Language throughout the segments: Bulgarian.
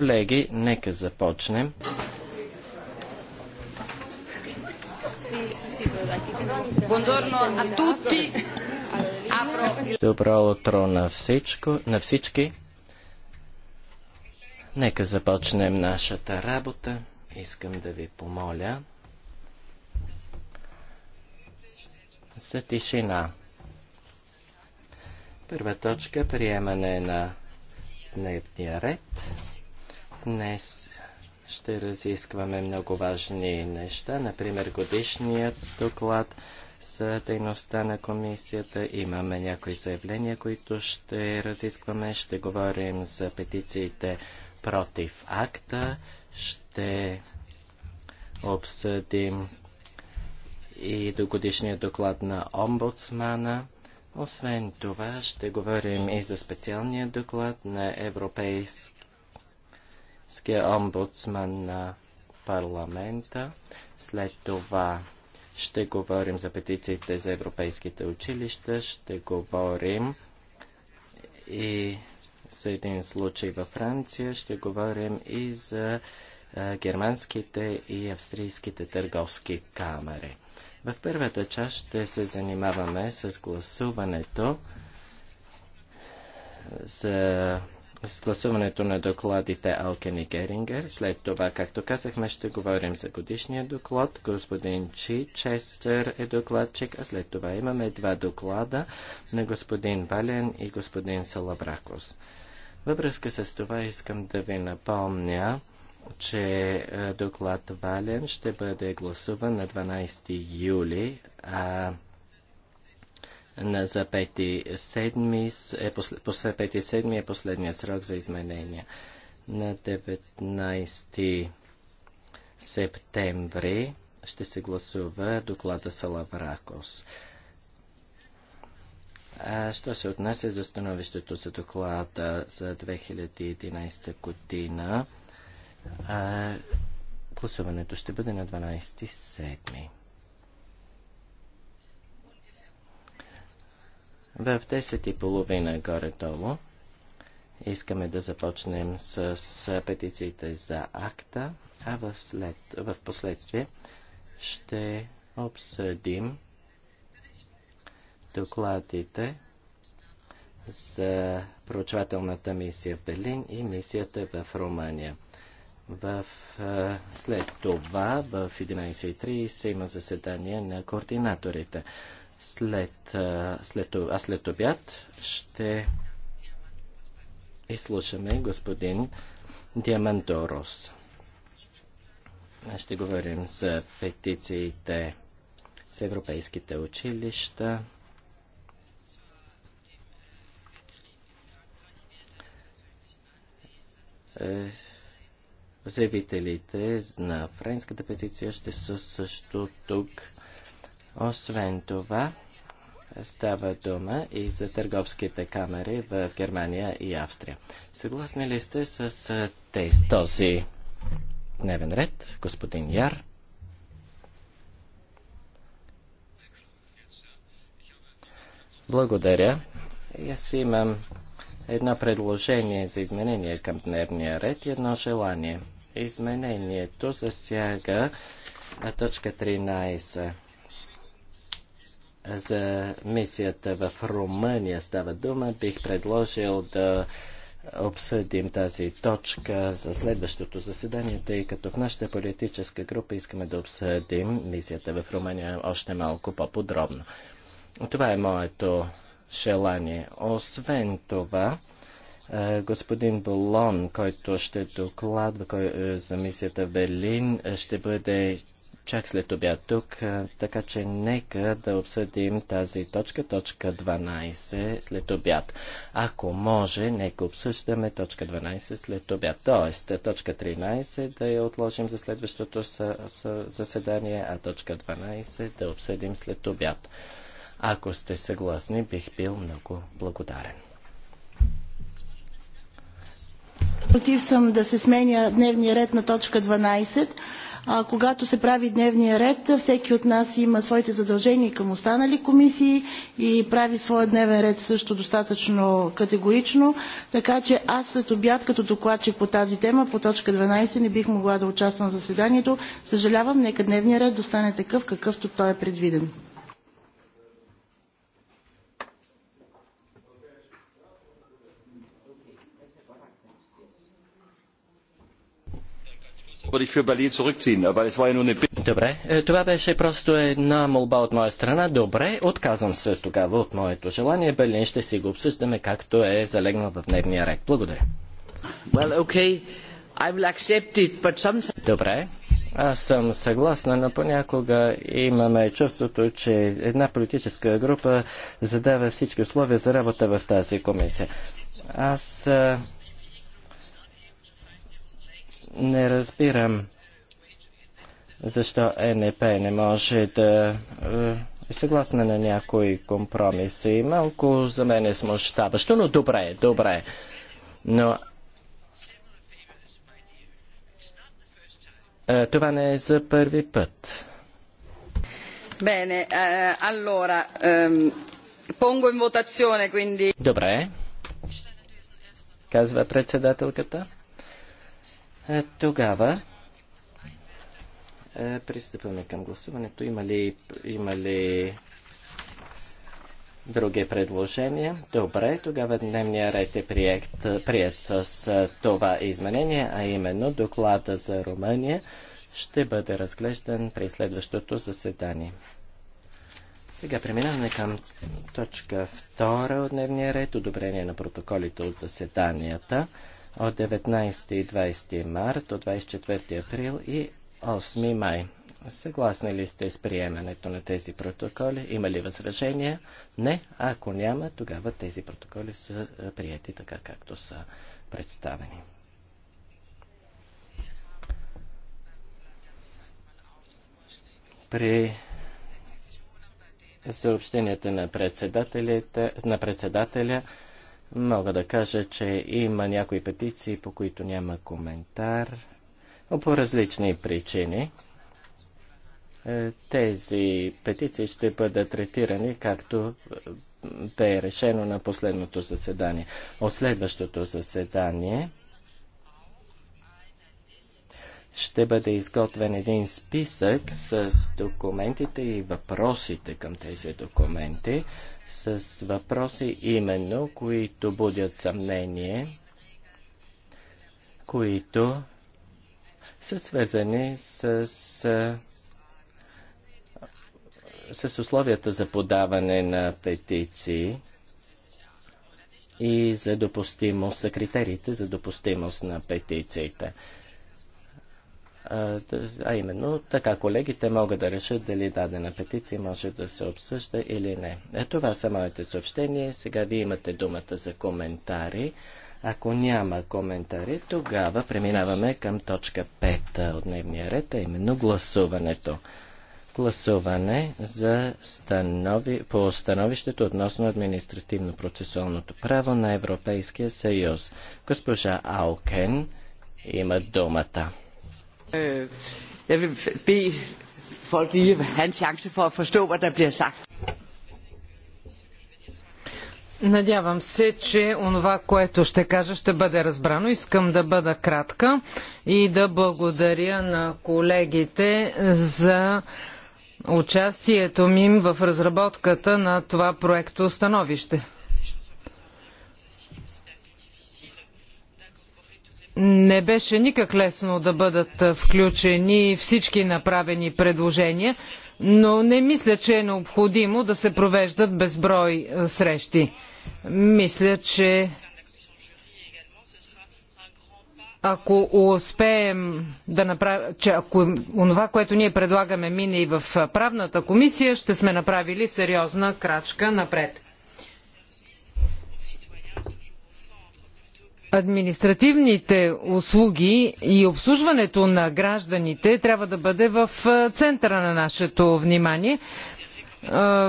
Колеги, нека започнем. Добро утро на, всичко, на всички. Нека започнем нашата работа. Искам да ви помоля за тишина. Първа точка приемане на дневния ред. Днес ще разискваме много важни неща, например годишният доклад за дейността на комисията. Имаме някои заявления, които ще разискваме. Ще говорим за петициите против акта. Ще обсъдим и до годишния доклад на омбудсмана. Освен това, ще говорим и за специалния доклад на Европейския омбудсман на парламента. След това ще говорим за петициите за европейските училища, ще говорим и за един случай във Франция, ще говорим и за германските и австрийските търговски камери. В първата част ще се занимаваме с гласуването с, с гласуването на докладите Алкен и Герингер. След това, както казахме, ще говорим за годишния доклад. Господин Чи Честър е докладчик, а след това имаме два доклада на господин Вален и господин Салабракос. Във връзка с това искам да ви напомня, че е, доклад Вален ще бъде гласуван на 12 юли, а на за 5-7 е, е последния срок за изменения. На 19 септември ще се гласува доклада Салавракос. А, що се отнася за становището за доклада за 2011 година, а, гласуването ще бъде на 12 седми. В 10 и половина горе-долу искаме да започнем с петициите за акта, а в, след, в последствие ще обсъдим докладите за проучвателната мисия в Берлин и мисията в Румъния. В, след това в 11.30 има заседание на координаторите. След, след, а след обяд ще изслушаме господин Диамандорос. Ще говорим за петициите с европейските училища. Uh заявителите на френската петиция ще са също тук. Освен това, става дума и за търговските камери в Германия и Австрия. Съгласни ли сте с тези, този дневен ред, господин Яр? Благодаря. Аз имам едно предложение за изменение към дневния ред и едно желание. Изменението засяга точка 13 за мисията в Румъния става дума, бих предложил да обсъдим тази точка за следващото заседание, тъй като в нашата политическа група искаме да обсъдим мисията в Румъния още малко по-подробно. Това е моето желание. Освен това, е, господин Болон, който ще докладва е, за мисията в Берлин, е, ще бъде чак след обяд тук, така че нека да обсъдим тази точка, точка 12 след обяд. Ако може, нека обсъждаме точка 12 след обяд. Тоест, точка 13 да я отложим за следващото заседание, а точка 12 да обсъдим след обяд. Ако сте съгласни, бих бил много благодарен. Против съм да се сменя дневния ред на точка 12. А, когато се прави дневния ред, всеки от нас има своите задължения към останали комисии и прави своя дневен ред също достатъчно категорично. Така че аз след обяд като докладчик по тази тема, по точка 12, не бих могла да участвам в заседанието. Съжалявам, нека дневния ред достане такъв, какъвто той е предвиден. Добре, е, това беше просто една молба от моя страна. Добре, отказвам се тогава от моето желание. Берлин ще си го обсъждаме както е залегнал в дневния ред. Благодаря. Well, okay. I will accept it, but sometimes... Добре, аз съм съгласна, но понякога имаме чувството, че една политическа група задава всички условия за работа в тази комисия. Аз е, не разбирам защо е НП не може да е, е съгласна на някои компромиси. Малко за мен е смущаващо, но добре, добре. Но е, това не е за първи път. Bene, eh, allora, ehm, pongo in votazione quindi. Добре. Казва председателката. Тогава пристъпваме към гласуването. Има ли, има ли други предложения? Добре, тогава дневния ред е прият, прият с това изменение, а именно доклада за Румъния ще бъде разглеждан при следващото заседание. Сега преминаваме към точка втора от дневния ред, одобрение на протоколите от заседанията от 19 и 20 март до 24 април и 8 май. Съгласни ли сте с приемането на тези протоколи? Има ли възражения? Не. А ако няма, тогава тези протоколи са е, прияти така, както са представени. При съобщенията на, на председателя Мога да кажа, че има някои петиции, по които няма коментар, по различни причини. Е, тези петиции ще бъдат третирани, както е, бе решено на последното заседание. От следващото заседание ще бъде изготвен един списък с документите и въпросите към тези документи, с въпроси именно, които будят съмнение, които са свързани с, с, условията за подаване на петиции и за допустимост, за критериите за допустимост на петициите. А именно, така колегите могат да решат дали дадена петиция може да се обсъжда или не. Е, това са моите съобщения. Сега вие имате думата за коментари. Ако няма коментари, тогава преминаваме към точка 5 от дневния ред, а именно гласуването. Гласуване за станови... по становището относно административно-процесуалното право на Европейския съюз. Госпожа Алкен има думата. Øh, jeg vil bede folk lige have en chance for at forstå, hvad der bliver sagt. Надявам се, че онова, което ще кажа, ще бъде разбрано. Искам да бъда кратка и да благодаря на колегите за участието ми в разработката на това проекто становище. Не беше никак лесно да бъдат включени всички направени предложения, но не мисля, че е необходимо да се провеждат безброй срещи. Мисля, че ако успеем да направим, че ако онова, което ние предлагаме, мине и в правната комисия, ще сме направили сериозна крачка напред. административните услуги и обслужването на гражданите трябва да бъде в центъра на нашето внимание,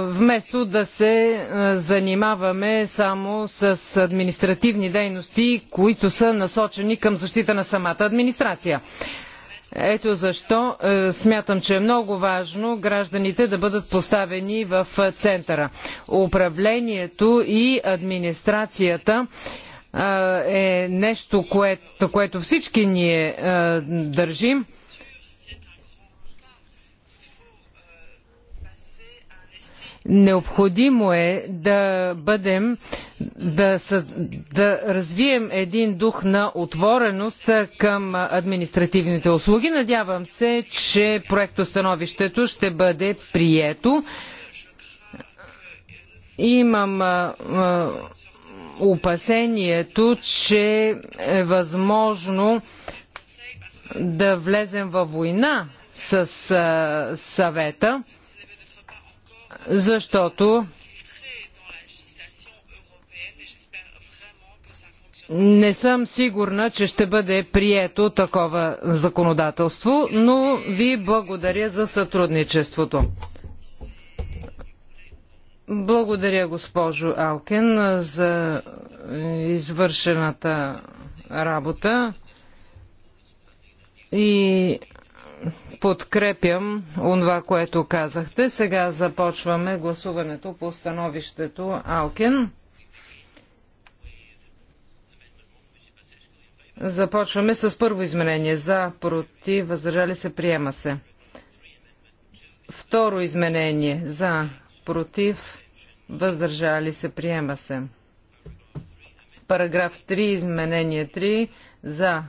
вместо да се занимаваме само с административни дейности, които са насочени към защита на самата администрация. Ето защо е, смятам, че е много важно гражданите да бъдат поставени в центъра. Управлението и администрацията е, е нещо, което, което всички ние държим. Необходимо е да бъдем, да, да развием един дух на отвореност към административните услуги. Надявам се, че проектостановището ще бъде прието. Имам опасението, че е възможно да влезем във война с съвета, защото не съм сигурна, че ще бъде прието такова законодателство, но ви благодаря за сътрудничеството. Благодаря, госпожо Алкен, за извършената работа и подкрепям онова, което казахте. Сега започваме гласуването по становището Алкен. Започваме с първо изменение. За, против, въздържали се, приема се. Второ изменение. За, против, въздържали се, приема се. Параграф 3, изменение 3, за,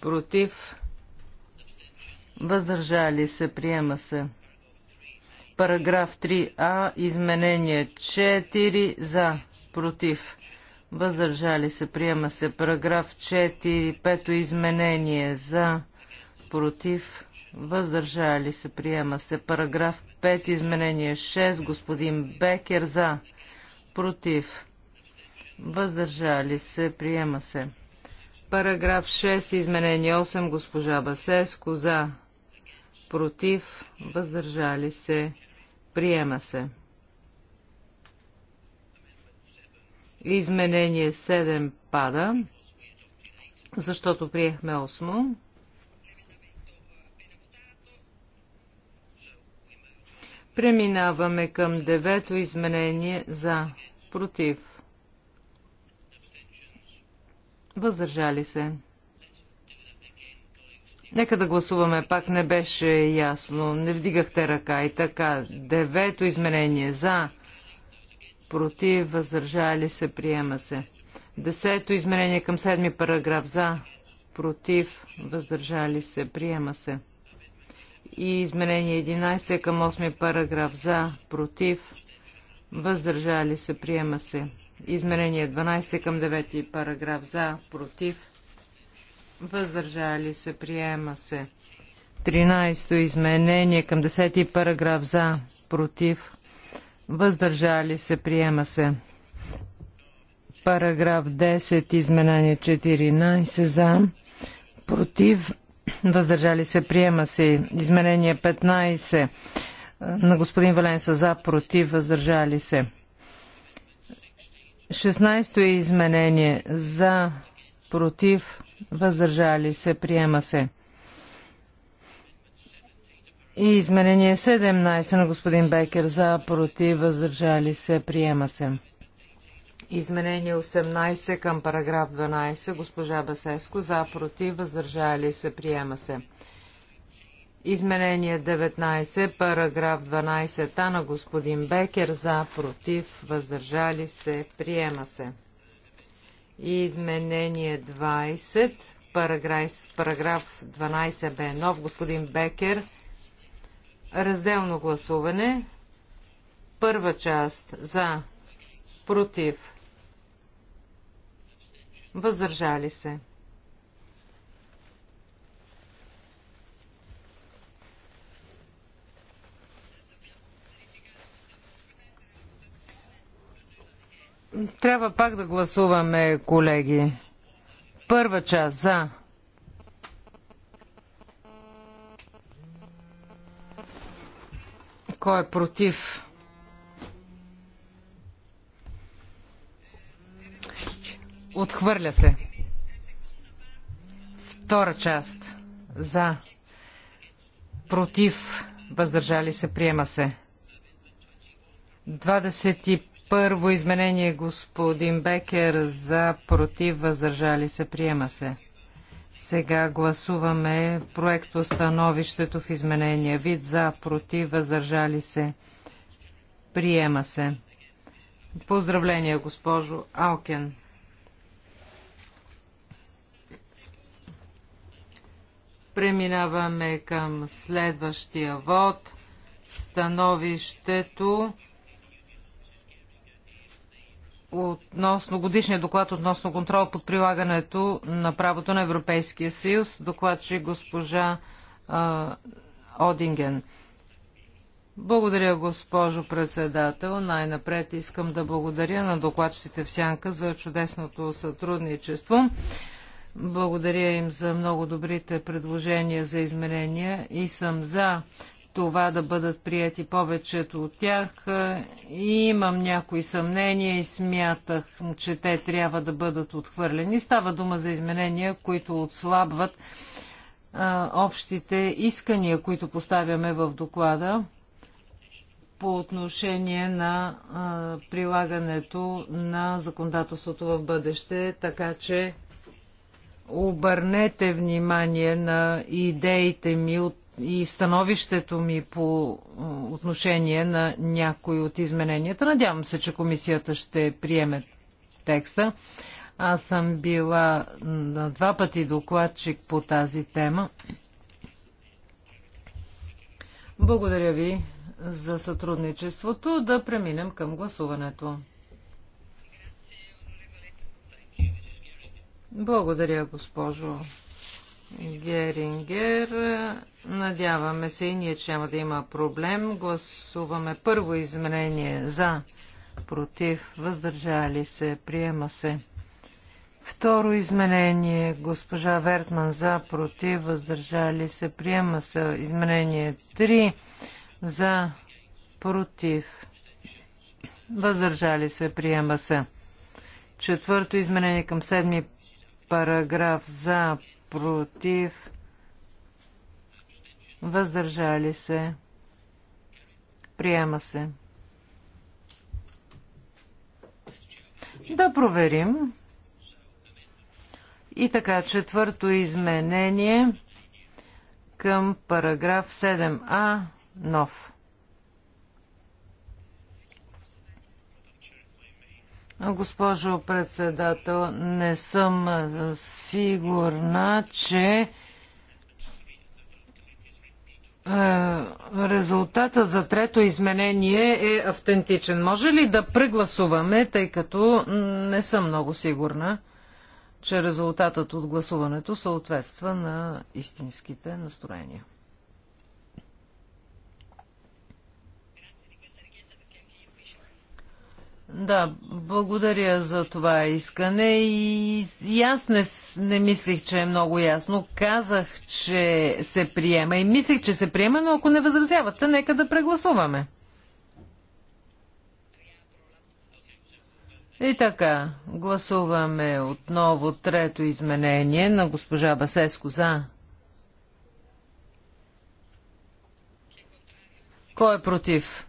против, въздържали се, приема се. Параграф 3а, изменение 4, за, против, въздържали се, приема се. Параграф 4, пето изменение, за, против, въздържали се, приема се. Параграф 5, изменение 6, господин Бекер за, против, въздържали се, приема се. Параграф 6, изменение 8, госпожа Басеско за, против, въздържали се, приема се. Изменение 7 пада, защото приехме 8. Преминаваме към девето изменение за против. Въздържали се. Нека да гласуваме, пак не беше ясно, не вдигахте ръка и така. Девето изменение за, против, въздържали се, приема се. Десето изменение към седми параграф за, против, въздържали се, приема се и изменение 11 е към 8 параграф за, против, въздържали се, приема се. Изменение 12 е към 9 параграф за, против, въздържали се, приема се. 13 изменение към 10 параграф за, против, въздържали се, приема се. Параграф 10, изменение 14 за, против, въздържали се, приема се. Изменение 15 на господин Валенса за, против, въздържали се. 16-то е изменение за, против, въздържали се, приема се. И изменение 17 на господин Бекер за, против, въздържали се, приема се. Изменение 18 към параграф 12. Госпожа Басеско. За, против, въздържали се, приема се. Изменение 19, параграф 12а на господин Бекер. За, против, въздържали се, приема се. Изменение 20, параграф, параграф 12 бе Нов господин Бекер. Разделно гласуване. Първа част за, против, въздържали се. Трябва пак да гласуваме, колеги. Първа част за. Кой е против? Отхвърля се. Втора част. За. Против. Въздържали се. Приема се. 21 изменение господин Бекер за против въздържали се приема се. Сега гласуваме проекто становището в изменения вид за против въздържали се приема се. Поздравления госпожо Алкен. Преминаваме към следващия вод. Становището относно годишния доклад относно контрол под прилагането на правото на Европейския съюз, докладчи госпожа а, Одинген. Благодаря, госпожо председател. Най-напред искам да благодаря на докладчиците в Сянка за чудесното сътрудничество. Благодаря им за много добрите предложения за изменения и съм за това да бъдат прияти повечето от тях. И имам някои съмнения и смятах, че те трябва да бъдат отхвърлени. Става дума за изменения, които отслабват а, общите искания, които поставяме в доклада по отношение на а, прилагането на законодателството в бъдеще, така че обърнете внимание на идеите ми от, и становището ми по отношение на някои от измененията. Надявам се, че комисията ще приеме текста. Аз съм била на два пъти докладчик по тази тема. Благодаря ви за сътрудничеството. Да преминем към гласуването. Благодаря, госпожо Герингер. Надяваме се и ние, че няма да има проблем. Гласуваме първо изменение за, против, въздържали се, приема се. Второ изменение, госпожа Вертман за, против, въздържали се, приема се. Изменение 3 за, против, въздържали се, приема се. Четвърто изменение към седми параграф за, против, въздържали се, приема се. Да проверим. И така, четвърто изменение към параграф 7а, нов. Госпожо председател, не съм сигурна, че е, резултата за трето изменение е автентичен. Може ли да прегласуваме, тъй като не съм много сигурна, че резултатът от гласуването съответства на истинските настроения? Да, благодаря за това искане и, и аз не, не мислих, че е много ясно. Казах, че се приема и мислих, че се приема, но ако не възразявате, нека да прегласуваме. И така, гласуваме отново трето изменение на госпожа Басеско за. Кой е против?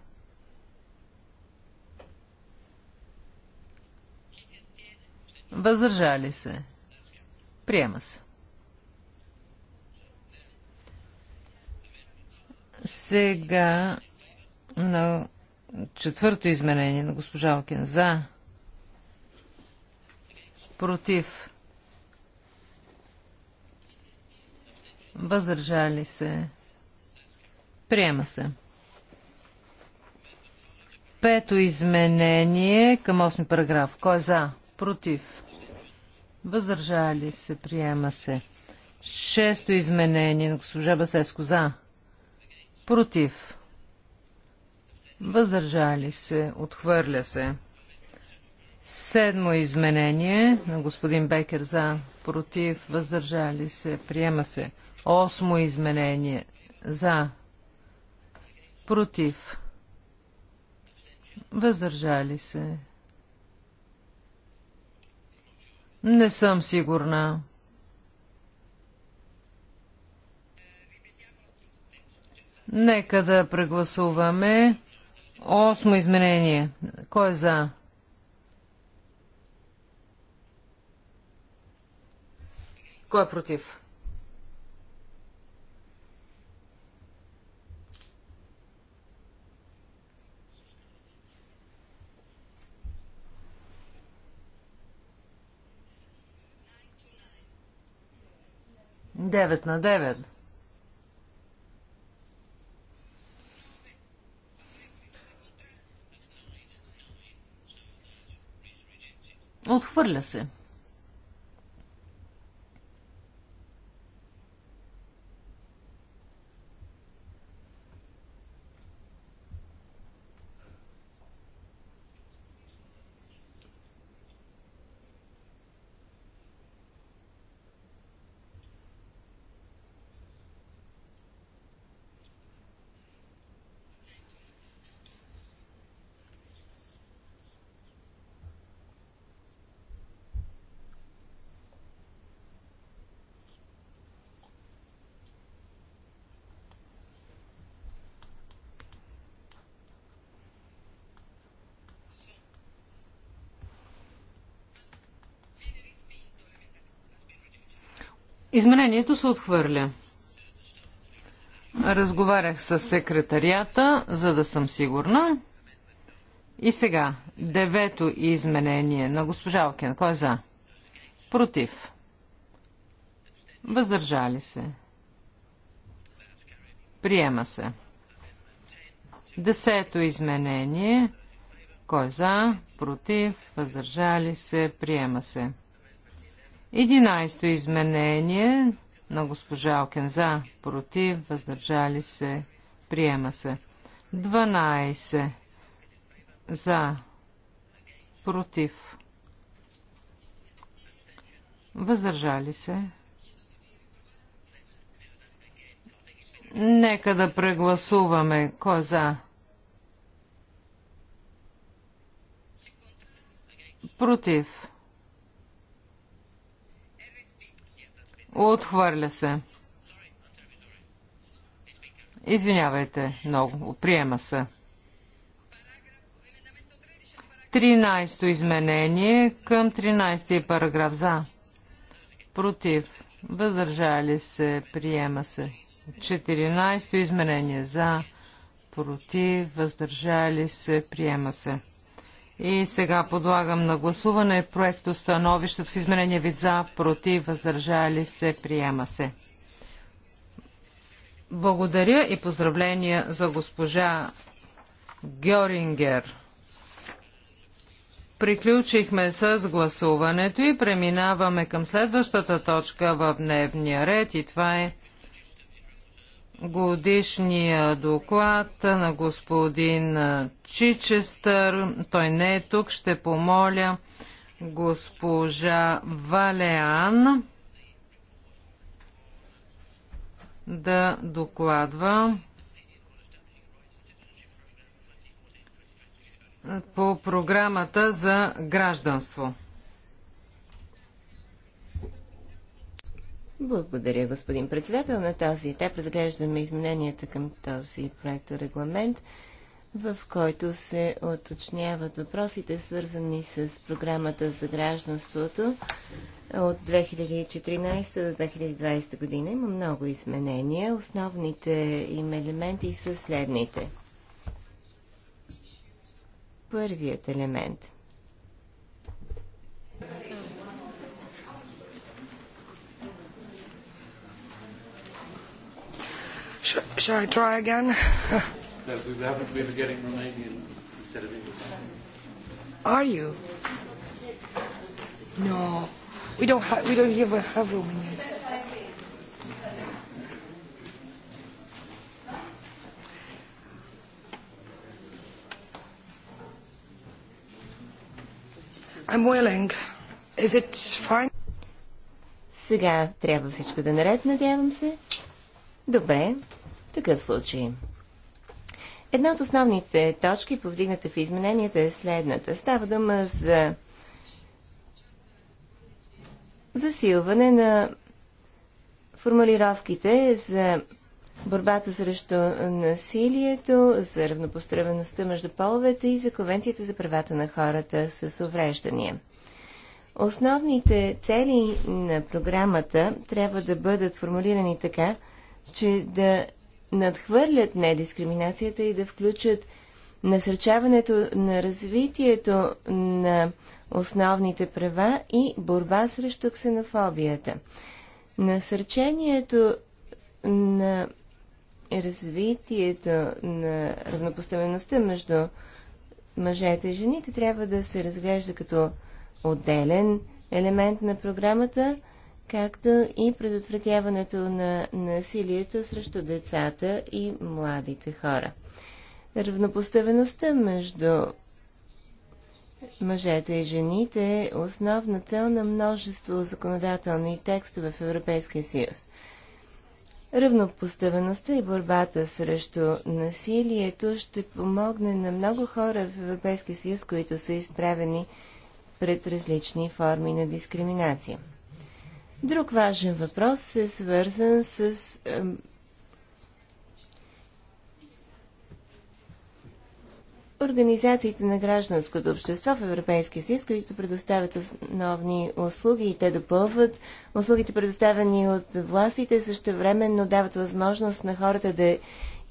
Въздържали се. Приема се. Сега на четвърто изменение на госпожа Окин. за против въздържали се приема се пето изменение към 8 параграф кой е за Против. Въздържали се. Приема се. Шесто изменение на госпожа Басеско. За. Против. Въздържали се. Отхвърля се. Седмо изменение на господин Бекер за против, въздържали се, приема се. Осмо изменение за против, въздържали се, Не съм сигурна. Нека да прегласуваме. Осмо изменение. Кой е за? Кой е против? Девет на девет. Отхвърля се. Изменението се отхвърля. Разговарях с секретарията, за да съм сигурна. И сега, девето изменение на госпожа Окен. Кой е за? Против. Въздържали се. Приема се. Десето изменение. Кой е за? Против. Въздържали се. Приема се. Единайсто изменение на госпожа Окенза за, против, въздържали се, приема се. 12 за, против, въздържали се. Нека да прегласуваме кой е за. Против. Отхвърля се. Извинявайте много. Приема се. 13-то изменение към 13 параграф за. Против. Въздържали се. Приема се. 14-то изменение за. Против. Въздържали се. Приема се. И сега подлагам на гласуване проекто становището в изменение вид за, против, въздържали се, приема се. Благодаря и поздравления за госпожа Георингер. Приключихме с гласуването и преминаваме към следващата точка в дневния ред и това е годишния доклад на господин Чичестър. Той не е тук. Ще помоля госпожа Валеан да докладва по програмата за гражданство. Благодаря, господин председател. На този етап разглеждаме измененията към този проект регламент, в който се оточняват въпросите, свързани с програмата за гражданството от 2014 до 2020 година. Има много изменения. Основните им елементи са следните. Първият елемент – Sh shall I try again? no, we haven't been getting Romanian instead of English. Are you? No, we don't have. We don't even have Romanian. I'm willing. Is it fine? Сега трябва всичко да наред, надявам се. Добре такъв случай. Една от основните точки, повдигната в измененията, е следната. Става дума за засилване на формулировките за борбата срещу насилието, за равнопоставеността между половете и за Конвенцията за правата на хората с увреждания. Основните цели на програмата трябва да бъдат формулирани така, че да надхвърлят недискриминацията и да включат насърчаването на развитието на основните права и борба срещу ксенофобията. Насърчението на развитието на равнопоставеността между мъжете и жените трябва да се разглежда като отделен елемент на програмата, както и предотвратяването на насилието срещу децата и младите хора. Равнопоставеността между мъжете и жените е основна цел на множество законодателни текстове в Европейския съюз. Равнопоставеността и борбата срещу насилието ще помогне на много хора в Европейския съюз, които са изправени пред различни форми на дискриминация. Друг важен въпрос е свързан с е, организациите на гражданското общество в Европейския съюз, които предоставят основни услуги и те допълват услугите предоставени от властите, също времено дават възможност на хората да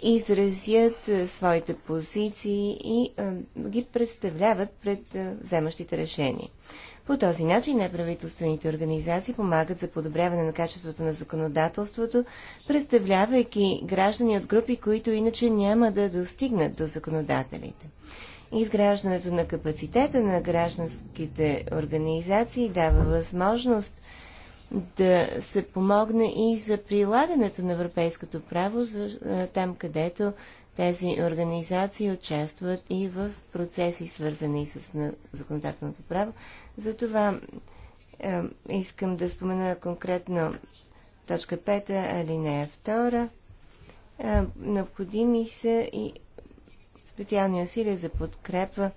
изразят своите позиции и ги представляват пред вземащите решения. По този начин неправителствените организации помагат за подобряване на качеството на законодателството, представлявайки граждани от групи, които иначе няма да достигнат до законодателите. Изграждането на капацитета на гражданските организации дава възможност да се помогне и за прилагането на европейското право за там, където тези организации участват и в процеси, свързани с законодателното право. Затова е, искам да спомена конкретно точка 5, алинея 2. Е, необходими са и специални усилия за подкрепа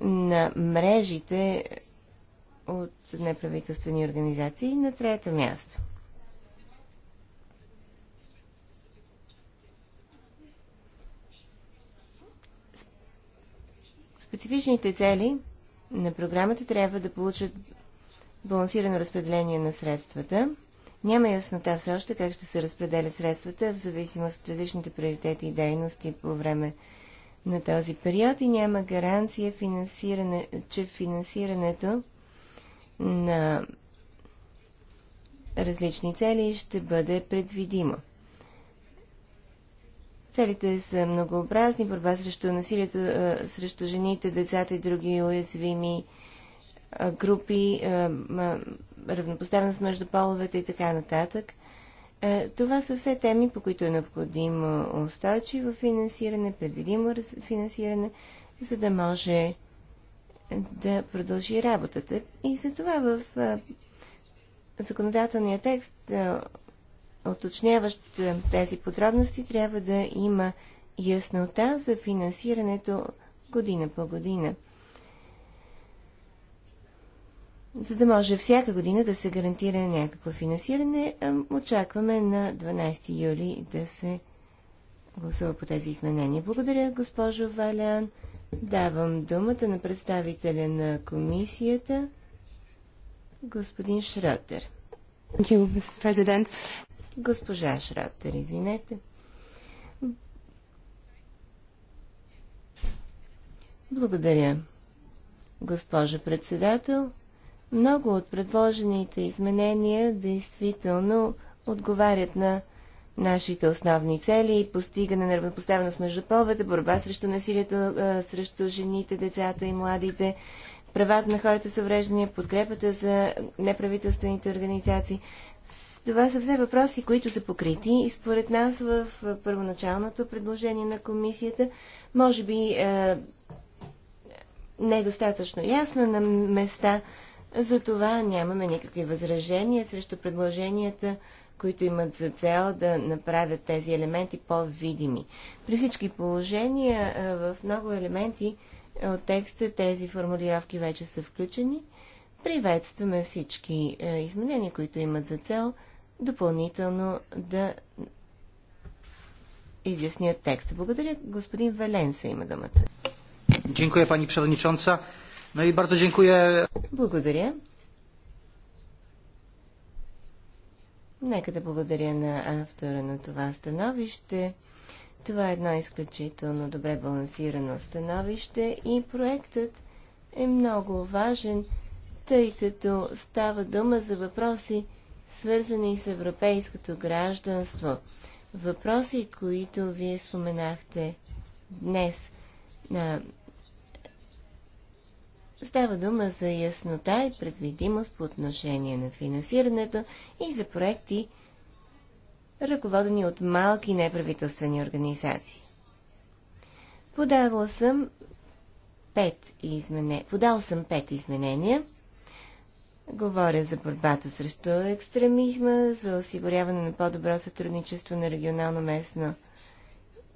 на мрежите от неправителствени организации. На трето място. Специфичните цели на програмата трябва да получат балансирано разпределение на средствата. Няма яснота все още как ще се разпределят средствата в зависимост от различните приоритети и дейности по време на този период и няма гаранция, финансиране, че финансирането на различни цели ще бъде предвидима. Целите са многообразни. Борба срещу насилието срещу жените, децата и други уязвими групи, равнопоставеност между половете и така нататък. Е, това са все теми, по които е необходимо устойчиво финансиране, предвидимо финансиране, за да може да продължи работата. И затова в законодателния текст, оточняващ тези подробности, трябва да има яснота за финансирането година по година. За да може всяка година да се гарантира някакво финансиране, очакваме на 12 юли да се гласува по тези изменения. Благодаря, госпожо Валян. Давам думата на представителя на комисията, господин Шротер. Госпожа Шротер, извинете. Благодаря. Госпожа председател, много от предложените изменения действително отговарят на нашите основни цели, постигане на равнопоставеност между половете, борба срещу насилието срещу жените, децата и младите, правата на хората с увреждания, подкрепата за неправителствените организации. Това са все въпроси, които са покрити и според нас в първоначалното предложение на комисията, може би е, не е достатъчно ясно на места, за това нямаме никакви възражения срещу предложенията които имат за цел да направят тези елементи по-видими. При всички положения в много елементи от текста тези формулировки вече са включени. Приветстваме всички изменения, които имат за цел допълнително да изяснят текста. Благодаря. Господин Валенса има думата. Благодаря, пани председателница. Благодаря. Нека да благодаря на автора на това становище. Това е едно изключително добре балансирано становище и проектът е много важен, тъй като става дума за въпроси, свързани с европейското гражданство. Въпроси, които вие споменахте днес. Става дума за яснота и предвидимост по отношение на финансирането и за проекти, ръководени от малки неправителствени организации. Подала съм пет измене... Подал съм пет изменения. Говоря за борбата срещу екстремизма, за осигуряване на по-добро сътрудничество на регионално, местно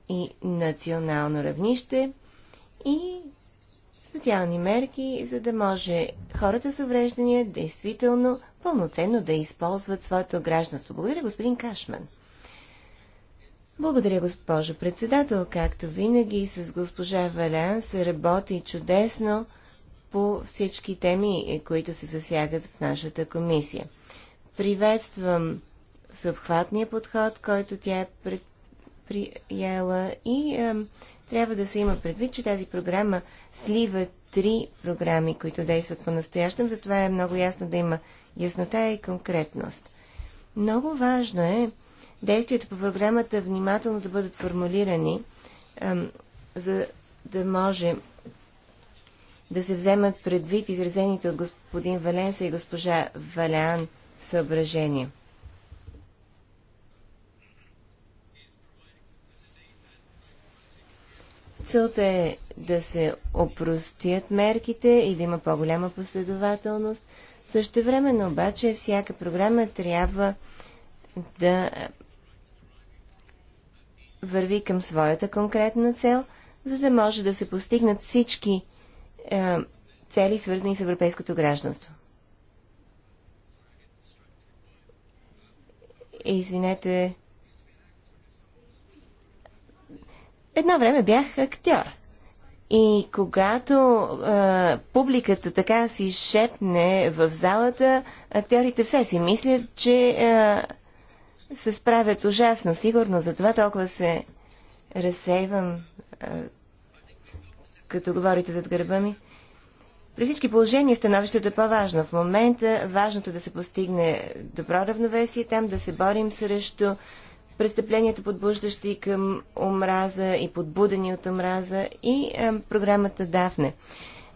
и национално равнище и Специални мерки, за да може хората с увреждания действително пълноценно да използват своето гражданство. Благодаря, господин Кашман. Благодаря, госпожо председател. Както винаги, с госпожа Валян се работи чудесно по всички теми, които се засягат в нашата комисия. Приветствам съобхватния подход, който тя е предприела и е, трябва да се има предвид, че тази програма слива три програми, които действат по-настоящем, затова е много ясно да има яснота и конкретност. Много важно е действията по програмата внимателно да бъдат формулирани, ам, за да може да се вземат предвид изразените от господин Валенса и госпожа Валян съображения. Целта е да се опростят мерките и да има по-голяма последователност. Същевременно обаче всяка програма трябва да върви към своята конкретна цел, за да може да се постигнат всички е, цели, свързани с европейското гражданство. Извинете, Едно време бях актьор. И когато а, публиката така си шепне в залата, актьорите все си мислят, че а, се справят ужасно. Сигурно затова толкова се разсейвам, а, като говорите зад гърба ми. При всички положения становището е по-важно. В момента важното е да се постигне добро равновесие, там да се борим срещу престъпленията, подбуждащи към омраза и подбудени от омраза и а, е, програмата Дафне.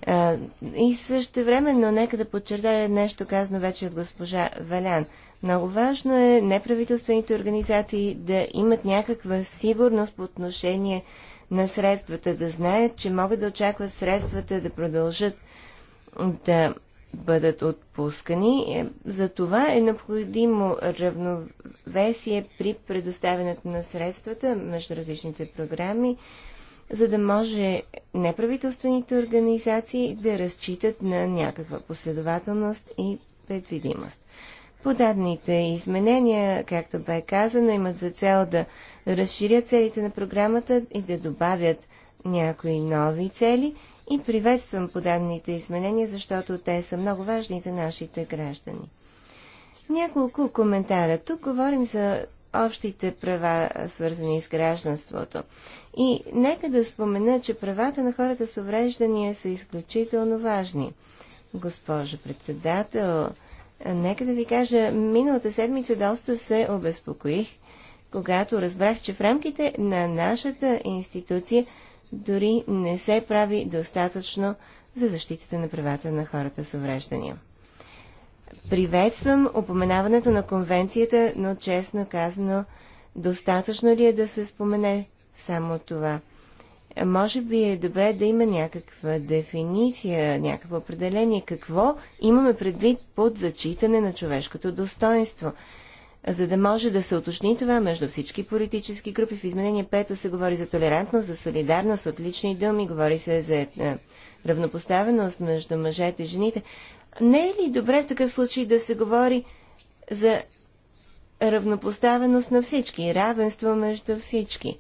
А, е, и също времено, нека да подчертая нещо казано вече от госпожа Валян. Много важно е неправителствените организации да имат някаква сигурност по отношение на средствата, да знаят, че могат да очакват средствата да продължат да бъдат отпускани. Е, за това е необходимо равновесие при предоставянето на средствата между различните програми, за да може неправителствените организации да разчитат на някаква последователност и предвидимост. Подадните изменения, както бе казано, имат за цел да разширят целите на програмата и да добавят някои нови цели – и приветствам подадените изменения, защото те са много важни за нашите граждани. Няколко коментара. Тук говорим за общите права, свързани с гражданството. И нека да спомена, че правата на хората с увреждания са изключително важни. Госпожо председател, нека да ви кажа, миналата седмица доста се обезпокоих, когато разбрах, че в рамките на нашата институция дори не се прави достатъчно за защитата на правата на хората с увреждания. Приветствам упоменаването на конвенцията, но честно казано, достатъчно ли е да се спомене само това? Може би е добре да има някаква дефиниция, някакво определение какво имаме предвид под зачитане на човешкото достоинство – за да може да се уточни това между всички политически групи. В изменение 5 се говори за толерантност, за солидарност, отлични думи, говори се за е, равнопоставеност между мъжете и жените. Не е ли добре в такъв случай да се говори за равнопоставеност на всички, равенство между всички?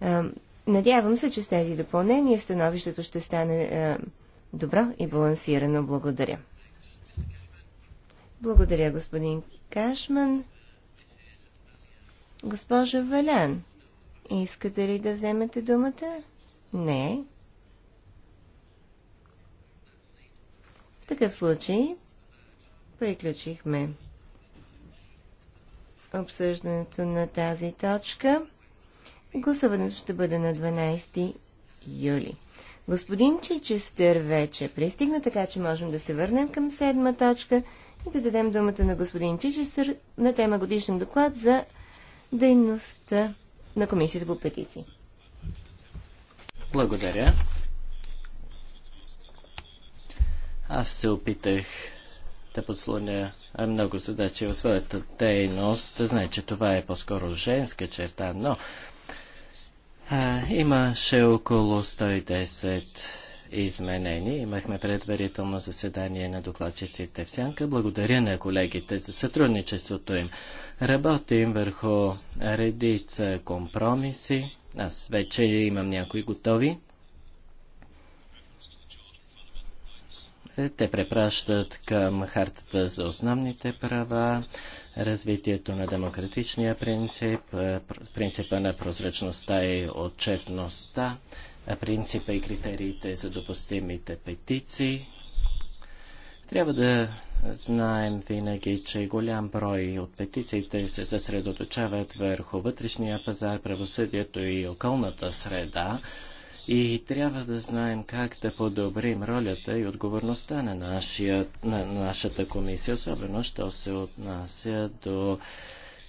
Е, надявам се, че с тези допълнения становището ще стане е, добро и балансирано. Благодаря. Благодаря, господин Кашман. Госпожо Валян, искате ли да вземете думата? Не. В такъв случай приключихме обсъждането на тази точка. Гласуването ще бъде на 12 юли. Господин Чичестър вече пристигна, така че можем да се върнем към седма точка – и да дадем думата на господин Чичестър на тема годишен доклад за дейността на Комисията по петиции. Благодаря. Аз се опитах да подслоня много задачи в своята дейност. Знае, че това е по-скоро женска черта, но а, имаше около 110 изменени. Имахме предварително заседание на докладчиците в Сянка. Благодаря на колегите за сътрудничеството им. Работим върху редица компромиси. Аз вече имам някои готови. Те препращат към хартата за основните права, развитието на демократичния принцип, принципа на прозрачността и отчетността, принципа и критериите за допустимите петиции. Трябва да знаем винаги, че голям брой от петициите се съсредоточават върху вътрешния пазар, правосъдието и околната среда. И трябва да знаем как да подобрим ролята и отговорността на, нашия, на нашата комисия, особено що се отнася до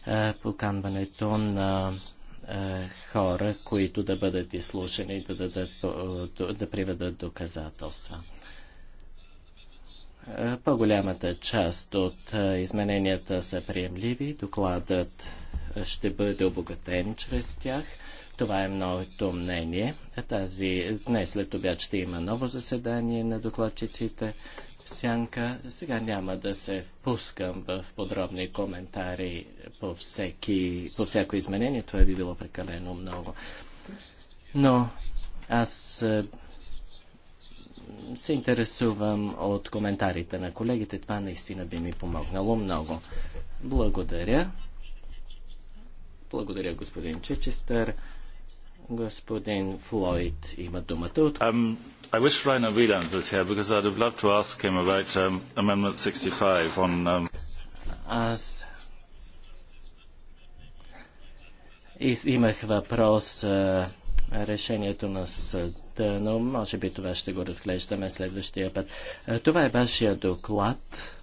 е, поканването на е, хора, които да бъдат изслушани и да, дадат, е, да приведат доказателства. Е, по-голямата част от измененията са приемливи. Докладът ще бъде обогатен чрез тях. Това е многото мнение. Тази, днес след обяд ще има ново заседание на докладчиците сянка. Сега няма да се впускам в подробни коментари по, всеки, по всяко изменение. Това би било прекалено много. Но аз е, се интересувам от коментарите на колегите. Това наистина би ми помогнало много. Благодаря. Благодаря, господин Чечестър. Господин Флойд има думата от... Um... I wish Rainer Wieland was here because I'd have loved to ask him about um, Amendment 65 on. Um... As Из, имах въпрос решението на съда, но може би това ще го разглеждаме следващия път. това е вашия доклад.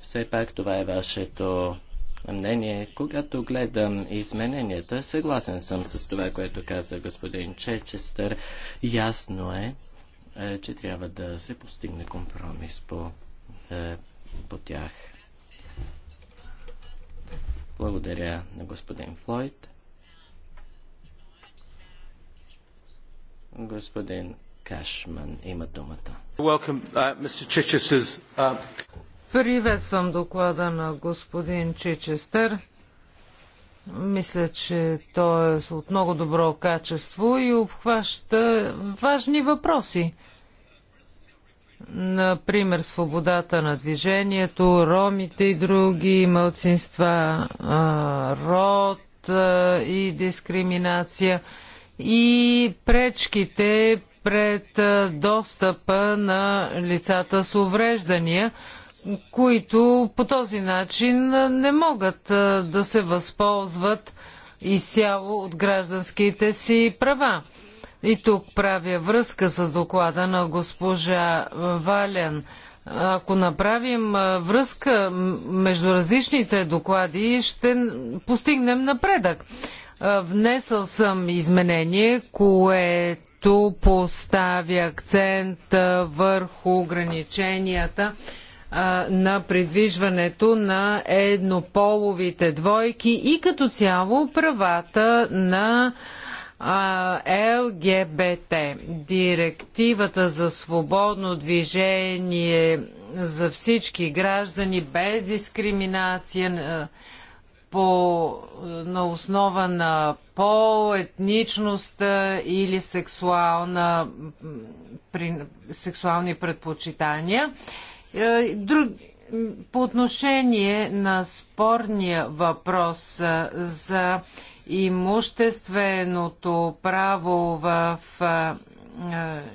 Все пак това е вашето мнение. Когато гледам измененията, съгласен съм с това, което каза господин Чечестър. Ясно е, е, че трябва да се постигне компромис по, е, по тях. Благодаря на господин Флойд. Господин Кашман има думата. Uh, uh, Приветствам доклада на господин Чичестър. Мисля, че той е от много добро качество и обхваща важни въпроси. Например, свободата на движението, ромите и други мълцинства, род и дискриминация и пречките пред достъпа на лицата с увреждания, които по този начин не могат да се възползват изцяло от гражданските си права. И тук правя връзка с доклада на госпожа Вален. Ако направим връзка между различните доклади, ще постигнем напредък. Внесъл съм изменение, което поставя акцент върху ограниченията на придвижването на еднополовите двойки и като цяло правата на ЛГБТ. Директивата за свободно движение за всички граждани без дискриминация по, на основа на пол, етничност или сексуална, при, сексуални предпочитания. Друг, по отношение на спорния въпрос за имущественото право в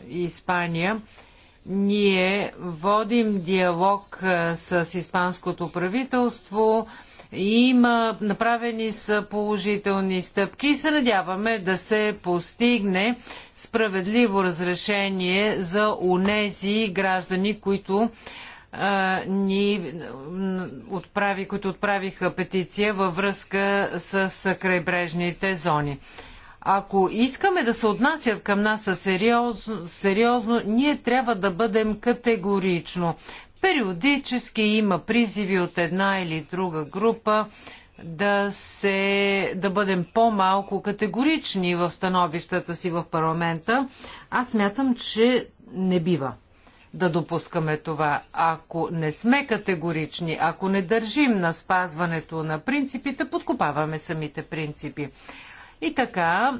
Испания, ние водим диалог с испанското правителство. Има направени са положителни стъпки и се надяваме да се постигне справедливо разрешение за унези граждани, които ни отправи, които отправиха петиция във връзка с крайбрежните зони. Ако искаме да се отнасят към нас сериозно, сериозно, ние трябва да бъдем категорично. Периодически има призиви от една или друга група да, се, да бъдем по-малко категорични в становищата си в парламента. Аз мятам, че не бива да допускаме това. Ако не сме категорични, ако не държим на спазването на принципите, подкопаваме самите принципи. И така,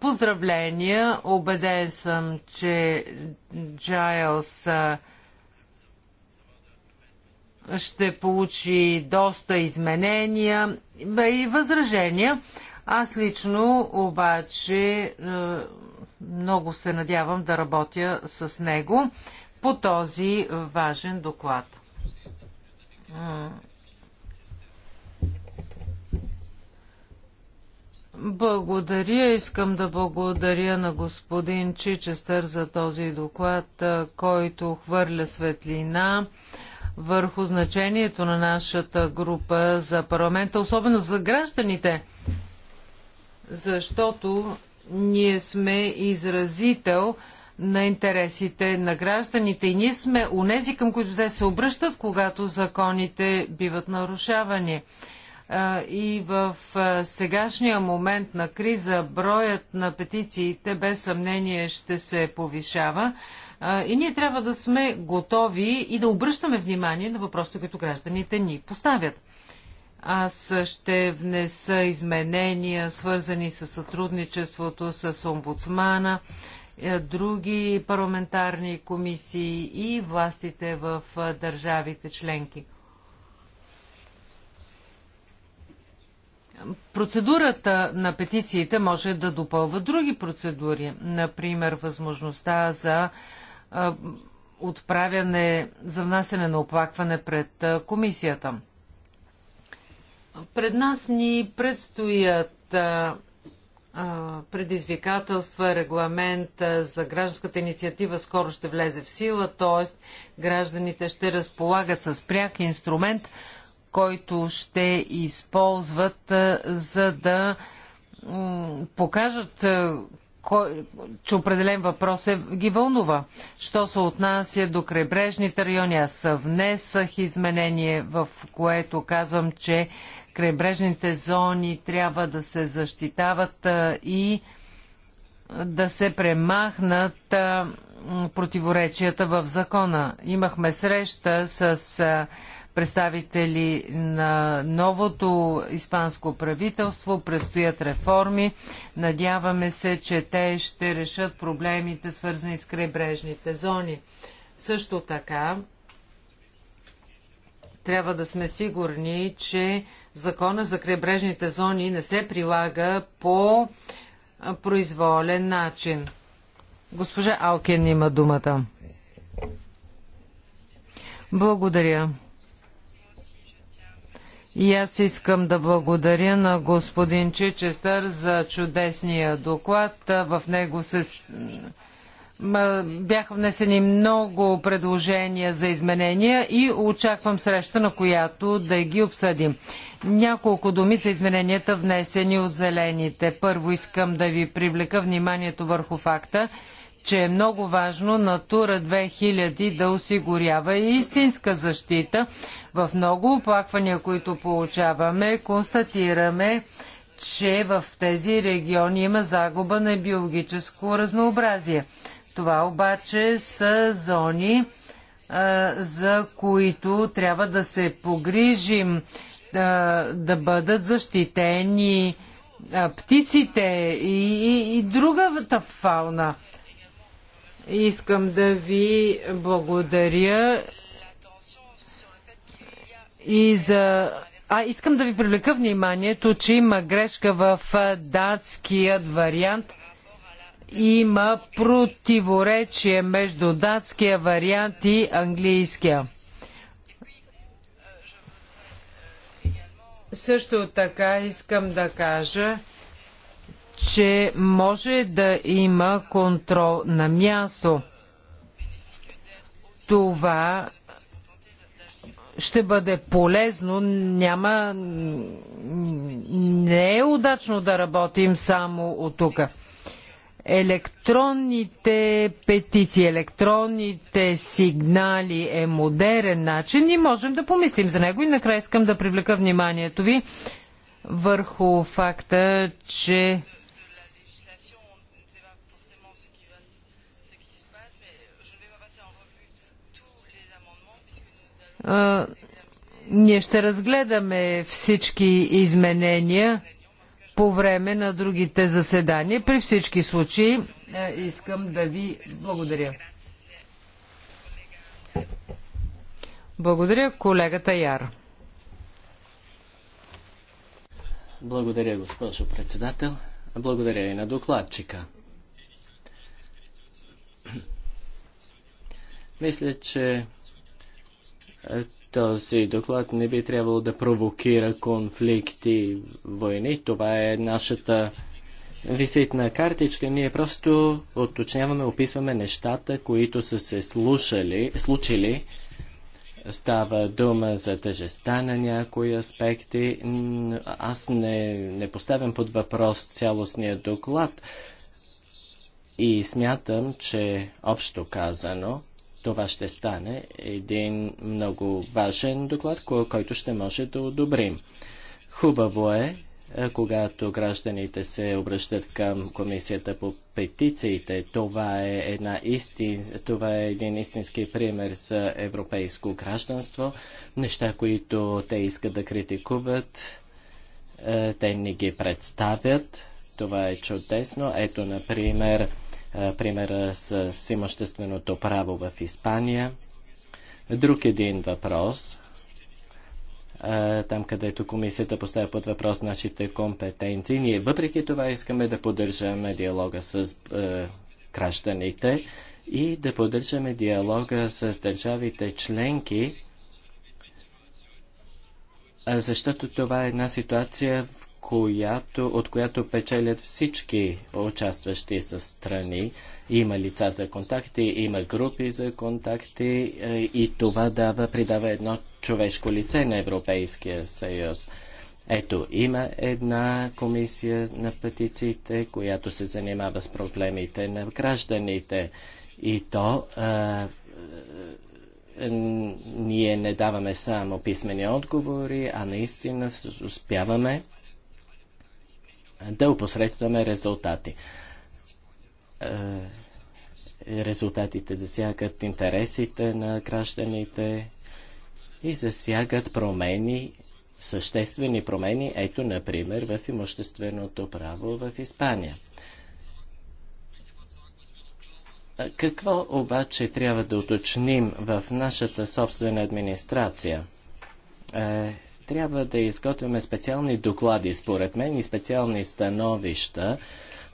поздравления, убеден съм, че Джайлс ще получи доста изменения и възражения. Аз лично обаче много се надявам да работя с него по този важен доклад. Благодаря. Искам да благодаря на господин Чичестър за този доклад, който хвърля светлина върху значението на нашата група за парламента, особено за гражданите, защото ние сме изразител на интересите на гражданите и ние сме унези, към които те се обръщат, когато законите биват нарушавани. И в сегашния момент на криза броят на петициите без съмнение ще се повишава. И ние трябва да сме готови и да обръщаме внимание на въпросите, които гражданите ни поставят. Аз ще внеса изменения, свързани с сътрудничеството с омбудсмана, е, други парламентарни комисии и властите в е, държавите членки. Процедурата на петициите може да допълва други процедури, например възможността за е, отправяне, за внасяне на оплакване пред комисията. Пред нас ни предстоят предизвикателства, регламент за гражданската инициатива скоро ще влезе в сила, т.е. гражданите ще разполагат с пряк инструмент, който ще използват за да покажат кой, че определен въпрос е, ги вълнува. Що се отнася до крайбрежните райони, аз внесах изменение, в което казвам, че крайбрежните зони трябва да се защитават и да се премахнат противоречията в закона. Имахме среща с представители на новото испанско правителство, предстоят реформи. Надяваме се, че те ще решат проблемите, свързани с крайбрежните зони. Също така, трябва да сме сигурни, че Закона за крайбрежните зони не се прилага по произволен начин. Госпожа Алкен има думата. Благодаря. И аз искам да благодаря на господин Чичестър за чудесния доклад. В него се бяха внесени много предложения за изменения и очаквам среща, на която да ги обсъдим. Няколко думи за измененията, внесени от зелените. Първо искам да ви привлека вниманието върху факта, че е много важно Натура 2000 да осигурява и истинска защита. В много оплаквания, които получаваме, констатираме, че в тези региони има загуба на биологическо разнообразие. Това обаче са зони, за които трябва да се погрижим да, да бъдат защитени птиците и, и, и другата фауна. Искам да ви благодаря и за. А, искам да ви привлека вниманието, че има грешка в датският вариант – има противоречие между датския вариант и английския. Също така искам да кажа, че може да има контрол на място. Това ще бъде полезно. Няма. Не е удачно да работим само от тук електронните петиции, електронните сигнали е модерен начин и можем да помислим за него. И накрая искам да привлека вниманието ви върху факта, че ние ще разгледаме всички изменения по време на другите заседания. При всички случаи е, искам да ви благодаря. Благодаря, колегата Яр. Благодаря, госпожо председател. Благодаря и на докладчика. Мисля, че е, този доклад не би трябвало да провокира конфликти, войни. Това е нашата виситна картичка. Ние просто отточняваме, описваме нещата, които са се слушали, случили. Става дума за тежеста на някои аспекти. Аз не, не поставям под въпрос цялостния доклад и смятам, че общо казано, това ще стане един много важен доклад, който ще може да одобрим. Хубаво е, когато гражданите се обръщат към комисията по петициите. Това е, една истин, това е един истински пример за европейско гражданство. Неща, които те искат да критикуват, те ни ги представят. Това е чудесно. Ето, например, примера с, имущественото право в Испания. Друг един въпрос, там където комисията поставя под въпрос нашите компетенции, ние въпреки това искаме да поддържаме диалога с гражданите и да поддържаме диалога с държавите членки, защото това е една ситуация, в която, от която печелят всички участващи са страни. Има лица за контакти, има групи за контакти е, и това дава, придава едно човешко лице на Европейския съюз. Ето, има една комисия на петициите, която се занимава с проблемите на гражданите. И то а, е, е, ние не даваме само писмени отговори, а наистина успяваме да опосредстваме резултати. Е, резултатите засягат интересите на гражданите и засягат промени, съществени промени, ето, например, в имущественото право в Испания. Е, какво обаче трябва да уточним в нашата собствена администрация? Е, трябва да изготвяме специални доклади, според мен, и специални становища,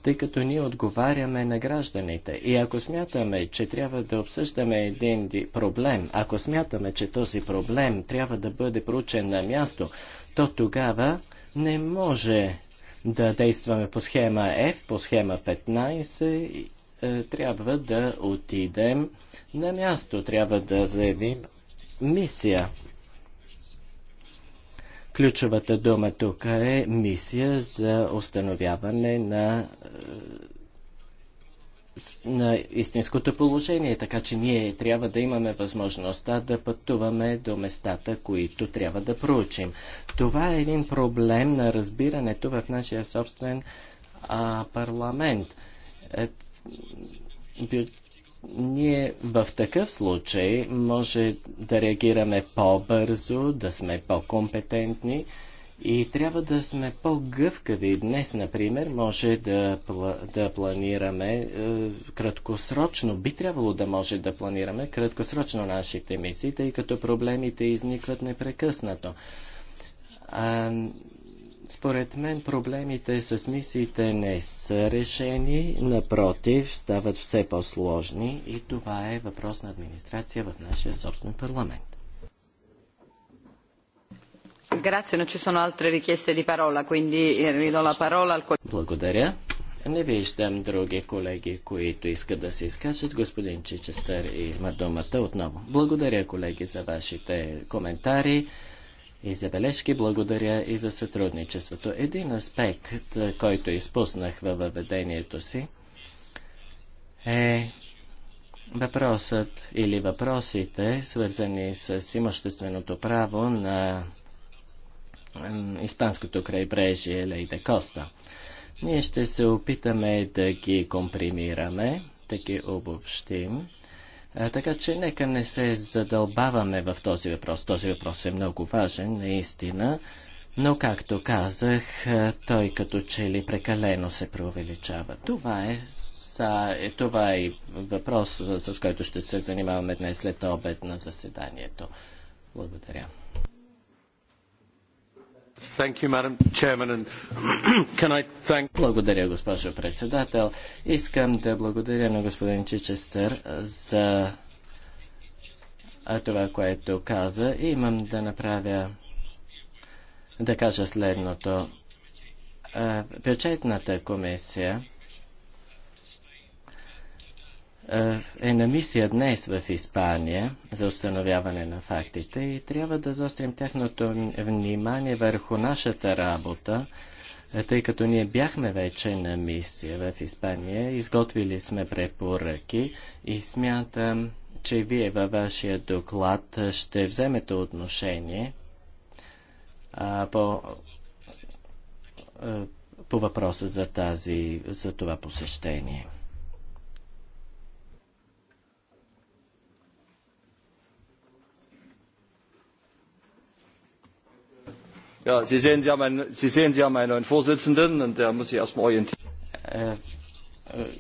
тъй като ние отговаряме на гражданите. И ако смятаме, че трябва да обсъждаме един проблем, ако смятаме, че този проблем трябва да бъде проучен на място, то тогава не може да действаме по схема F, по схема 15, е, трябва да отидем на място, трябва да заявим мисия. Ключовата дума тук е мисия за установяване на, е, на истинското положение, така че ние трябва да имаме възможността да пътуваме до местата, които трябва да проучим. Това е един проблем на разбирането в нашия собствен а, парламент. Е, ние в такъв случай може да реагираме по-бързо, да сме по-компетентни и трябва да сме по-гъвкави. Днес, например, може да, да планираме е, краткосрочно, би трябвало да може да планираме краткосрочно нашите мисии, тъй като проблемите изникват непрекъснато. А, според мен проблемите с мисиите не са решени, напротив, стават все по-сложни и това е въпрос на администрация в нашия собствен парламент. Благодаря. Не виждам други колеги, които искат да се изкажат. Господин Чичестър има думата отново. Благодаря, колеги, за вашите коментари и забележки. Благодаря и за сътрудничеството. Един аспект, който изпуснах във въведението си, е въпросът или въпросите, свързани с имущественото право на Испанското крайбрежие Лейде Коста. Ние ще се опитаме да ги компримираме, да ги обобщим е, така че нека не се задълбаваме в този въпрос. Този въпрос е много важен, наистина. Но, както казах, е, той като че ли прекалено се преувеличава. Това е, са, е, това е въпрос, с който ще се занимаваме днес след обед на заседанието. Благодаря. Благодаря, госпожо председател. Искам да благодаря на господин Чичестър за това, което каза. Имам да направя да кажа следното. Бюджетната комисия е, е на мисия днес в Испания за установяване на фактите и трябва да заострим тяхното внимание върху нашата работа, е, тъй като ние бяхме вече на мисия в Испания, изготвили сме препоръки и смятам, че вие във вашия доклад ще вземете отношение а, по, а, е, по въпроса за, тази, за това посещение. Ja, Sie sehen, Sie haben einen, Sie sehen, Sie haben einen neuen Vorsitzenden und der muss sich erstmal orientieren. Е,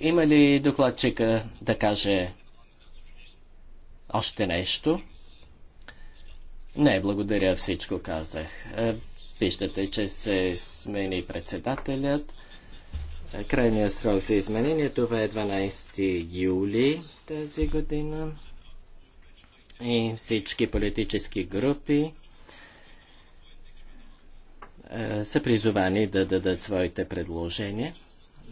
има ли докладчика да каже още нещо? Не, благодаря, всичко казах. Е, виждате, че се смени председателят. Е, крайният срок за изменение това е 12 юли тази година. И всички политически групи е, са призовани да дадат своите предложения.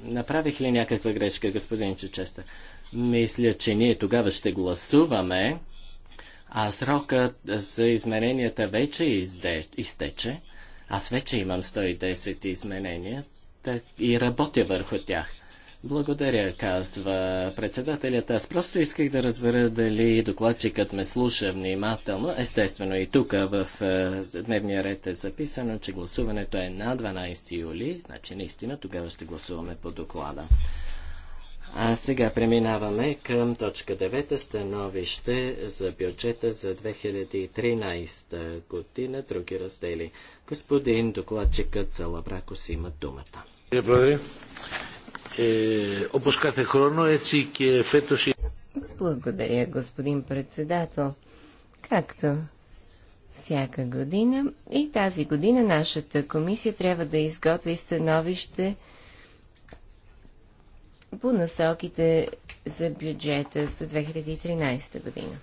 Направих ли някаква грешка, господин Чечестър? Мисля, че ние тогава ще гласуваме, а срокът за измеренията вече изтече. Аз вече имам 110 изменения так... и работя върху тях. Благодаря, казва председателят. Аз просто исках да разбера дали докладчикът ме слуша внимателно. Естествено и тук в е, дневния ред е записано, че гласуването е на 12 юли. Значи наистина тогава ще гласуваме по доклада. А сега преминаваме към точка 9 становище за бюджета за 2013 година, други раздели. Господин докладчикът Салабракос има думата. Благодаря. Ε, όπως κάθε χρόνο, έτσι και φέτος... Благодаря, господин председател. Както всяка година и тази година нашата комисия трябва да изготви становище по насоките за бюджета за 2013 година.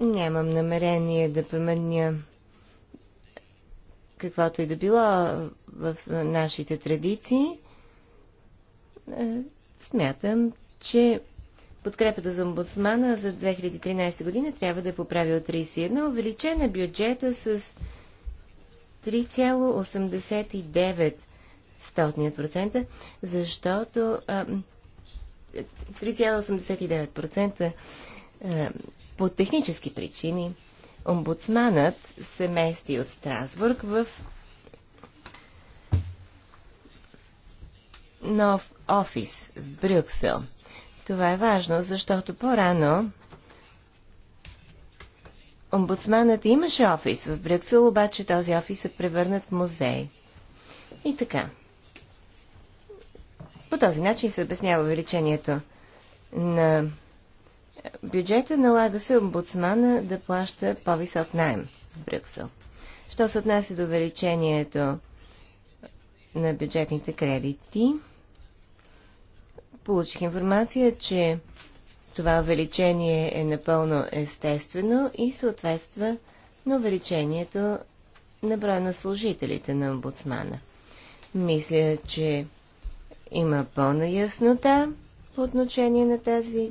Нямам намерение да променя каквото и да било в нашите традиции, е, смятам, че подкрепата за омбудсмана за 2013 година трябва да е по правило 31, увеличена е бюджета с 3,89%, защото 3,89% е, по технически причини Омбудсманът се мести от Страсбург в нов офис в Брюксел. Това е важно, защото по-рано омбудсманът имаше офис в Брюксел, обаче този офис е превърнат в музей. И така. По този начин се обяснява увеличението на бюджета, налага се омбудсмана да плаща по-висок найем в Брюксел. Що се отнася до увеличението на бюджетните кредити, получих информация, че това увеличение е напълно естествено и съответства на увеличението на броя на служителите на омбудсмана. Мисля, че има пълна яснота по отношение на тази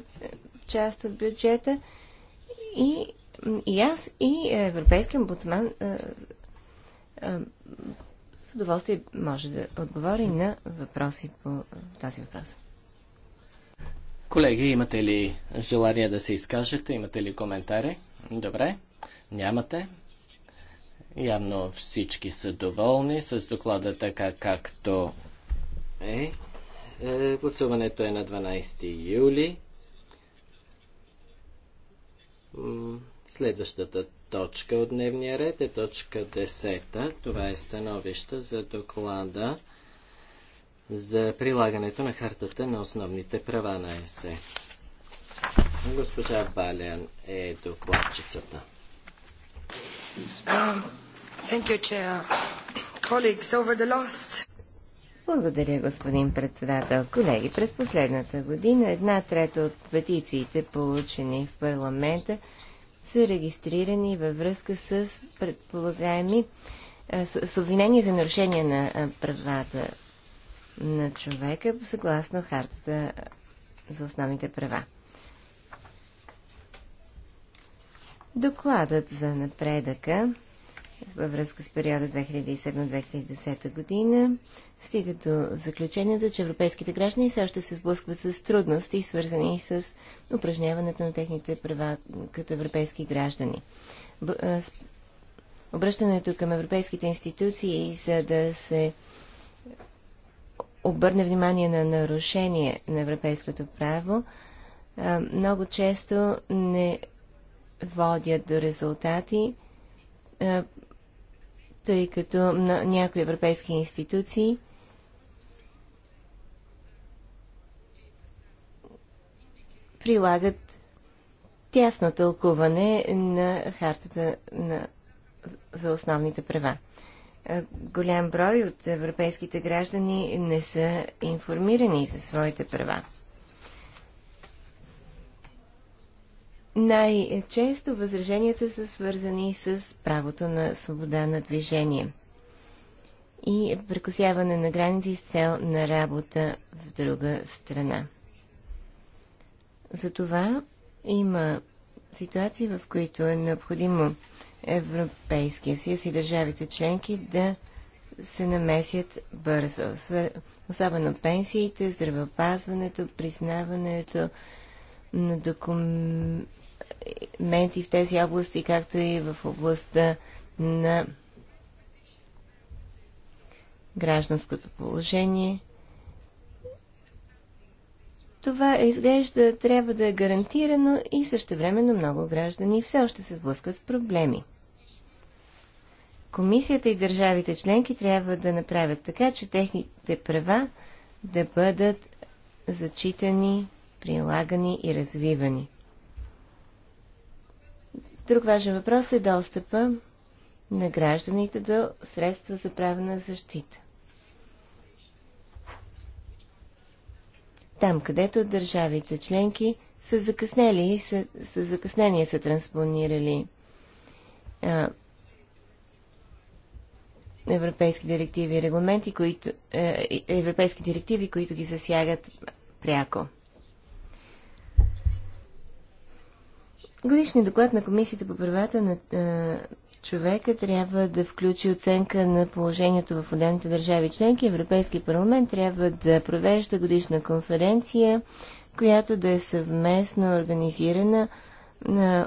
част от бюджета. И, и аз, и Европейския омбудсман с удоволствие може да отговори на въпроси по този въпрос. Колеги, имате ли желание да се изкажете? Имате ли коментари? Добре. Нямате. Явно всички са доволни с доклада така както е. е гласуването е на 12 юли. Следващата точка от дневния ред е точка 10. Това е становище за доклада за прилагането на хартата на основните права на ЕСЕ. Госпожа Балян е докладчицата. Um, thank you, Chair. Colleagues, over the last благодаря, господин председател. Колеги, през последната година една трета от петициите, получени в парламента, са регистрирани във връзка с предполагаеми с обвинения за нарушение на правата на човека, съгласно Хартата за основните права. Докладът за напредъка във връзка с периода 2007-2010 година стига до заключението, че европейските граждани все още се сблъскват с трудности, свързани с упражняването на техните права като европейски граждани. Обръщането към европейските институции, за да се обърне внимание на нарушение на европейското право, много често не водят до резултати, тъй като някои европейски институции прилагат тясно тълкуване на хартата на, за основните права. Голям брой от европейските граждани не са информирани за своите права. Най-често възраженията са свързани с правото на свобода на движение и прекосяване на граници с цел на работа в друга страна. Затова има ситуации, в които е необходимо Европейския съюз и държавите членки да се намесят бързо. Особено пенсиите, здравеопазването, признаването на документи менти в тези области, както и в областта на гражданското положение. Това изглежда трябва да е гарантирано и също времено много граждани все още се сблъскват с проблеми. Комисията и държавите членки трябва да направят така, че техните права да бъдат зачитани, прилагани и развивани. Друг важен въпрос е достъпа на гражданите до средства за правна защита. Там, където държавите членки са закъснели, са, са закъснени, са транспонирали а, европейски директиви и регламенти, които, а, е, е, европейски директиви, които ги засягат пряко. Годишният доклад на Комисията по правата на човека трябва да включи оценка на положението в отделните държави членки. Европейски парламент трябва да провежда годишна конференция, която да е съвместно организирана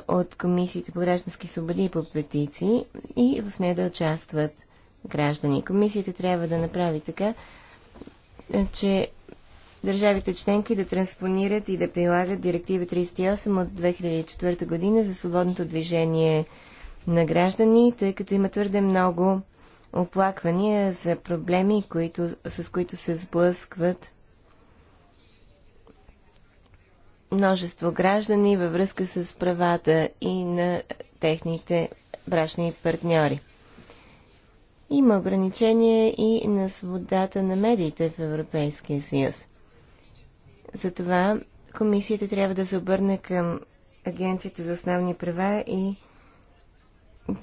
от Комисията по граждански свободи и по петиции и в нея да участват граждани. Комисията трябва да направи така, че държавите членки да транспонират и да прилагат Директива 38 от 2004 година за свободното движение на граждани, тъй като има твърде много оплаквания за проблеми, които, с които се сблъскват множество граждани във връзка с правата и на техните брачни партньори. Има ограничение и на свободата на медиите в Европейския съюз. Затова комисията трябва да се обърне към Агенцията за основни права и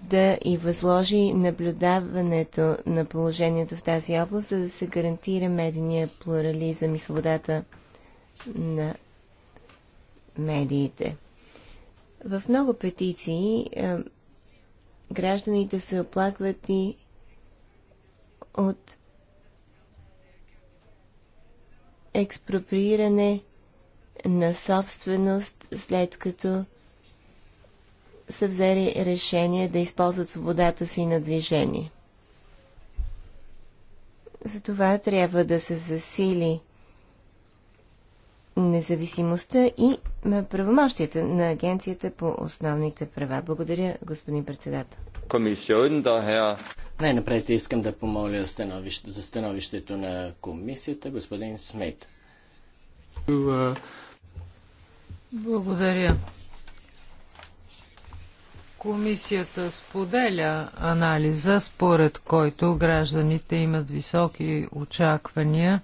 да и възложи наблюдаването на положението в тази област, за да се гарантира медийния плурализъм и свободата на медиите. В много петиции е, гражданите се оплакват и от експроприиране на собственост, след като са взели решение да използват свободата си на движение. Затова трябва да се засили независимостта и правомощията на Агенцията по основните права. Благодаря, господин председател. Най-напред искам да помоля за становището на комисията, господин Смит. Благодаря. Комисията споделя анализа, според който гражданите имат високи очаквания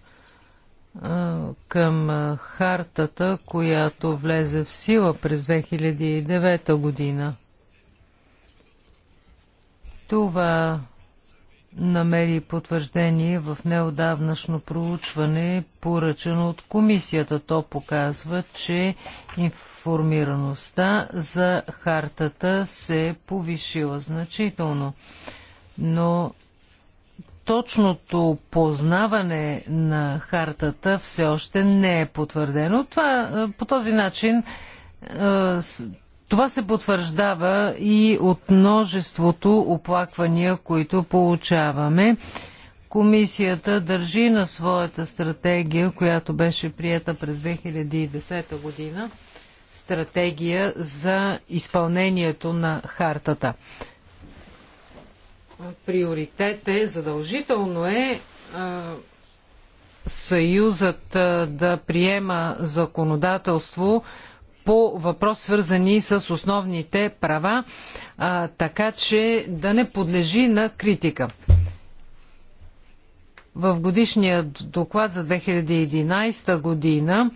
към хартата, която влезе в сила през 2009 година. Това намери потвърждение в неодавнашно проучване, поръчено от комисията. То показва, че информираността за хартата се е повишила значително. Но точното познаване на хартата все още не е потвърдено. Това е, по този начин е, това се потвърждава и от множеството оплаквания, които получаваме. Комисията държи на своята стратегия, която беше приета през 2010 година, стратегия за изпълнението на хартата. Приоритет е, задължително е Съюзът да приема законодателство, по въпрос свързани с основните права, а, така че да не подлежи на критика. В годишния доклад за 2011 година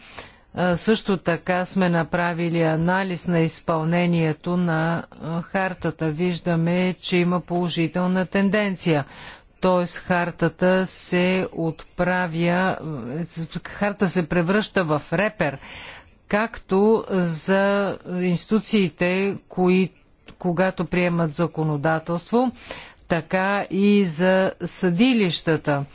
а, също така сме направили анализ на изпълнението на хартата. Виждаме, че има положителна тенденция т.е. хартата се отправя, харта се превръща в репер както за институциите, кои, когато приемат законодателство, така и за съдилищата.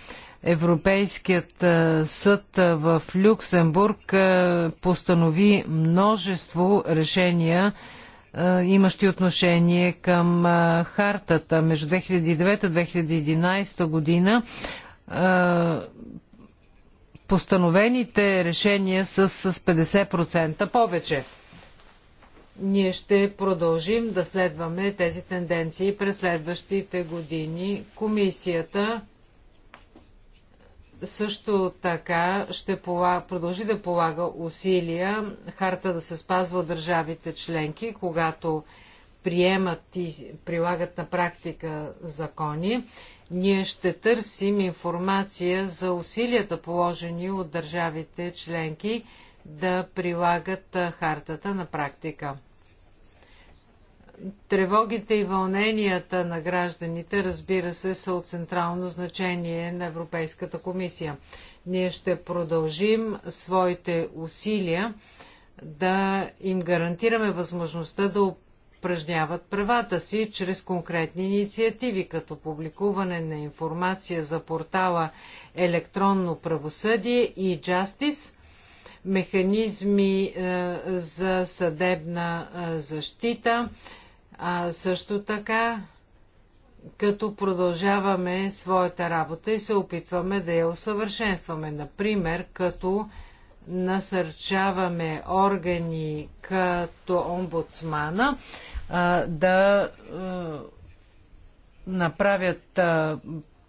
Европейският е, съд в Люксембург е, постанови множество решения, е, имащи отношение към хартата. Между 2009-2011 година постановените решения с, с 50% повече. Ние ще продължим да следваме тези тенденции през следващите години. Комисията също така ще полага, продължи да полага усилия харта да се спазва от държавите членки, когато приемат и прилагат на практика закони. Ние ще търсим информация за усилията положени от държавите членки да прилагат хартата на практика. Тревогите и вълненията на гражданите, разбира се, са от централно значение на Европейската комисия. Ние ще продължим своите усилия да им гарантираме възможността да упражняват правата си чрез конкретни инициативи, като публикуване на информация за портала Електронно правосъдие и Justice, механизми е, за съдебна е, защита, а също така като продължаваме своята работа и се опитваме да я усъвършенстваме, например, като насърчаваме органи като омбудсмана да направят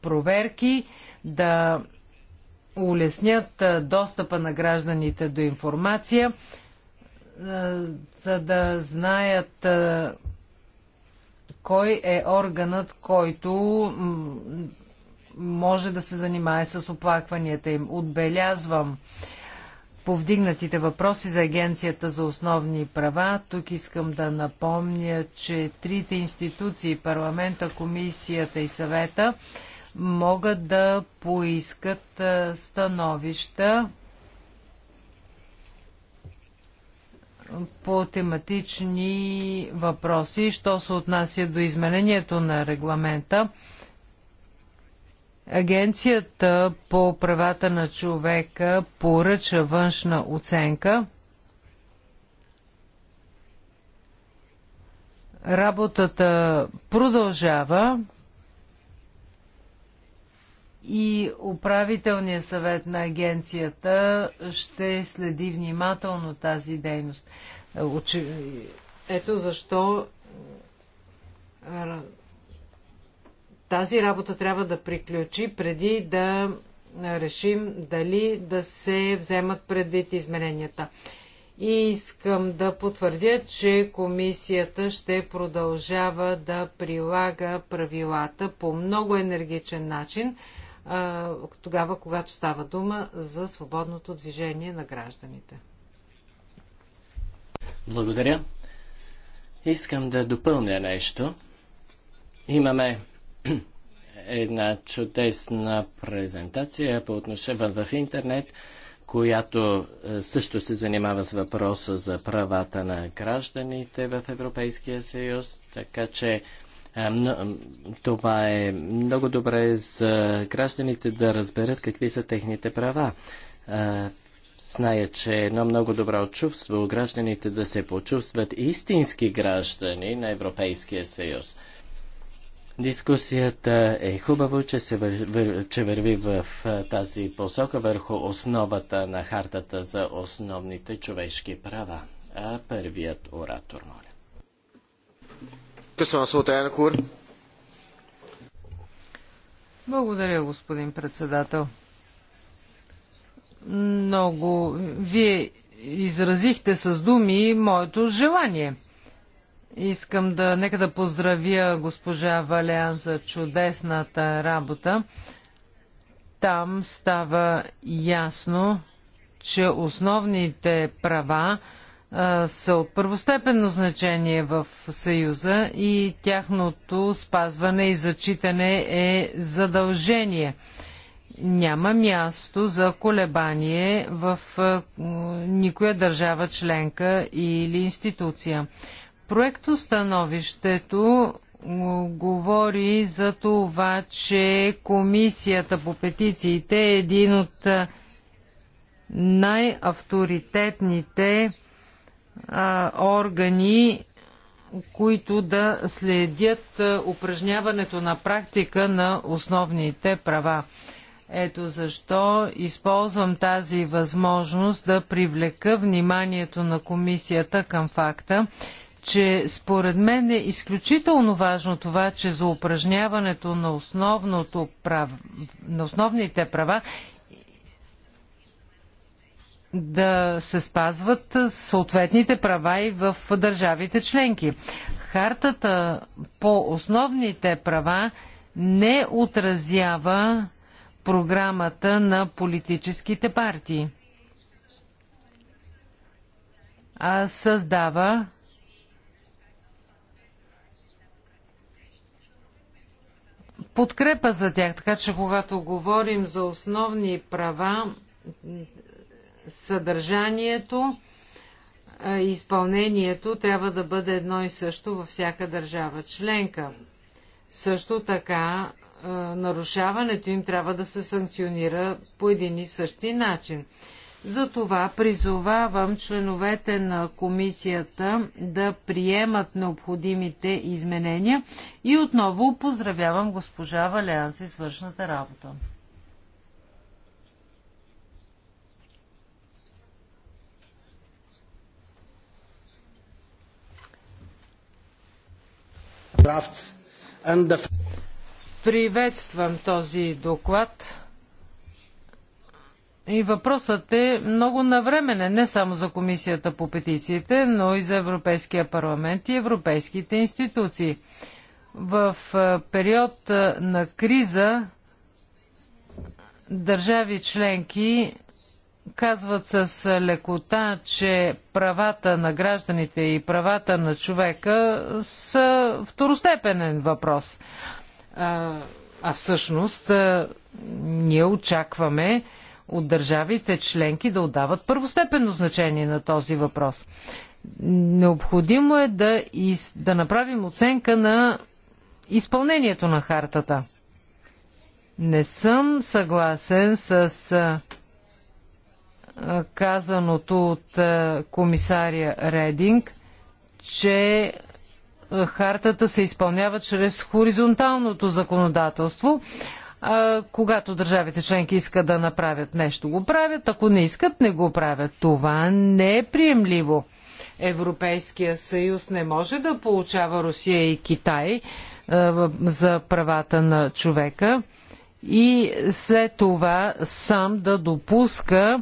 проверки, да улеснят достъпа на гражданите до информация, за да знаят кой е органът, който може да се занимае с оплакванията им. Отбелязвам повдигнатите въпроси за Агенцията за основни права. Тук искам да напомня, че трите институции парламента, комисията и съвета могат да поискат становища по тематични въпроси, що се отнася до изменението на регламента Агенцията по правата на човека поръча външна оценка. Работата продължава и управителният съвет на агенцията ще следи внимателно тази дейност. Е, ето защо тази работа трябва да приключи преди да решим дали да се вземат предвид измененията. И искам да потвърдя, че комисията ще продължава да прилага правилата по много енергичен начин, тогава, когато става дума за свободното движение на гражданите. Благодаря. Искам да допълня нещо. Имаме една чудесна презентация по отношение в интернет, която е, също се занимава с въпроса за правата на гражданите в Европейския съюз, така че е, това е много добре за гражданите да разберат какви са техните права. Е, зная, че е едно много добро чувство гражданите да се почувстват истински граждани на Европейския съюз. Дискусията е хубаво, че, се вър... че върви в тази посока върху основата на хартата за основните човешки права. А първият оратор, моля. Благодаря, господин председател. Много вие изразихте с думи моето желание – Искам да, нека да поздравя госпожа Валян за чудесната работа. Там става ясно, че основните права са от първостепенно значение в Съюза и тяхното спазване и зачитане е задължение. Няма място за колебание в никоя държава членка или институция. Проекто становището говори за това, че Комисията по петициите е един от най-авторитетните органи, които да следят упражняването на практика на основните права. Ето защо използвам тази възможност да привлека вниманието на комисията към факта, че според мен е изключително важно това, че за упражняването на, основното прав... на основните права да се спазват съответните права и в държавите членки. Хартата по основните права не отразява програмата на политическите партии, а създава подкрепа за тях. Така че когато говорим за основни права, съдържанието, изпълнението трябва да бъде едно и също във всяка държава членка. Също така нарушаването им трябва да се санкционира по един и същи начин. Затова призовавам членовете на комисията да приемат необходимите изменения и отново поздравявам госпожа Валян с извършната работа. Приветствам този доклад. И въпросът е много навремене, не само за Комисията по петициите, но и за Европейския парламент и европейските институции. В период на криза държави членки казват с лекота, че правата на гражданите и правата на човека са второстепенен въпрос. А, а всъщност ние очакваме от държавите членки да отдават първостепенно значение на този въпрос. Необходимо е да, из, да направим оценка на изпълнението на хартата. Не съм съгласен с казаното от комисаря Рединг, че хартата се изпълнява чрез хоризонталното законодателство. А, когато държавите членки искат да направят нещо, го правят. Ако не искат, не го правят. Това не е приемливо. Европейския съюз не може да получава Русия и Китай а, за правата на човека и след това сам да допуска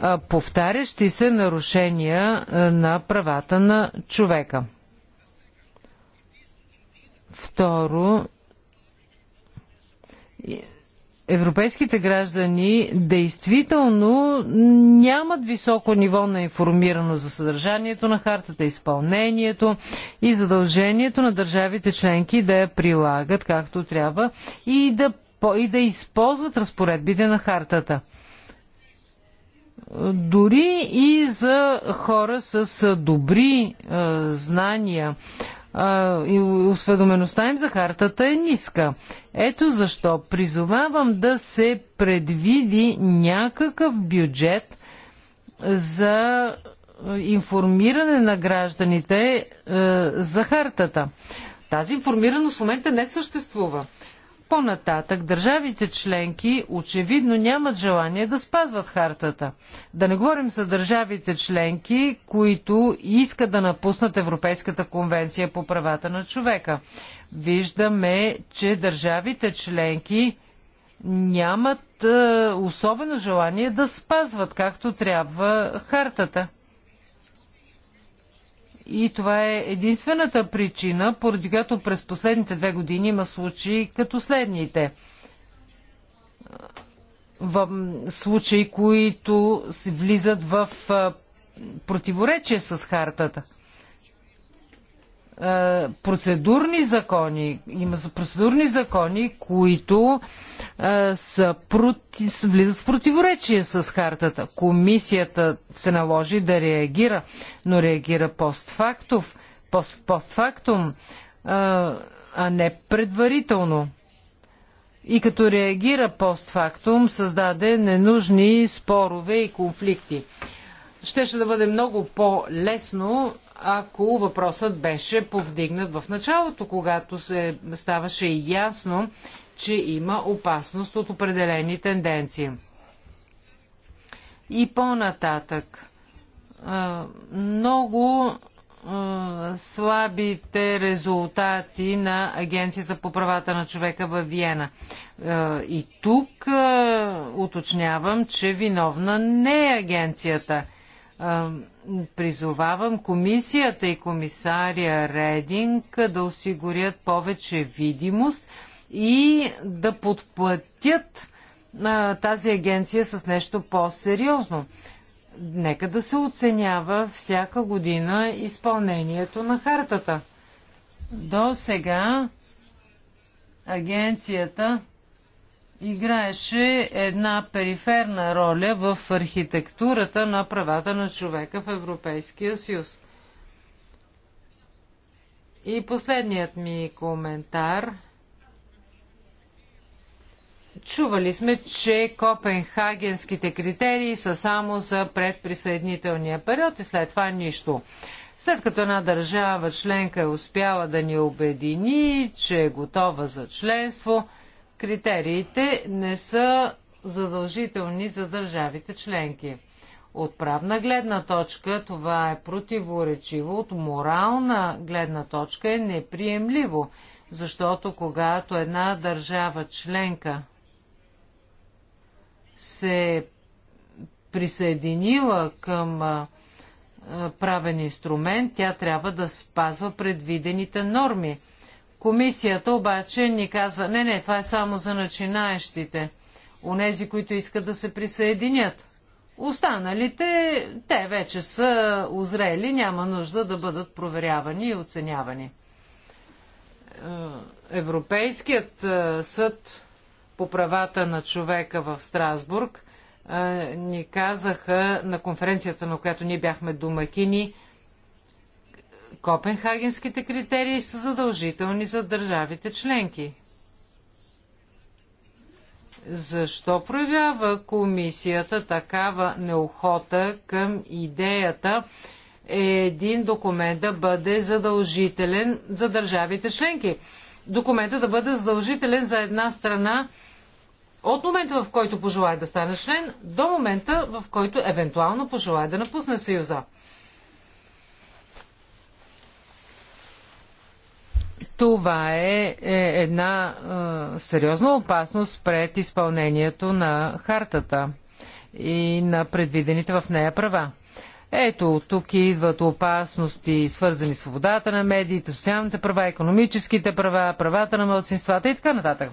а, повтарящи се нарушения на правата на човека. Второ, европейските граждани действително нямат високо ниво на информираност за съдържанието на хартата, изпълнението и задължението на държавите членки да я прилагат както трябва и да, и да използват разпоредбите на хартата. Дори и за хора с добри е, знания, и осведомеността им за хартата е ниска. Ето защо призовавам да се предвиди някакъв бюджет за информиране на гражданите за хартата. Тази информираност в момента не съществува. По-нататък държавите членки очевидно нямат желание да спазват хартата. Да не говорим за държавите членки, които искат да напуснат Европейската конвенция по правата на човека. Виждаме, че държавите членки нямат е, особено желание да спазват както трябва хартата. И това е единствената причина, поради която през последните две години има случаи като следните. В случаи, които влизат в противоречие с хартата. Е, процедурни закони, има процедурни закони, които е, са проти, влизат в противоречие с хартата. Комисията се наложи да реагира, но реагира постфактов, пост, постфактум, е, а не предварително. И като реагира постфактум, създаде ненужни спорове и конфликти щеше да бъде много по-лесно, ако въпросът беше повдигнат в началото, когато се ставаше ясно, че има опасност от определени тенденции. И по-нататък. Много слабите резултати на Агенцията по правата на човека във Виена. И тук уточнявам, че виновна не е агенцията – призовавам комисията и комисария Рединг да осигурят повече видимост и да подплатят а, тази агенция с нещо по-сериозно. Нека да се оценява всяка година изпълнението на хартата. До сега агенцията играеше една периферна роля в архитектурата на правата на човека в Европейския съюз. И последният ми коментар. Чували сме, че копенхагенските критерии са само за предприсъединителния период и след това нищо. След като една държава членка е успяла да ни обедини, че е готова за членство – Критериите не са задължителни за държавите членки. От правна гледна точка това е противоречиво, от морална гледна точка е неприемливо, защото когато една държава членка се присъединила към правен инструмент, тя трябва да спазва предвидените норми. Комисията обаче ни казва, не, не, това е само за начинаещите, онези, които искат да се присъединят. Останалите, те вече са озрели, няма нужда да бъдат проверявани и оценявани. Е, Европейският е, съд по правата на човека в Страсбург е, ни казаха на конференцията, на която ние бяхме домакини, Копенхагенските критерии са задължителни за държавите членки. Защо проявява комисията такава неохота към идеята е един документ да бъде задължителен за държавите членки? Документът да бъде задължителен за една страна от момента, в който пожелая да стане член, до момента, в който евентуално пожелая да напусне Съюза. Това е, е една е, сериозна опасност пред изпълнението на хартата и на предвидените в нея права. Ето, тук идват опасности, свързани с свободата на медиите, социалните права, економическите права, правата на младсинствата и така нататък.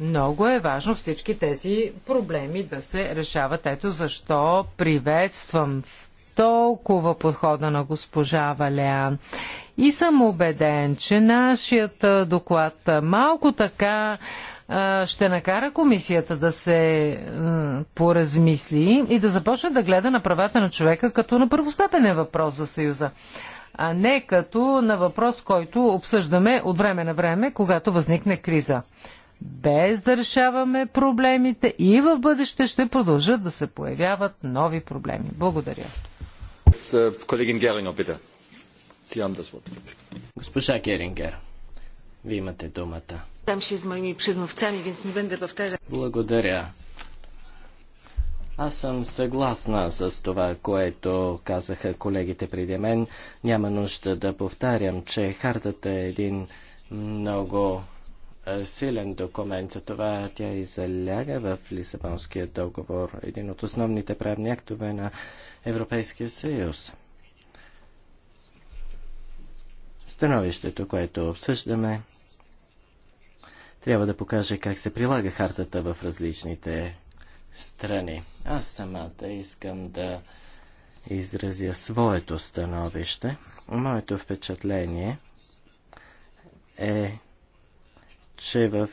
Много е важно всички тези проблеми да се решават. Ето защо приветствам толкова подхода на госпожа Валеан. И съм убеден, че нашият доклад малко така ще накара комисията да се поразмисли и да започне да гледа на правата на човека като на първостепенен въпрос за Съюза, а не като на въпрос, който обсъждаме от време на време, когато възникне криза. Без да решаваме проблемите и в бъдеще ще продължат да се появяват нови проблеми. Благодаря. Герингер, äh, Госпожа Герингер, Вие имате думата. Там ще не Благодаря. Аз съм съгласна с това, което казаха колегите преди мен. Няма нужда да повтарям, че хартата е един много е, силен документ. За това тя и заляга в Лисабонския договор. Един от основните правни актове на Европейския съюз. Становището, което обсъждаме, трябва да покаже как се прилага хартата в различните страни. Аз самата искам да изразя своето становище. Моето впечатление е, че в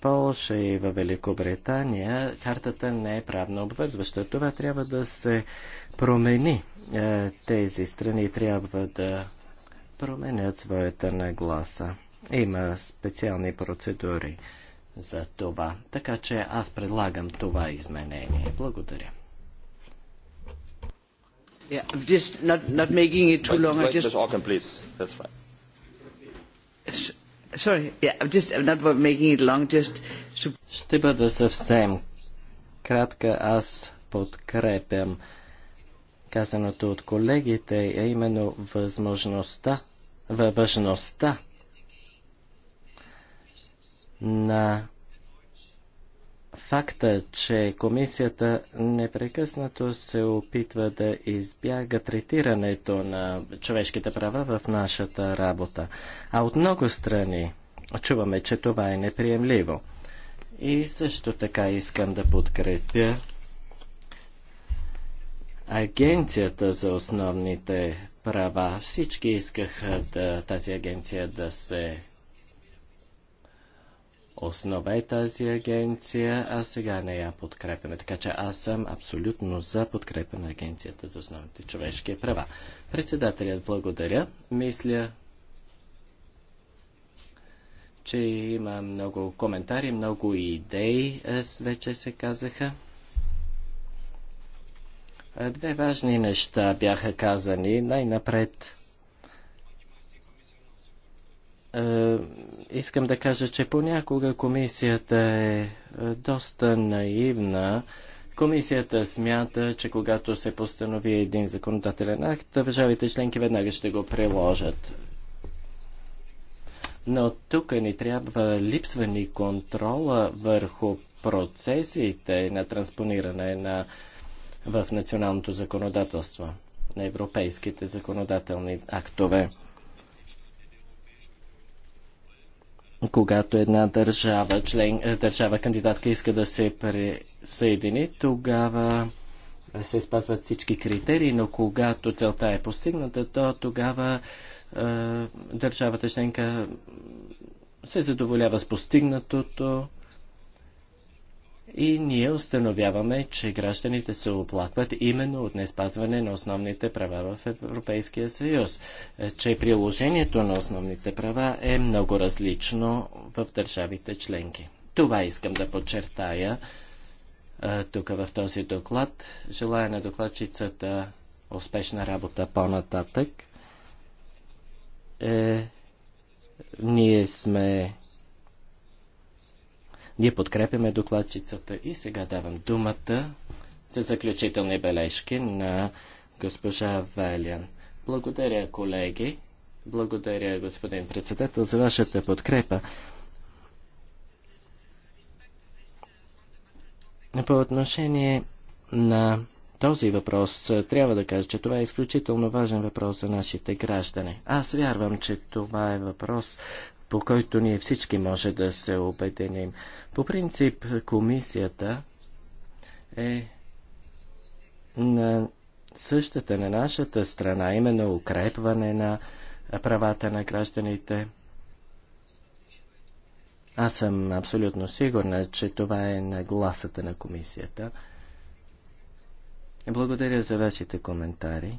Полша и в Великобритания хартата не е правно обвързваща. Това трябва да се промени. Тези страни трябва да променят своята нагласа. Има специални процедури за това. Така че аз предлагам това изменение. Благодаря. Yeah, I'm just not, not making it too long. That's fine. Sorry, yeah, I'm just, I'm not making it long, just... Ще бъда съвсем кратка. Аз подкрепям казаното от колегите, а именно възможността, във важността на Факта, че комисията непрекъснато се опитва да избяга третирането на човешките права в нашата работа, а от много страни чуваме, че това е неприемливо. И също така искам да подкрепя Агенцията за основните права. Всички искаха да, тази агенция да се основа е тази агенция, а сега не я подкрепяме. Така че аз съм абсолютно за подкрепа на Агенцията за основните човешки права. Председателят благодаря. Мисля, че има много коментари, много идеи е, вече се казаха. Е, две важни неща бяха казани. Най-напред е, искам да кажа, че понякога комисията е, е доста наивна. Комисията смята, че когато се постанови един законодателен акт, държавите членки веднага ще го приложат. Но тук ни трябва липсва ни контрола върху процесите на транспониране на, в националното законодателство, на европейските законодателни актове. когато една държава, член, е, държава кандидатка иска да се присъедини, тогава се спазват всички критерии, но когато целта е постигната, то тогава е, държавата членка се задоволява с постигнатото и ние установяваме, че гражданите се оплакват именно от неспазване на основните права в Европейския съюз, е, че приложението на основните права е много различно в държавите членки. Това искам да подчертая е, тук в този доклад. Желая на докладчицата успешна работа по-нататък. Е, ние сме ние подкрепяме докладчицата и сега давам думата за заключителни бележки на госпожа Валян. Благодаря, колеги. Благодаря, господин председател, за вашата подкрепа. По отношение на този въпрос трябва да кажа, че това е изключително важен въпрос за нашите граждани. Аз вярвам, че това е въпрос, по който ние всички може да се обединим. По принцип, комисията е на същата, на нашата страна, именно укрепване на правата на гражданите. Аз съм абсолютно сигурна, че това е на гласата на комисията. Благодаря за вашите коментари.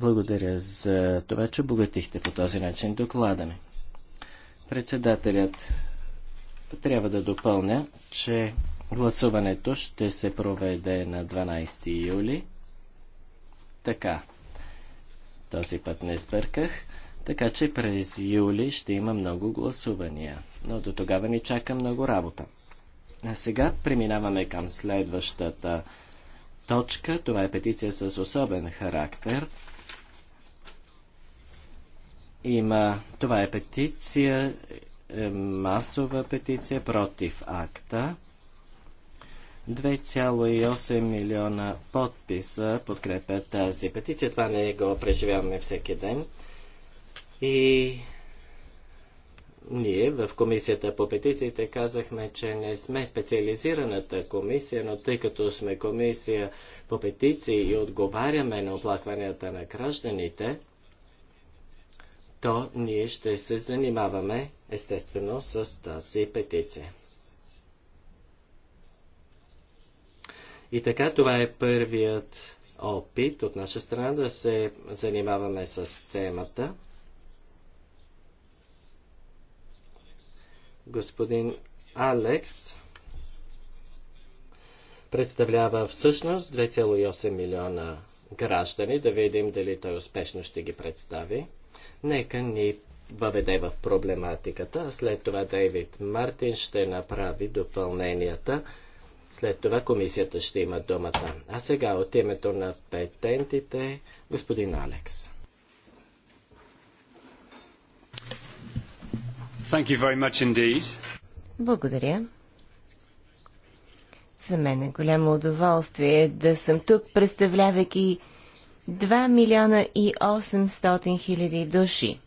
Благодаря за това, че обогатихте по този начин доклада ми. Председателят трябва да допълня, че гласуването ще се проведе на 12 юли. Така, този път не сбърках, така че през юли ще има много гласувания, но до тогава ни чака много работа. А сега преминаваме към следващата точка. Това е петиция с особен характер. Има, това е петиция, е, масова петиция против акта. 2,8 милиона подписа подкрепят тази петиция. Това не го преживяваме всеки ден. И ние в комисията по петициите казахме, че не сме специализираната комисия, но тъй като сме комисия по петиции и отговаряме на оплакванията на гражданите, то ние ще се занимаваме естествено с тази петиция. И така, това е първият опит от наша страна да се занимаваме с темата. Господин Алекс представлява всъщност 2,8 милиона граждани. Да видим дали той успешно ще ги представи. Нека ни въведе в проблематиката, а след това Дейвид Мартин ще направи допълненията. След това комисията ще има думата. А сега от името на петентите, господин Алекс. Thank you very much indeed. Благодаря. За мен е голямо удоволствие да съм тук, представлявайки 2 милиона и 800 хиляди души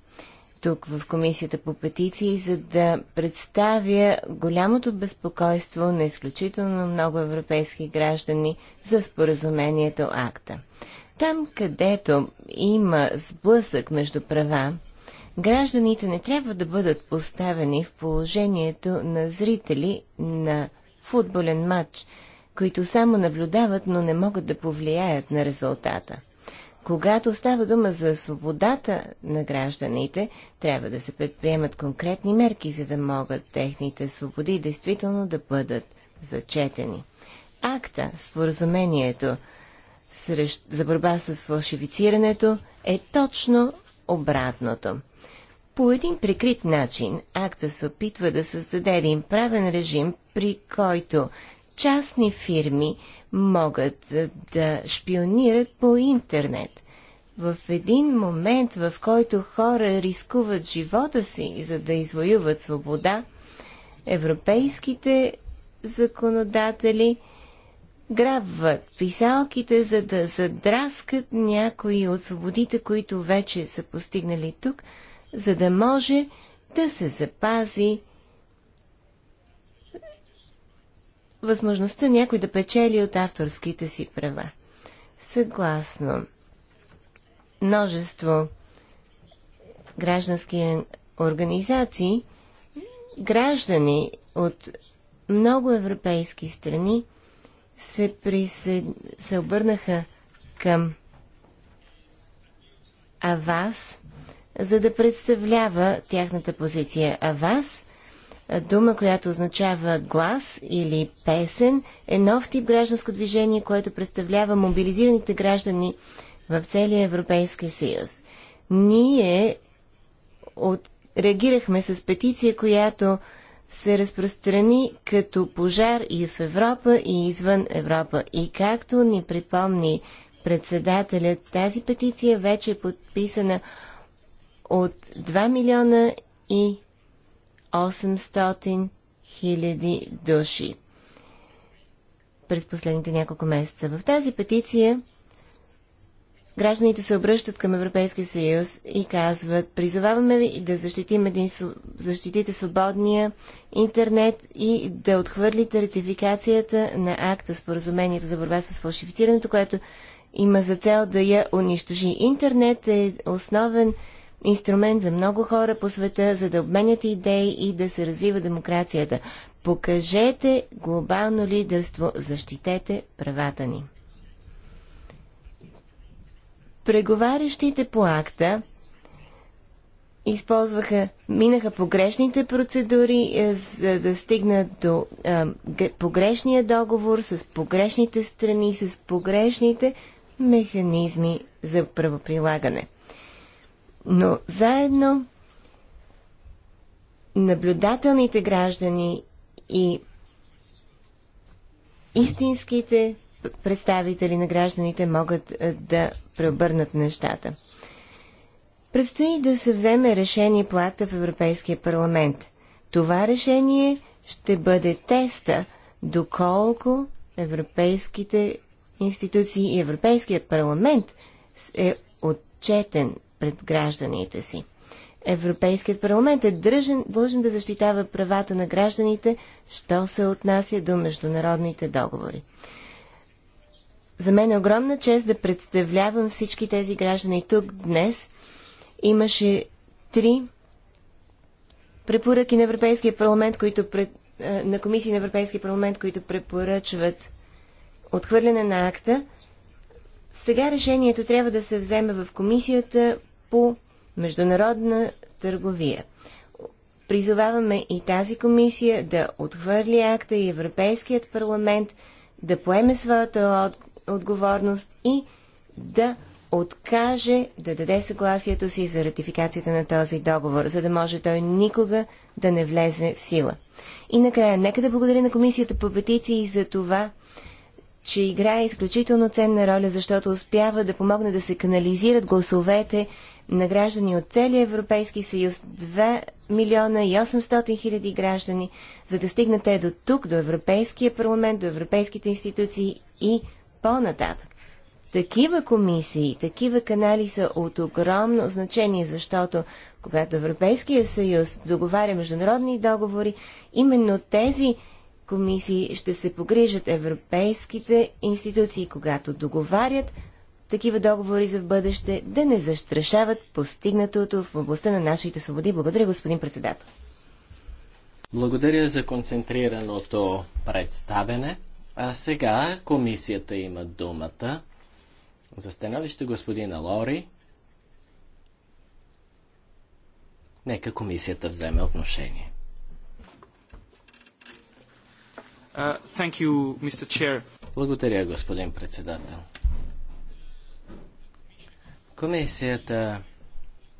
тук в Комисията по петиции, за да представя голямото безпокойство на изключително много европейски граждани за споразумението АКТА. Там, където има сблъсък между права, гражданите не трябва да бъдат поставени в положението на зрители на футболен матч, които само наблюдават, но не могат да повлияят на резултата. Когато става дума за свободата на гражданите, трябва да се предприемат конкретни мерки, за да могат техните свободи действително да бъдат зачетени. Акта, споразумението за борба с фалшифицирането е точно обратното. По един прикрит начин акта се опитва да създаде един правен режим, при който частни фирми могат да шпионират по интернет. В един момент, в който хора рискуват живота си, за да извоюват свобода, европейските законодатели грабват писалките, за да задраскат някои от свободите, които вече са постигнали тук, за да може да се запази възможността някой да печели от авторските си права. Съгласно множество граждански организации, граждани от много европейски страни се, присъ... се обърнаха към Авас, за да представлява тяхната позиция. Авас дума, която означава глас или песен, е нов тип гражданско движение, което представлява мобилизираните граждани в целия Европейски съюз. Ние от... реагирахме с петиция, която се разпространи като пожар и в Европа, и извън Европа. И както ни припомни председателят, тази петиция вече е подписана от 2 милиона и 800 хиляди души през последните няколко месеца. В тази петиция гражданите се обръщат към Европейския съюз и казват призоваваме ви да защитим един, защитите свободния интернет и да отхвърлите ратификацията на акта споразумението за борба с фалшифицирането, което има за цел да я унищожи. Интернет е основен инструмент за много хора по света, за да обменят идеи и да се развива демокрацията. Покажете глобално лидерство, защитете правата ни. Преговарящите по акта използваха, минаха погрешните процедури, е, за да стигнат до е, погрешния договор с погрешните страни, с погрешните механизми за правоприлагане. Но заедно наблюдателните граждани и истинските представители на гражданите могат е, да преобърнат нещата. Предстои да се вземе решение по акта в Европейския парламент. Това решение ще бъде теста доколко европейските институции и Европейският парламент е отчетен пред гражданите си. Европейският парламент е дръжен, дължен да защитава правата на гражданите, що се отнася до международните договори. За мен е огромна чест да представлявам всички тези граждани тук днес. Имаше три препоръки на Европейския парламент, които пред, е, на комисии на Европейския парламент, които препоръчват отхвърляне на акта. Сега решението трябва да се вземе в комисията по международна търговия. Призоваваме и тази комисия да отхвърли акта и Европейският парламент да поеме своята отговорност и да откаже да даде съгласието си за ратификацията на този договор, за да може той никога да не влезе в сила. И накрая, нека да благодаря на Комисията по петиции за това, че играе изключително ценна роля, защото успява да помогне да се канализират гласовете на граждани от целия Европейски съюз, 2 милиона и 800 хиляди граждани, за да стигнат те до тук, до Европейския парламент, до европейските институции и по-нататък. Такива комисии, такива канали са от огромно значение, защото когато Европейския съюз договаря международни договори, именно тези комисии ще се погрижат европейските институции, когато договарят такива договори за в бъдеще да не застрашават постигнатото в областта на нашите свободи. Благодаря, господин председател. Благодаря за концентрираното представене. А сега комисията има думата. За становище господина Лори. Нека комисията вземе отношение. Uh, you, Благодаря, господин председател. Комисията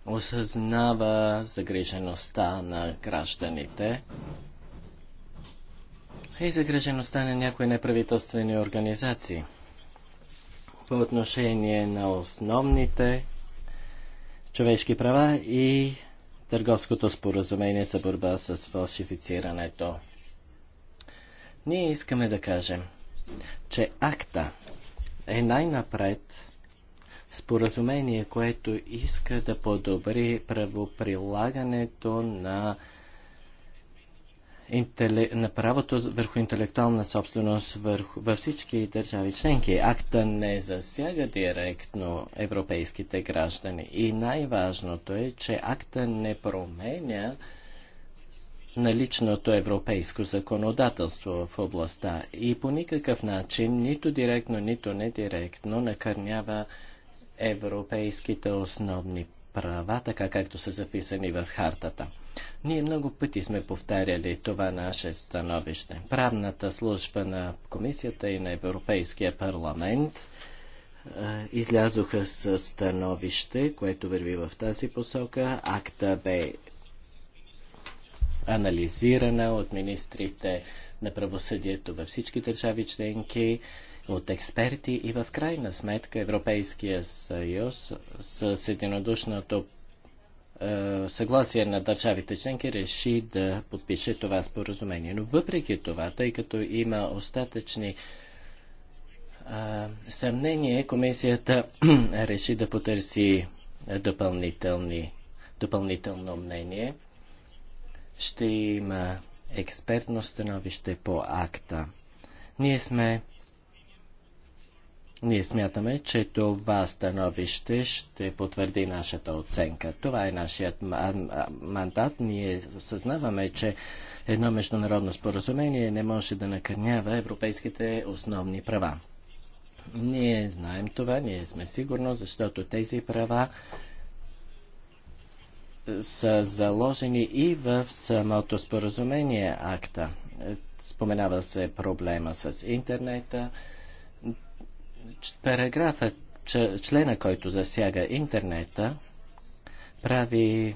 осъзнава загрижеността на гражданите и загрижеността на някои неправителствени организации по отношение на основните човешки права и търговското споразумение за борба с фалшифицирането. Ние искаме да кажем, че акта е най-напред споразумение, което иска да подобри правоприлагането на, интеле... на правото върху интелектуална собственост върху... във всички държави членки. Акта не засяга директно европейските граждани. И най-важното е, че акта не променя наличното европейско законодателство в областта и по никакъв начин, нито директно, нито недиректно, накърнява европейските основни права, така както са записани в хартата. Ние много пъти сме повтаряли това наше становище. Правната служба на Комисията и на Европейския парламент излязоха с становище, което върви в тази посока. Акта бе анализирана от министрите на правосъдието във всички държави членки от експерти и в крайна сметка Европейския съюз с единодушното е, съгласие на държавите членки реши да подпише това споразумение. Но въпреки това, тъй като има остатъчни е, съмнения, съмнение, комисията реши да потърси допълнителни, допълнително мнение. Ще има експертно становище по акта. Ние сме ние смятаме, че това становище ще потвърди нашата оценка. Това е нашият мандат. Ние съзнаваме, че едно международно споразумение не може да накърнява европейските основни права. Ние знаем това, ние сме сигурно, защото тези права са заложени и в самото споразумение акта. Е, споменава се проблема с интернета, параграфът, члена, който засяга интернета, прави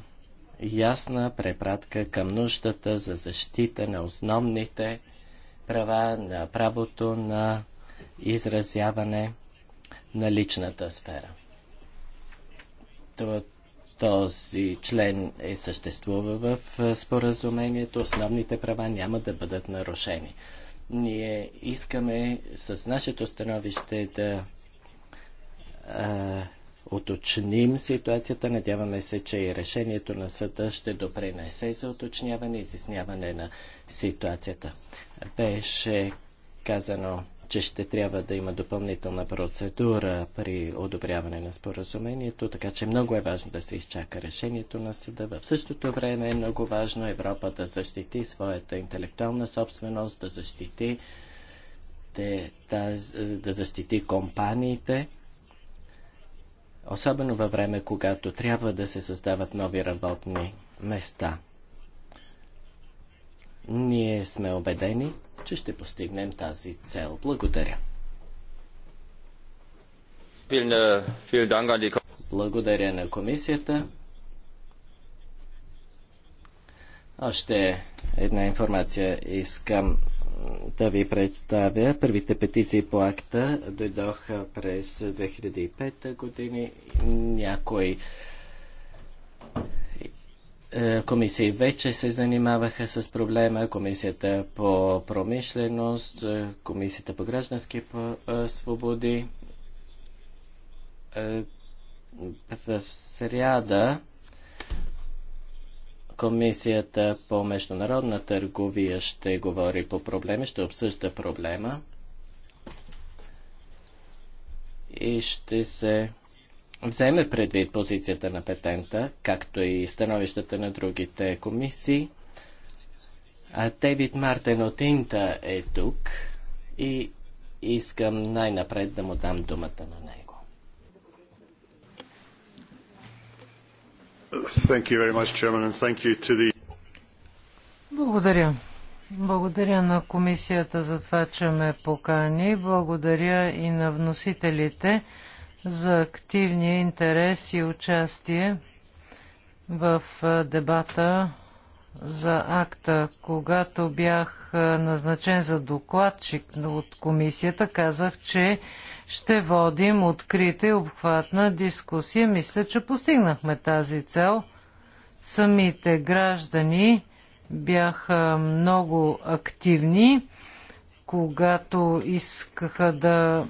ясна препратка към нуждата за защита на основните права, на правото на изразяване на личната сфера. Този член е съществува в споразумението. Основните права няма да бъдат нарушени. Ние искаме с нашето становище да а, уточним ситуацията. Надяваме се, че и решението на съда ще допринесе за уточняване и изясняване на ситуацията. Беше казано че ще трябва да има допълнителна процедура при одобряване на споразумението, така че много е важно да се изчака решението на съда. В същото време е много важно Европа да защити своята интелектуална собственост, да защити, да, да защити компаниите, особено във време, когато трябва да се създават нови работни места. Ние сме убедени, че ще постигнем тази цел. Благодаря. Благодаря на комисията. Още една информация искам да ви представя. Първите петиции по акта дойдоха през 2005 години. Някои е, комисии вече се занимаваха с проблема. Комисията по промишленост, е, Комисията по граждански е, свободи. В сряда Комисията по международна търговия ще говори по проблеми, ще обсъжда проблема и ще се вземе предвид позицията на петента, както и становищата на другите комисии. А Мартен от Инта е тук и искам най-напред да му дам думата на него. Благодаря. Благодаря на комисията за това, че ме покани. Благодаря и на вносителите за активния интерес и участие в дебата за акта. Когато бях назначен за докладчик от комисията, казах, че ще водим открита и обхватна дискусия. Мисля, че постигнахме тази цел. Самите граждани бяха много активни, когато искаха да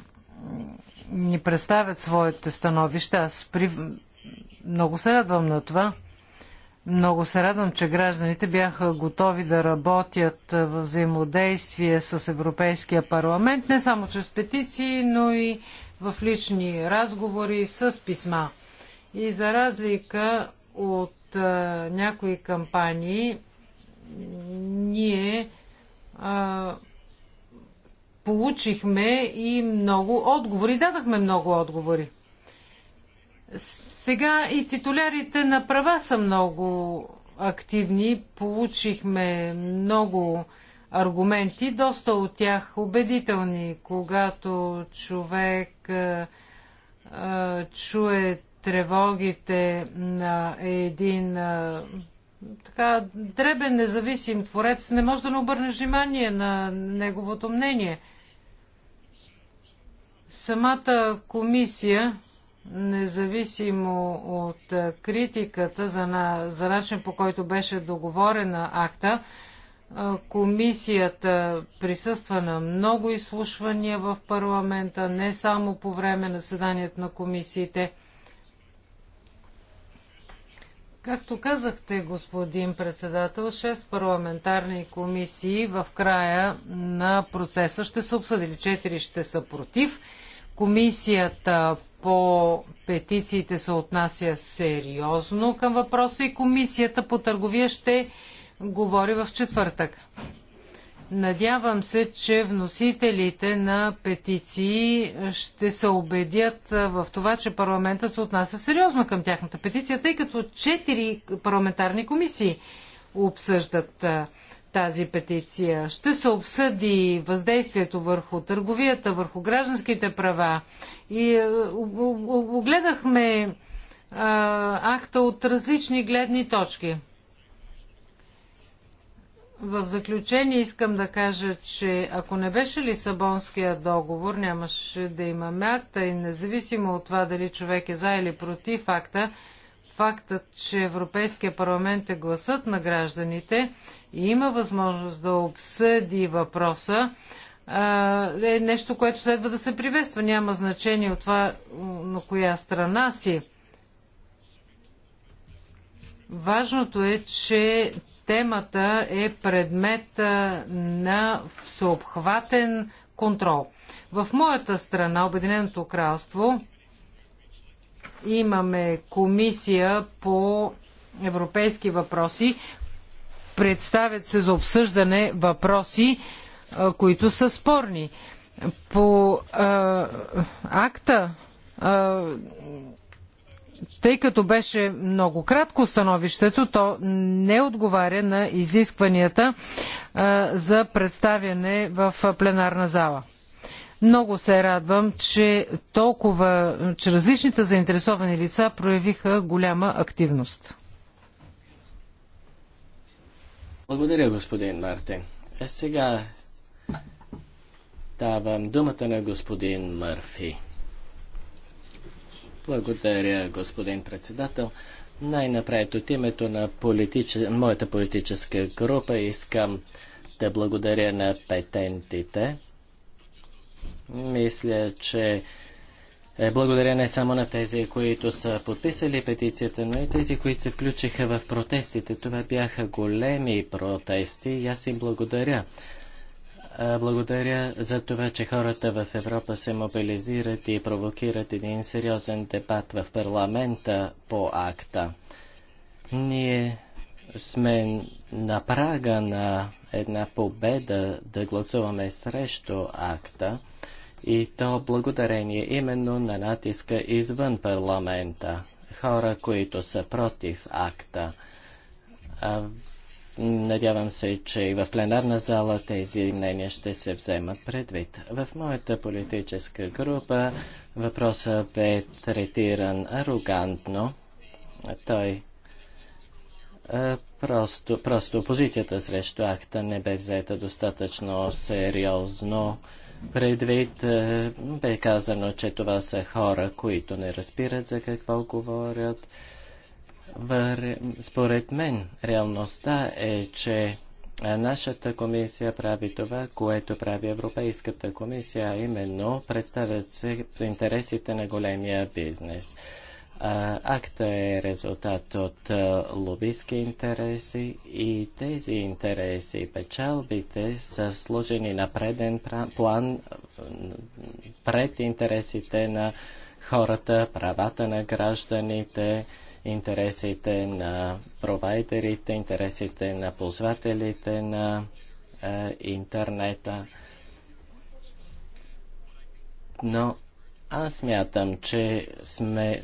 ни представят своите становища. Аз при... много се радвам на това. Много се радвам, че гражданите бяха готови да работят в взаимодействие с Европейския парламент, не само чрез петиции, но и в лични разговори с писма. И за разлика от а, някои кампании, ние а, получихме и много отговори, дадахме много отговори. Сега и титулярите на права са много активни, получихме много аргументи, доста от тях убедителни, когато човек а, а, чуе тревогите на един а, така дребен независим творец, не може да не обърнеш внимание на неговото мнение – Самата комисия, независимо от критиката за, на, за начин по който беше договорена акта, комисията присъства на много изслушвания в парламента, не само по време на съданието на комисиите – Както казахте, господин председател, 6 парламентарни комисии в края на процеса ще са обсъдили. 4 ще са против. Комисията по петициите се отнася сериозно към въпроса и комисията по търговия ще говори в четвъртък. Надявам се, че вносителите на петиции ще се убедят в това, че парламентът се отнася сериозно към тяхната петиция, тъй като четири парламентарни комисии обсъждат тази петиция. Ще се обсъди въздействието върху търговията, върху гражданските права. И огледахме акта от различни гледни точки. В заключение искам да кажа, че ако не беше Лисабонския договор, нямаше да има мята и независимо от това дали човек е за или против факта, фактът, че Европейския парламент е гласът на гражданите и има възможност да обсъди въпроса, е нещо, което следва да се приветства. Няма значение от това на коя страна си. Важното е, че системата е предмет на всеобхватен контрол. В моята страна, Обединеното кралство, имаме комисия по европейски въпроси. Представят се за обсъждане въпроси, които са спорни. По а, акта а, тъй като беше много кратко становището, то не отговаря на изискванията за представяне в пленарна зала. Много се радвам, че толкова, че различните заинтересовани лица проявиха голяма активност. Благодаря, господин Мартин. А е, сега давам думата на господин Мърфи. Благодаря, господин председател. Най-напред от името на политич... моята политическа група искам да благодаря на петентите. Мисля, че е благодаря не само на тези, които са подписали петицията, но и тези, които се включиха в протестите. Това бяха големи протести и аз им благодаря. Благодаря за това, че хората в Европа се мобилизират и провокират един сериозен дебат в парламента по акта. Ние сме на прага на една победа да гласуваме срещу акта и то благодарение именно на натиска извън парламента. Хора, които са против акта. А Надявам се, че и в пленарна зала тези мнения ще се вземат предвид. В моята политическа група въпросът бе третиран арогантно. Той просто, просто опозицията срещу акта не бе взета достатъчно сериозно. Предвид бе казано, че това са хора, които не разбират за какво говорят Вър... Според мен реалността е, че нашата комисия прави това, което прави Европейската комисия, а именно представят се интересите на големия бизнес. Акта е резултат от лобистки интереси и тези интереси, печалбите са сложени на преден план пред интересите на хората, правата на гражданите, интересите на провайдерите, интересите на ползвателите на е, интернета. Но аз мятам, че сме,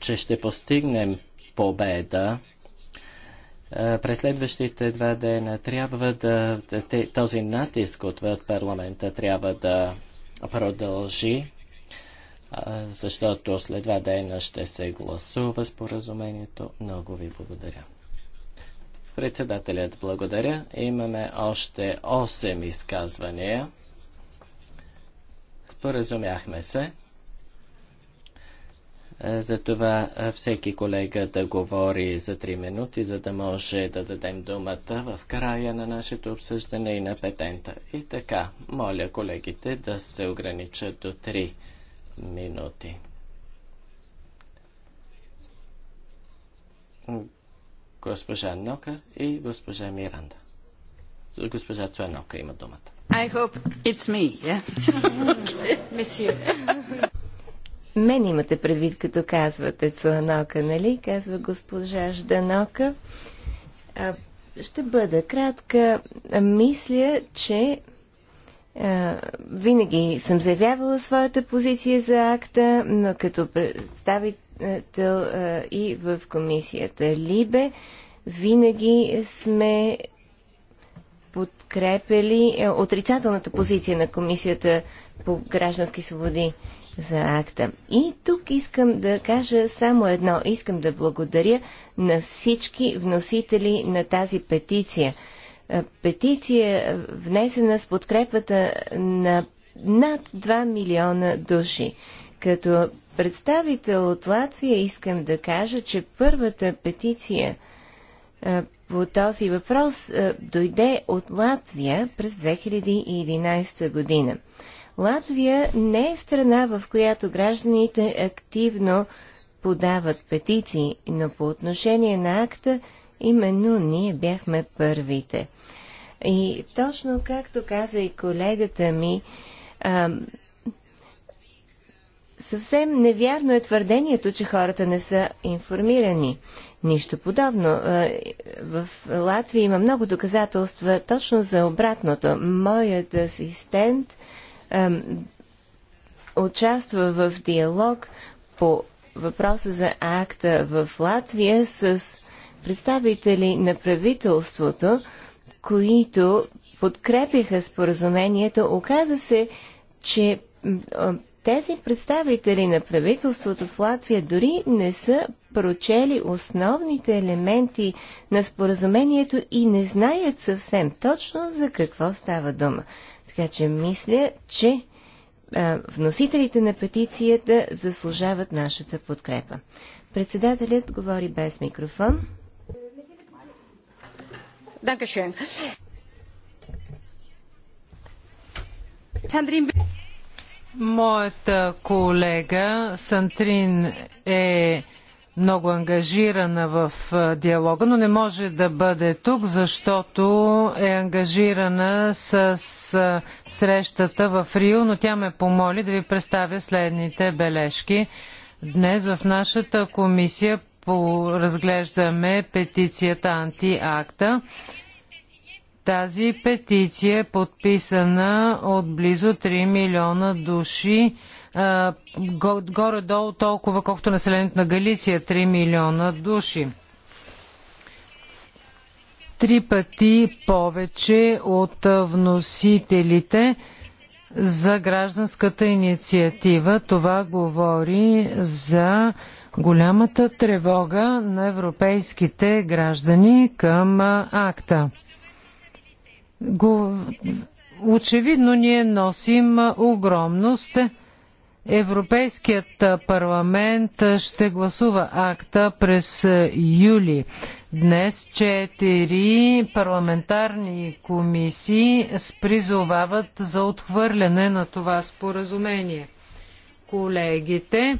че ще постигнем победа е, през следващите два дена трябва да, този натиск отвъд парламента трябва да продължи защото след два дена ще се гласува споразумението. Много ви благодаря. Председателят благодаря. Имаме още 8 изказвания. Споразумяхме се. Затова всеки колега да говори за 3 минути, за да може да дадем думата в края на нашето обсъждане и на петента. И така, моля колегите да се ограничат до 3 минути. Госпожа Нока и госпожа Миранда. Госпожа Цуенока има думата. I hope it's me, yeah? Мен имате предвид, като казвате Цуанока, нали? Казва госпожа Жданока. Ще бъда кратка. Мисля, че е, винаги съм заявявала своята позиция за акта, но като представител е, и в комисията Либе, винаги сме подкрепили е, отрицателната позиция на комисията по граждански свободи за акта. И тук искам да кажа само едно. Искам да благодаря на всички вносители на тази петиция – е, петиция, е, внесена с подкрепата на над 2 милиона души. Като представител от Латвия искам да кажа, че първата петиция е, по този въпрос дойде от Латвия през 2011 година. Латвия не е страна, в която гражданите активно подават петиции, но по отношение на акта Именно ние бяхме първите. И точно както каза и колегата ми, а, съвсем невярно е твърдението, че хората не са информирани. Нищо подобно. В Латвия има много доказателства точно за обратното. Моят асистент а, участва в диалог по въпроса за акта в Латвия с представители на правителството, които подкрепиха споразумението, оказа се, че тези представители на правителството в Латвия дори не са прочели основните елементи на споразумението и не знаят съвсем точно за какво става дума. Така че мисля, че а, вносителите на петицията заслужават нашата подкрепа. Председателят говори без микрофон. Dankeschön. Моята колега Сантрин е много ангажирана в диалога, но не може да бъде тук, защото е ангажирана с срещата в Рио, но тя ме помоли да ви представя следните бележки. Днес в нашата комисия разглеждаме петицията антиакта. Тази петиция е подписана от близо 3 милиона души, горе-долу толкова, колкото населението на Галиция 3 милиона души. Три пъти повече от вносителите за гражданската инициатива. Това говори за голямата тревога на европейските граждани към акта. Очевидно ние носим огромност. Европейският парламент ще гласува акта през юли. Днес четири парламентарни комисии призовават за отхвърляне на това споразумение. Колегите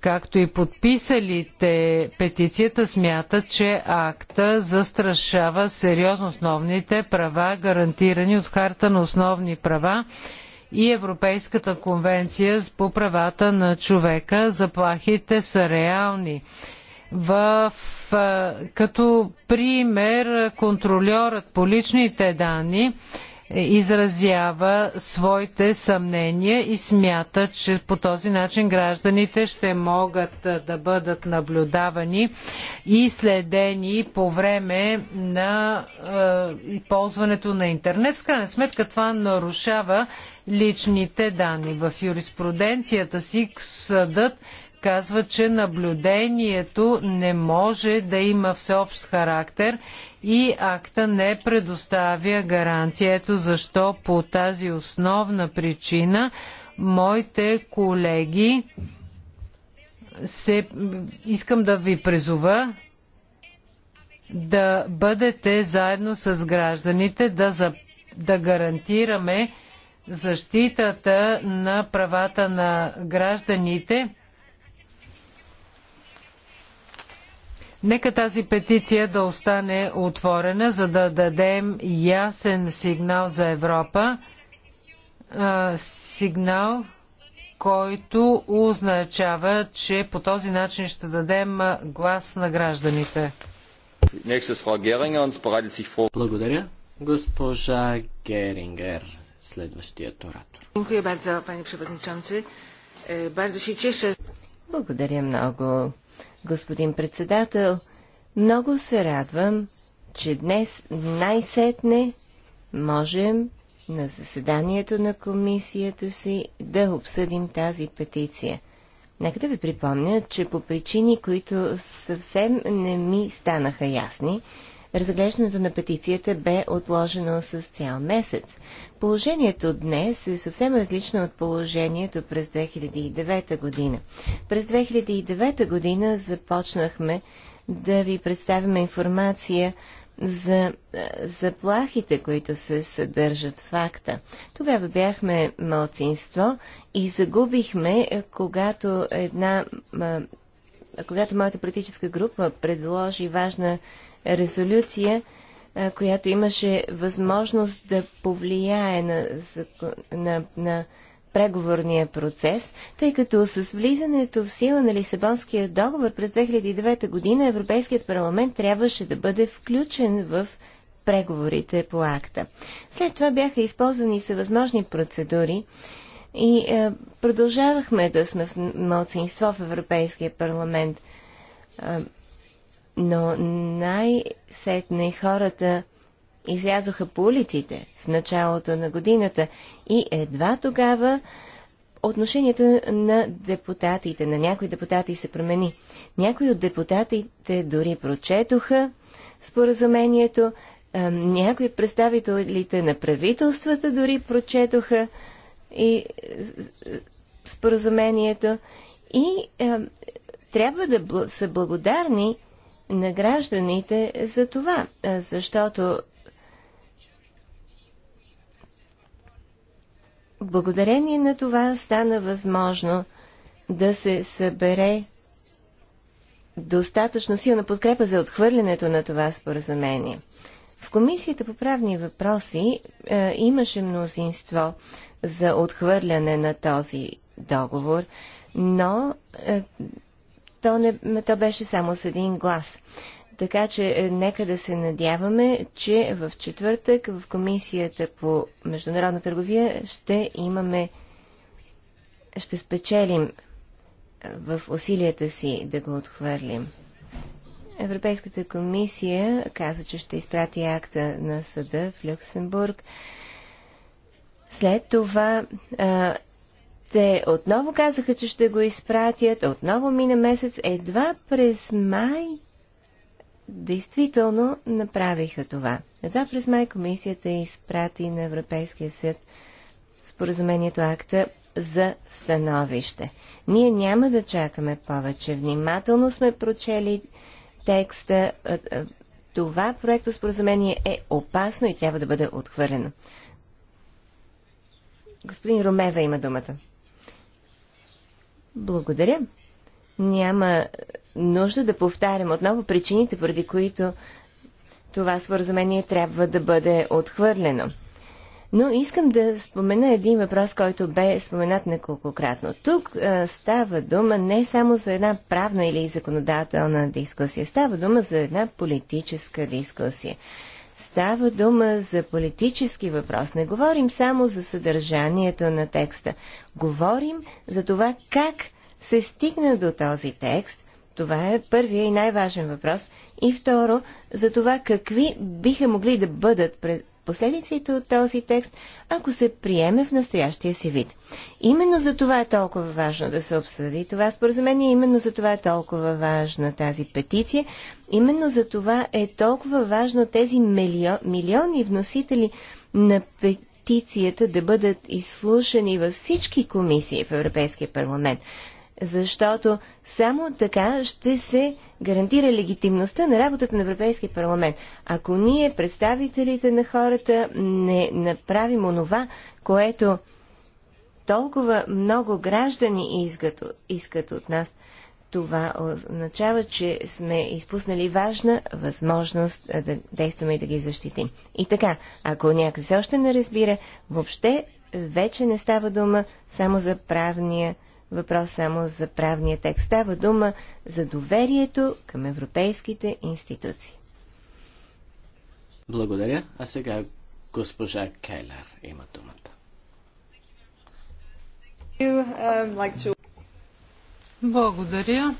както и подписалите петицията смятат, че акта застрашава сериозно основните права, гарантирани от Харта на основни права и Европейската конвенция по правата на човека. Заплахите са реални. В, като пример, контролерът по личните данни изразява своите съмнения и смята, че по този начин гражданите ще могат да бъдат наблюдавани и следени по време на е, ползването на интернет. В крайна сметка това нарушава личните данни. В юриспруденцията си съдът казва, че наблюдението не може да има всеобщ характер и акта не предоставя гаранция. Ето защо по тази основна причина моите колеги се, искам да ви призова да бъдете заедно с гражданите, да, за, да гарантираме защитата на правата на гражданите Нека тази петиция да остане отворена, за да дадем ясен сигнал за Европа. сигнал, който означава, че по този начин ще дадем глас на гражданите. Благодаря. Госпожа Герингер, следващият оратор. Благодаря много, Господин председател, много се радвам, че днес най-сетне можем на заседанието на комисията си да обсъдим тази петиция. Нека да ви припомня, че по причини, които съвсем не ми станаха ясни, Разглеждането на петицията бе отложено с цял месец. Положението днес е съвсем различно от положението през 2009 година. През 2009 година започнахме да ви представяме информация за е, заплахите, които се съдържат в факта. Тогава бяхме малцинство и загубихме, е, когато една е, когато моята политическа група предложи важна резолюция, която имаше възможност да повлияе на, на, на преговорния процес, тъй като с влизането в сила на Лисабонския договор през 2009 година Европейският парламент трябваше да бъде включен в преговорите по акта. След това бяха използвани всевъзможни процедури и е, продължавахме да сме в мълцинство в Европейския парламент. Е, но най-сетне хората излязоха по улиците в началото на годината и едва тогава отношението на депутатите, на някои депутати се промени. Някои от депутатите дори прочетоха споразумението, някои от представителите на правителствата дори прочетоха и е, е, споразумението и е, трябва да бл- са благодарни на гражданите за това, защото благодарение на това стана възможно да се събере достатъчно силна подкрепа за отхвърлянето на това споразумение. В Комисията по правни въпроси е, имаше мнозинство за отхвърляне на този договор, но е, то, не, то беше само с един глас. Така че е, нека да се надяваме, че в четвъртък в Комисията по международна търговия ще имаме, ще спечелим е, в усилията си да го отхвърлим. Европейската комисия каза, че ще изпрати акта на съда в Люксембург. След това е, те отново казаха, че ще го изпратят, отново мина месец, едва през май действително направиха това. Едва през май комисията изпрати на Европейския съд споразумението акта за становище. Ние няма да чакаме повече. Внимателно сме прочели текста. Е, е, това проекто споразумение е опасно и трябва да бъде отхвърлено. Господин Ромева има думата. Благодаря. Няма нужда да повтарям отново причините, поради които това споразумение трябва да бъде отхвърлено. Но искам да спомена един въпрос, който бе споменат неколкократно. Тук а, става дума не само за една правна или законодателна дискусия, става дума за една политическа дискусия. Става дума за политически въпрос. Не говорим само за съдържанието на текста. Говорим за това как се стигна до този текст. Това е първия и най-важен въпрос. И второ, за това какви биха могли да бъдат пред последиците от този текст, ако се приеме в настоящия си вид. Именно за това е толкова важно да се обсъди това споразумение, именно за това е толкова важна тази петиция, именно за това е толкова важно тези милион, милиони вносители на петицията да бъдат изслушани във всички комисии в Европейския парламент, защото само така ще се гарантира легитимността на работата на Европейския парламент. Ако ние, представителите на хората, не направим онова, което толкова много граждани искат, искат от нас, това означава, че сме изпуснали важна възможност да действаме и да ги защитим. И така, ако някой все още не разбира, въобще вече не става дума само за правния въпрос само за правния текст. Става дума за доверието към европейските институции. Благодаря. А сега госпожа Кейлер има думата. Благодаря.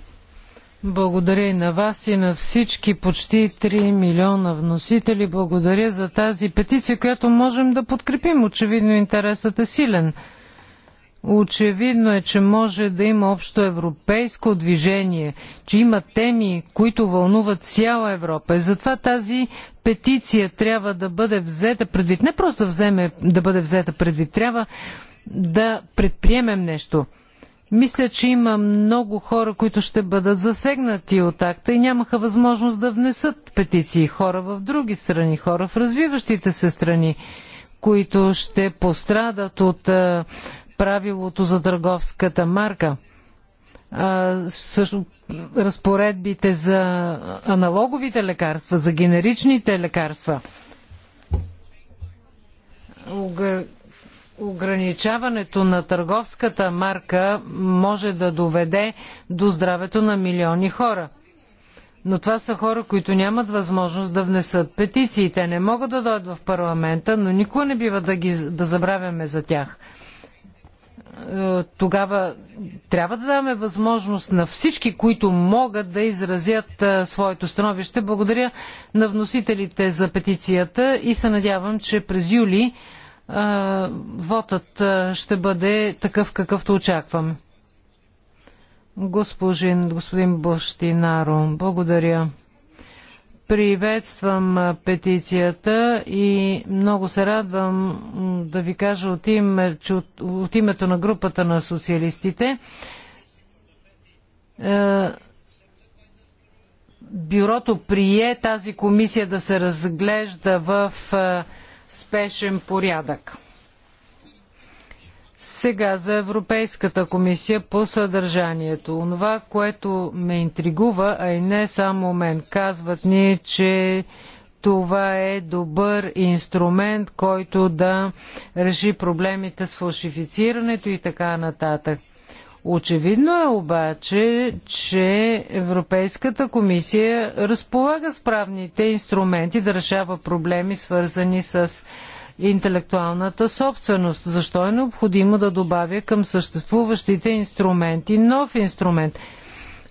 Благодаря и на вас и на всички почти 3 милиона вносители. Благодаря за тази петиция, която можем да подкрепим. Очевидно интересът е силен. Очевидно е, че може да има общо европейско движение, че има теми, които вълнуват цяла Европа. И затова тази петиция трябва да бъде взета предвид. Не просто да, вземе, да бъде взета предвид, трябва да предприемем нещо. Мисля, че има много хора, които ще бъдат засегнати от акта и нямаха възможност да внесат петиции. Хора в други страни, хора в развиващите се страни, които ще пострадат от правилото за търговската марка. А, също разпоредбите за аналоговите лекарства, за генеричните лекарства. Огр... Ограничаването на търговската марка може да доведе до здравето на милиони хора. Но това са хора, които нямат възможност да внесат петиции. Те не могат да дойдат в парламента, но никога не бива да, ги, да забравяме за тях. Е, тогава трябва да даваме възможност на всички, които могат да изразят е, своето становище. Благодаря на вносителите за петицията и се надявам, че през юли е, вотът ще бъде такъв, какъвто очаквам. Госпожин, господин Бощинаро, благодаря. Приветствам петицията и много се радвам да ви кажа от, име, че от, от името на групата на социалистите. Е, бюрото прие тази комисия да се разглежда в е, спешен порядък. Сега за Европейската комисия по съдържанието. Онова, което ме интригува, а и не само мен, казват ни, че това е добър инструмент, който да реши проблемите с фалшифицирането и така нататък. Очевидно е обаче, че Европейската комисия разполага с правните инструменти да решава проблеми, свързани с интелектуалната собственост. Защо е необходимо да добавя към съществуващите инструменти нов инструмент?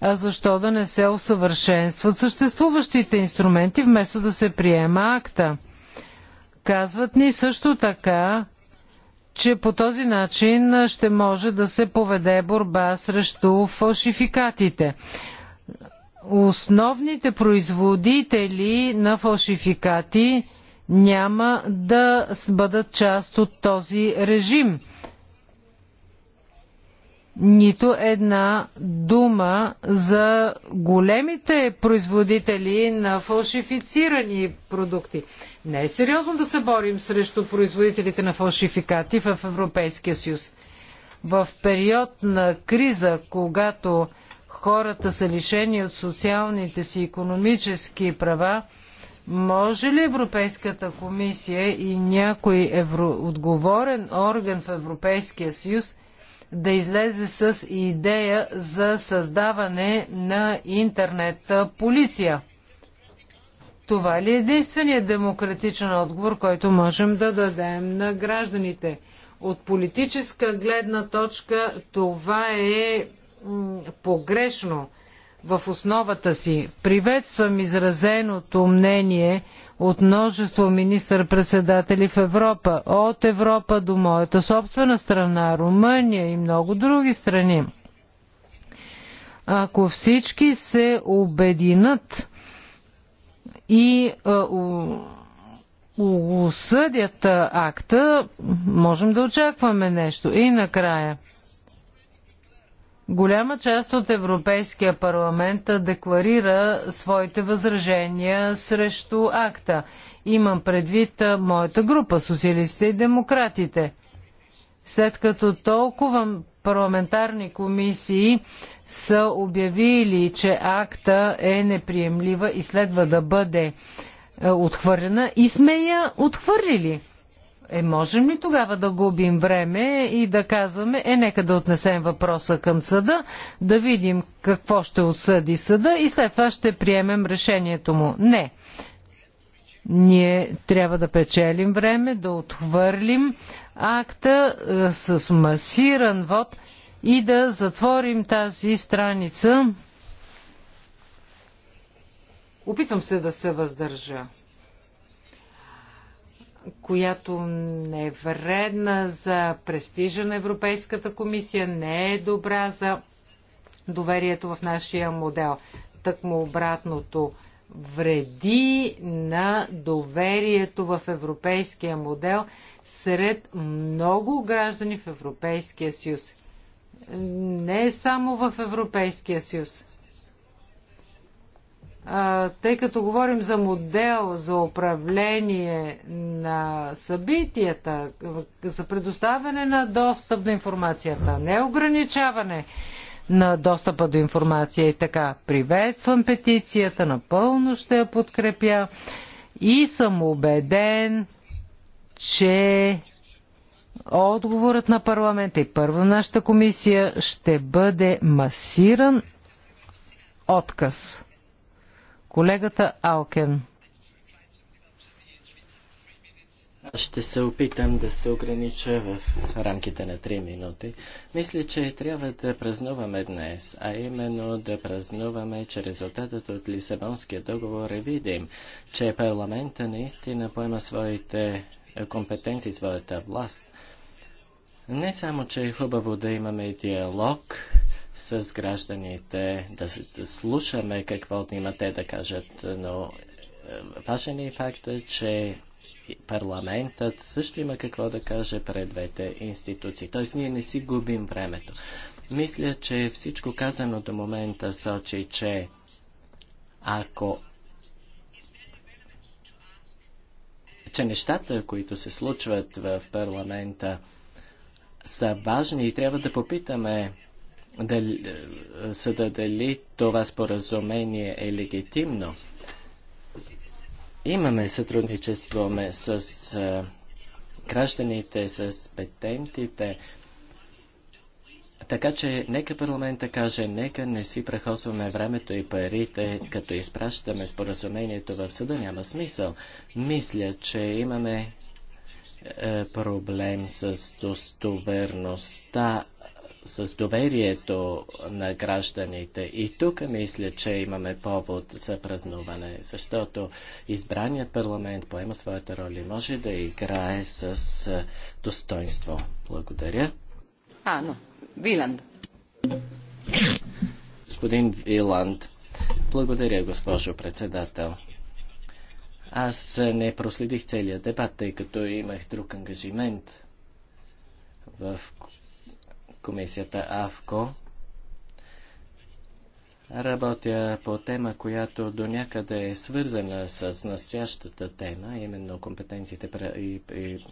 А защо да не се усъвършенстват съществуващите инструменти, вместо да се приема акта? Казват ни също така, че по този начин ще може да се поведе борба срещу фалшификатите. Основните производители на фалшификати няма да бъдат част от този режим. Нито една дума за големите производители на фалшифицирани продукти. Не е сериозно да се борим срещу производителите на фалшификати в Европейския съюз. В период на криза, когато хората са лишени от социалните си и економически права, може ли Европейската комисия и някой евро... отговорен орган в Европейския съюз да излезе с идея за създаване на интернет полиция? Това ли е единственият демократичен отговор, който можем да дадем на гражданите? От политическа гледна точка това е погрешно в основата си. Приветствам изразеното мнение от множество министър-председатели в Европа, от Европа до моята собствена страна, Румъния и много други страни. Ако всички се обединат и осъдят акта, можем да очакваме нещо. И накрая – Голяма част от Европейския парламент декларира своите възражения срещу акта. Имам предвид моята група, социалистите и демократите. След като толкова парламентарни комисии са обявили, че акта е неприемлива и следва да бъде отхвърлена и сме я отхвърлили. Е, можем ли тогава да губим време и да казваме, е, нека да отнесем въпроса към съда, да видим какво ще отсъди съда и след това ще приемем решението му? Не. Ние трябва да печелим време, да отхвърлим акта е, с масиран вод и да затворим тази страница. Опитвам се да се въздържа която не е вредна за престижа на Европейската комисия, не е добра за доверието в нашия модел. Тъкмо обратното вреди на доверието в европейския модел сред много граждани в Европейския съюз. Не само в Европейския съюз тъй като говорим за модел за управление на събитията, за предоставяне на достъп до информацията, не ограничаване на достъпа до информация и така. Приветствам петицията, напълно ще я подкрепя и съм убеден, че отговорът на парламента и първо нашата комисия ще бъде масиран отказ. Колегата Алкен. Ще се опитам да се огранича в рамките на 3 минути. Мисля, че трябва да празнуваме днес, а именно да празнуваме, че резултатът от Лисабонския договор е видим, че парламента наистина поема своите компетенции, своята власт. Не само, че е хубаво да имаме диалог с гражданите, да слушаме какво има те да кажат, но е, важен е факта, че парламентът също има какво да каже пред двете институции. Т.е. ние не си губим времето. Мисля, че всичко казано до момента сочи, че ако че нещата, които се случват в парламента, са важни и трябва да попитаме дали, дали това споразумение е легитимно. Имаме сътрудничество с гражданите, с петентите, така че нека парламента каже, нека не си прехосваме времето и парите, като изпращаме споразумението в съда, няма смисъл. Мисля, че имаме е, проблем с достоверността с доверието на гражданите. И тук мисля, че имаме повод за празнуване, защото избраният парламент поема своята роля и може да играе с достоинство. Благодаря. А, но. Виланд. Господин Виланд, благодаря, госпожо председател. Аз не проследих целият дебат, тъй като имах друг ангажимент, в комисията АВКО. Работя по тема, която до някъде е свързана с настоящата тема, именно компетенциите и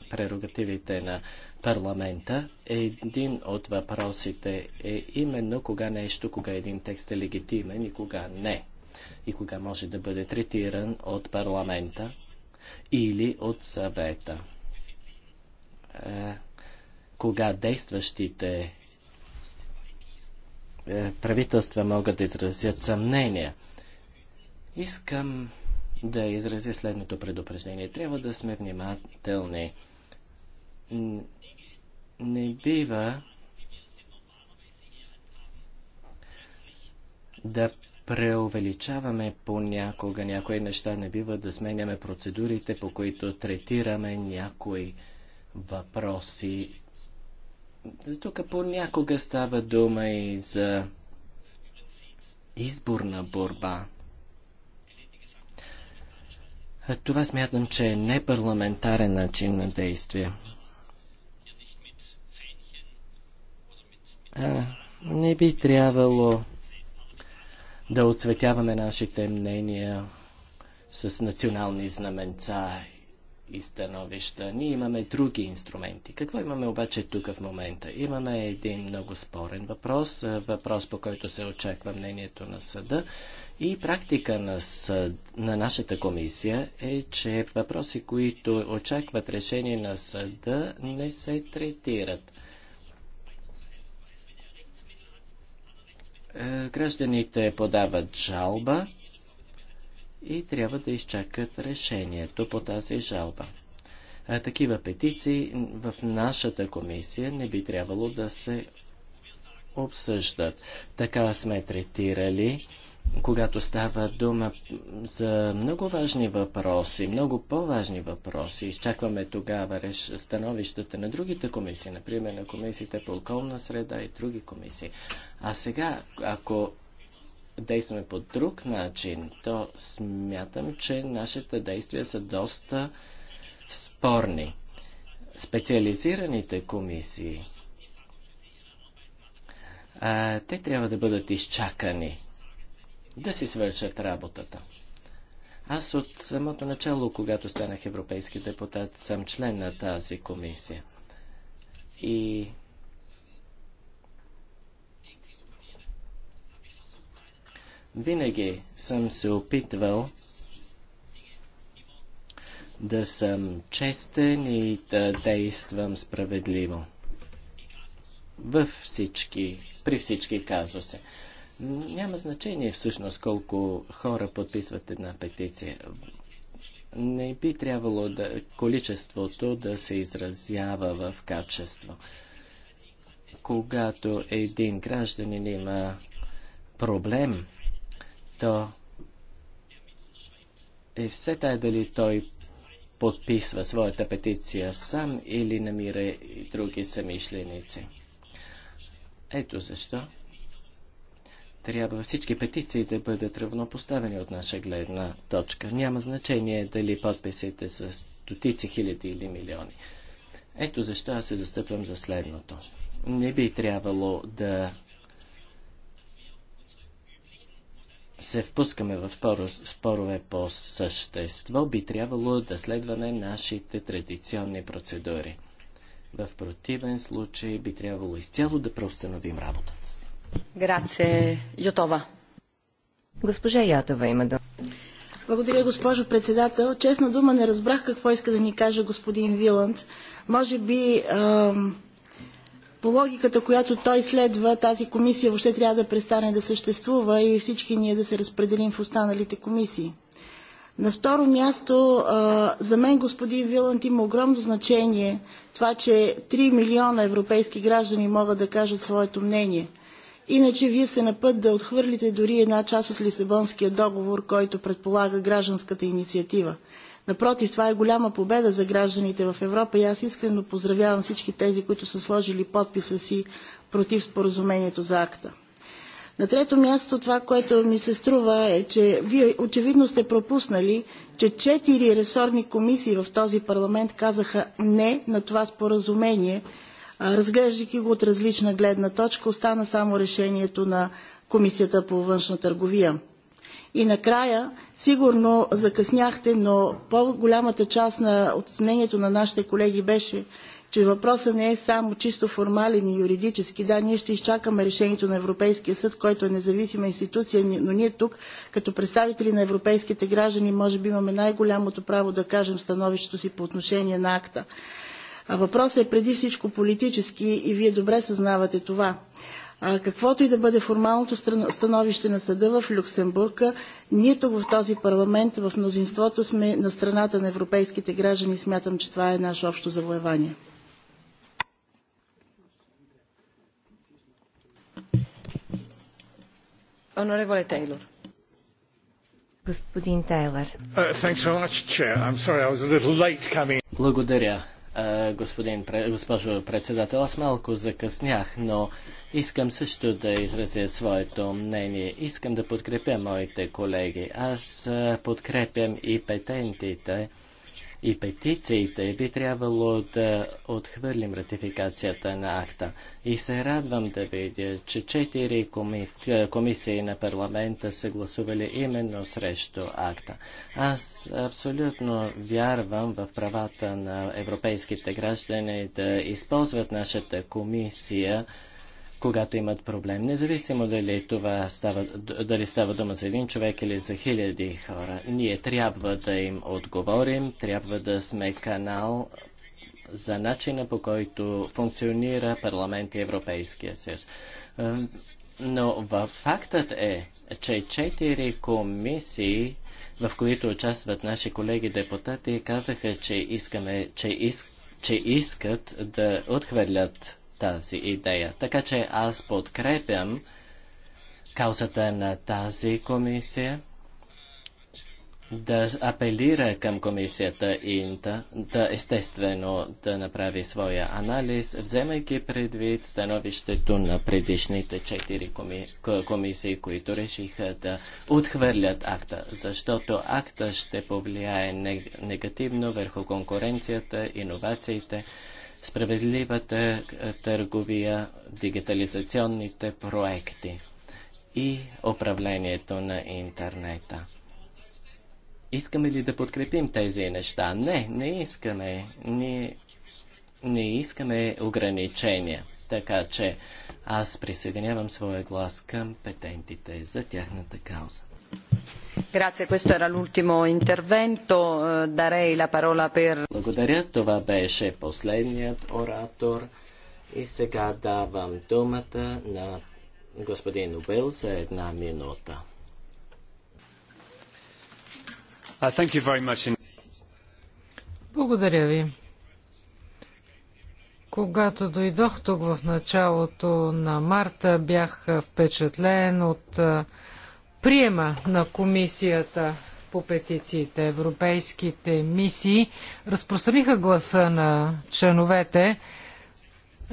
прерогативите на парламента. Един от въпросите е именно кога нещо, кога един текст е легитимен и кога не. И кога може да бъде третиран от парламента или от съвета. Е, кога действащите е, правителства могат да изразят съмнения. Искам да изразя следното предупреждение. Трябва да сме внимателни. Не бива да преувеличаваме понякога някои неща, не бива да сменяме процедурите, по които третираме някои въпроси тук понякога става дума и за изборна борба. Това смятам, че е непарламентарен начин на действие. А, не би трябвало да отцветяваме нашите мнения с национални знаменца и становища. Ние имаме други инструменти. Какво имаме обаче тук в момента? Имаме един много спорен въпрос, въпрос по който се очаква мнението на съда и практика на, съд, на нашата комисия е, че въпроси, които очакват решение на съда, не се третират. Е, гражданите подават жалба, и трябва да изчакат решението по тази жалба. А, такива петиции в нашата комисия не би трябвало да се обсъждат. Така сме третирали, когато става дума за много важни въпроси, много по-важни въпроси. Изчакваме тогава реш... становищата на другите комисии, например на комисиите по околна среда и други комисии. А сега, ако действаме по друг начин, то смятам, че нашите действия са доста спорни. Специализираните комисии, а, те трябва да бъдат изчакани да си свършат работата. Аз от самото начало, когато станах европейски депутат, съм член на тази комисия. И Винаги съм се опитвал да съм честен и да действам справедливо. Във всички, при всички казуси. Няма значение всъщност колко хора подписват една петиция. Не би трябвало да, количеството да се изразява в качество. Когато един гражданин има проблем, то и е все тая дали той подписва своята петиция сам или намира и други самишленици. Ето защо трябва всички петиции да бъдат равнопоставени от наша гледна точка. Няма значение дали подписите са стотици хиляди или милиони. Ето защо аз се застъпвам за следното. Не би трябвало да се впускаме в спорове по същество, би трябвало да следваме нашите традиционни процедури. В противен случай би трябвало изцяло да преустановим работата си. Грация, Ютова. Госпожа Ятова има да. Благодаря, госпожо председател. Честна дума, не разбрах какво иска да ни каже господин Виланд. Може би ам, по логиката, която той следва, тази комисия въобще трябва да престане да съществува и всички ние да се разпределим в останалите комисии. На второ място, за мен господин Виланд има огромно значение това, че 3 милиона европейски граждани могат да кажат своето мнение. Иначе вие сте на път да отхвърлите дори една част от Лисабонския договор, който предполага гражданската инициатива. Напротив, това е голяма победа за гражданите в Европа и аз искрено поздравявам всички тези, които са сложили подписа си против споразумението за акта. На трето място това, което ми се струва е, че вие очевидно сте пропуснали, че четири ресорни комисии в този парламент казаха не на това споразумение, разглеждайки го от различна гледна точка. Остана само решението на Комисията по външна търговия. И накрая, сигурно закъсняхте, но по-голямата част на, от на нашите колеги беше, че въпросът не е само чисто формален и юридически. Да, ние ще изчакаме решението на Европейския съд, който е независима институция, но ние тук, като представители на европейските граждани, може би имаме най-голямото право да кажем становището си по отношение на акта. А въпросът е преди всичко политически и вие добре съзнавате това каквото и да бъде формалното становище на съда в Люксембург, ние тук в този парламент, в мнозинството сме на страната на европейските граждани и смятам, че това е наше общо завоевание. Honorable Taylor. Господин Тайлър. Uh, Благодаря господин, госпожо председател. Аз малко закъснях, но искам също да изразя своето мнение. Искам да подкрепя моите колеги. Аз подкрепям и петентите и петициите, би трябвало да отхвърлим ратификацията на акта. И се радвам да видя, че четири коми... комисии на парламента са гласували именно срещу акта. Аз абсолютно вярвам в правата на европейските граждани да използват нашата комисия когато имат проблем, независимо дали, това става, дали става дума за един човек или за хиляди хора. Ние трябва да им отговорим, трябва да сме канал за начина по който функционира парламент и Европейския съюз. Е, но фактът е, че четири комисии, в които участват наши колеги депутати, казаха, че, искаме, че, иск, че искат да отхвърлят тази идея. Така че аз подкрепям каузата на тази комисия да апелира към комисията Инта, да естествено да направи своя анализ, вземайки предвид становището на предишните четири коми... комисии, които решиха да отхвърлят акта, защото акта ще повлияе негативно върху конкуренцията, иновациите, справедливата е, търговия, дигитализационните проекти и управлението на интернета. Искаме ли да подкрепим тези неща? Не, не искаме. Ние не искаме ограничения. Така че аз присъединявам своя глас към петентите за тяхната кауза. Eh, Благодаря. Това беше последният оратор. И сега давам думата на господин Убел за една минута. Uh, Благодаря ви. Когато дойдох тук в началото на марта, бях впечатлен от приема на комисията по петициите. Европейските мисии разпространиха гласа на членовете.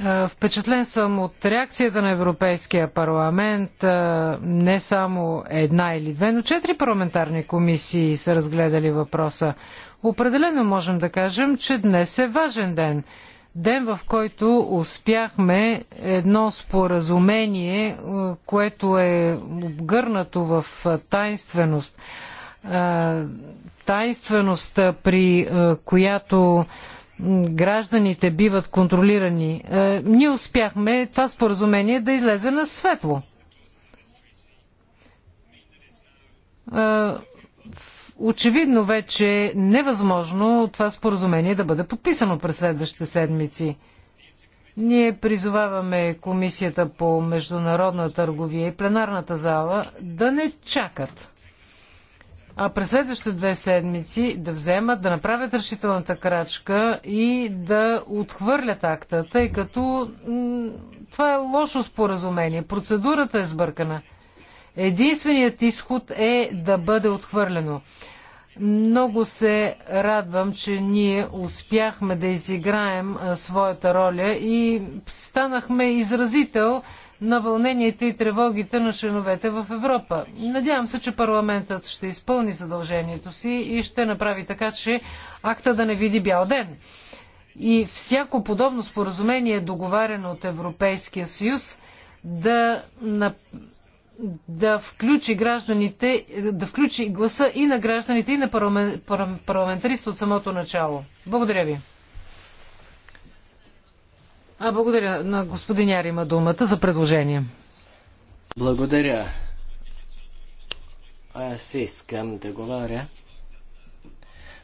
Е, впечатлен съм от реакцията на Европейския парламент. Е, не само една или две, но четири парламентарни комисии са разгледали въпроса. Определено можем да кажем, че днес е важен ден ден, в който успяхме едно споразумение, е, което е обгърнато в е, тайнственост. Е, тайнственост, при която гражданите биват контролирани. Ние успяхме това споразумение да излезе на светло очевидно вече е невъзможно това споразумение да бъде подписано през следващите седмици. Ние призоваваме Комисията по международна търговия и пленарната зала да не чакат, а през следващите две седмици да вземат, да направят решителната крачка и да отхвърлят акта, тъй като това е лошо споразумение. Процедурата е сбъркана. Единственият изход е да бъде отхвърлено. Много се радвам, че ние успяхме да изиграем своята роля и станахме изразител на вълненията и тревогите на членовете в Европа. Надявам се, че парламентът ще изпълни задължението си и ще направи така, че акта да не види бял ден. И всяко подобно споразумение, договарено от Европейския съюз, да, да включи гражданите, да включи гласа и на гражданите, и на парламент, парламентаристи от самото начало. Благодаря ви. А благодаря на господин Яр има думата за предложение. Благодаря. Аз искам да говоря.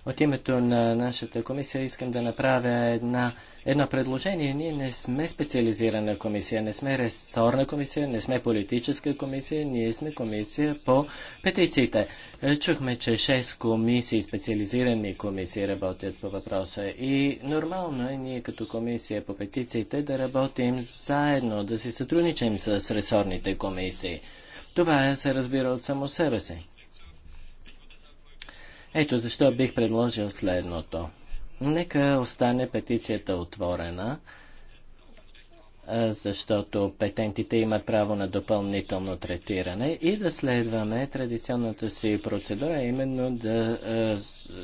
От името на нашата комисия искам да направя една едно предложение. Ние не сме специализирана комисия, не сме ресорна комисия, не сме политическа комисия, ние сме комисия по петициите. Е, чухме, че 6 комисии, специализирани комисии работят по въпроса и нормално е ние като комисия по петициите да работим заедно, да си сътрудничим с ресорните комисии. Това се разбира от само себе си. Ето защо бих предложил следното. Нека остане петицията отворена, защото петентите имат право на допълнително третиране и да следваме традиционната си процедура, именно да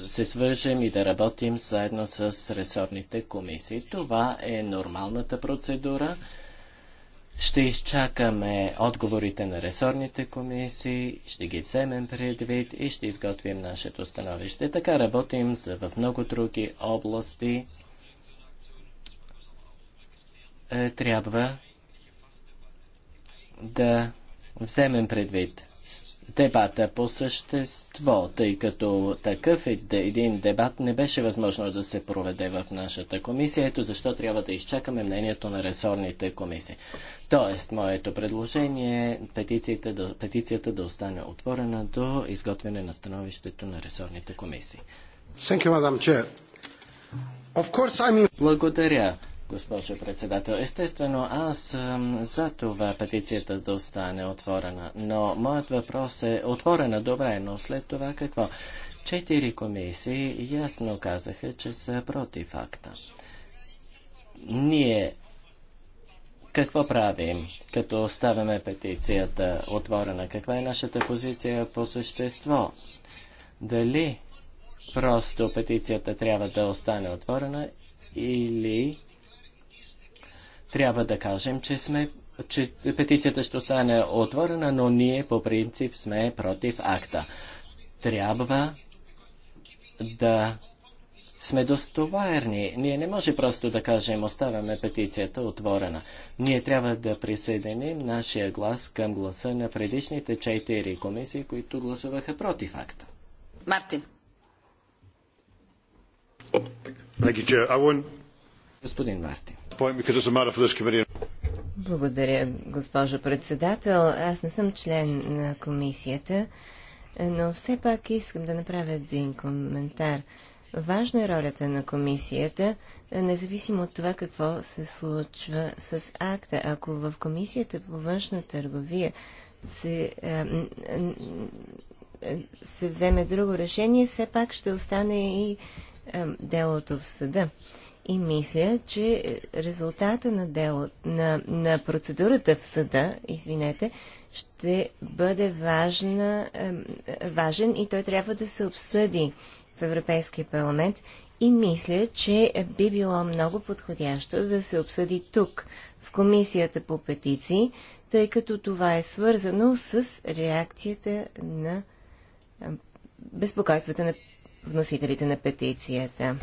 се свържем и да работим заедно с ресорните комисии. Това е нормалната процедура. Ще изчакаме отговорите на ресорните комисии, ще ги вземем предвид и ще изготвим нашето становище. Така работим за в много други области. Е, трябва да вземем предвид дебата по същество, тъй като такъв е един дебат не беше възможно да се проведе в нашата комисия. Ето защо трябва да изчакаме мнението на ресорните комисии. Тоест, моето предложение е петицията да, петицията да остане отворена до изготвяне на становището на ресорните комисии. Благодаря госпожо председател. Естествено, аз за това петицията да остане отворена, но моят въпрос е отворена, добре, но след това какво? Четири комисии ясно казаха, че са против акта. Ние какво правим, като оставяме петицията отворена? Каква е нашата позиция по същество? Дали просто петицията трябва да остане отворена или трябва да кажем, че сме че петицията ще остане отворена, но ние по принцип сме против акта. Трябва да сме достоверни. Ние не може просто да кажем, оставяме петицията отворена. Ние трябва да присъединим нашия глас към гласа на предишните четири комисии, които гласуваха против акта. Мартин. Thank you, Chair. I Господин Мартин. Благодаря, госпожо председател. Аз не съм член на комисията, но все пак искам да направя един коментар. Важна е ролята на комисията, независимо от това какво се случва с акта. Ако в комисията по външна търговия се, се вземе друго решение, все пак ще остане и делото в съда и мисля, че резултата на, дело, на, на процедурата в съда, извинете, ще бъде важна, важен и той трябва да се обсъди в Европейския парламент и мисля, че би било много подходящо да се обсъди тук, в Комисията по петиции, тъй като това е свързано с реакцията на безпокойствата на вносителите на петицията.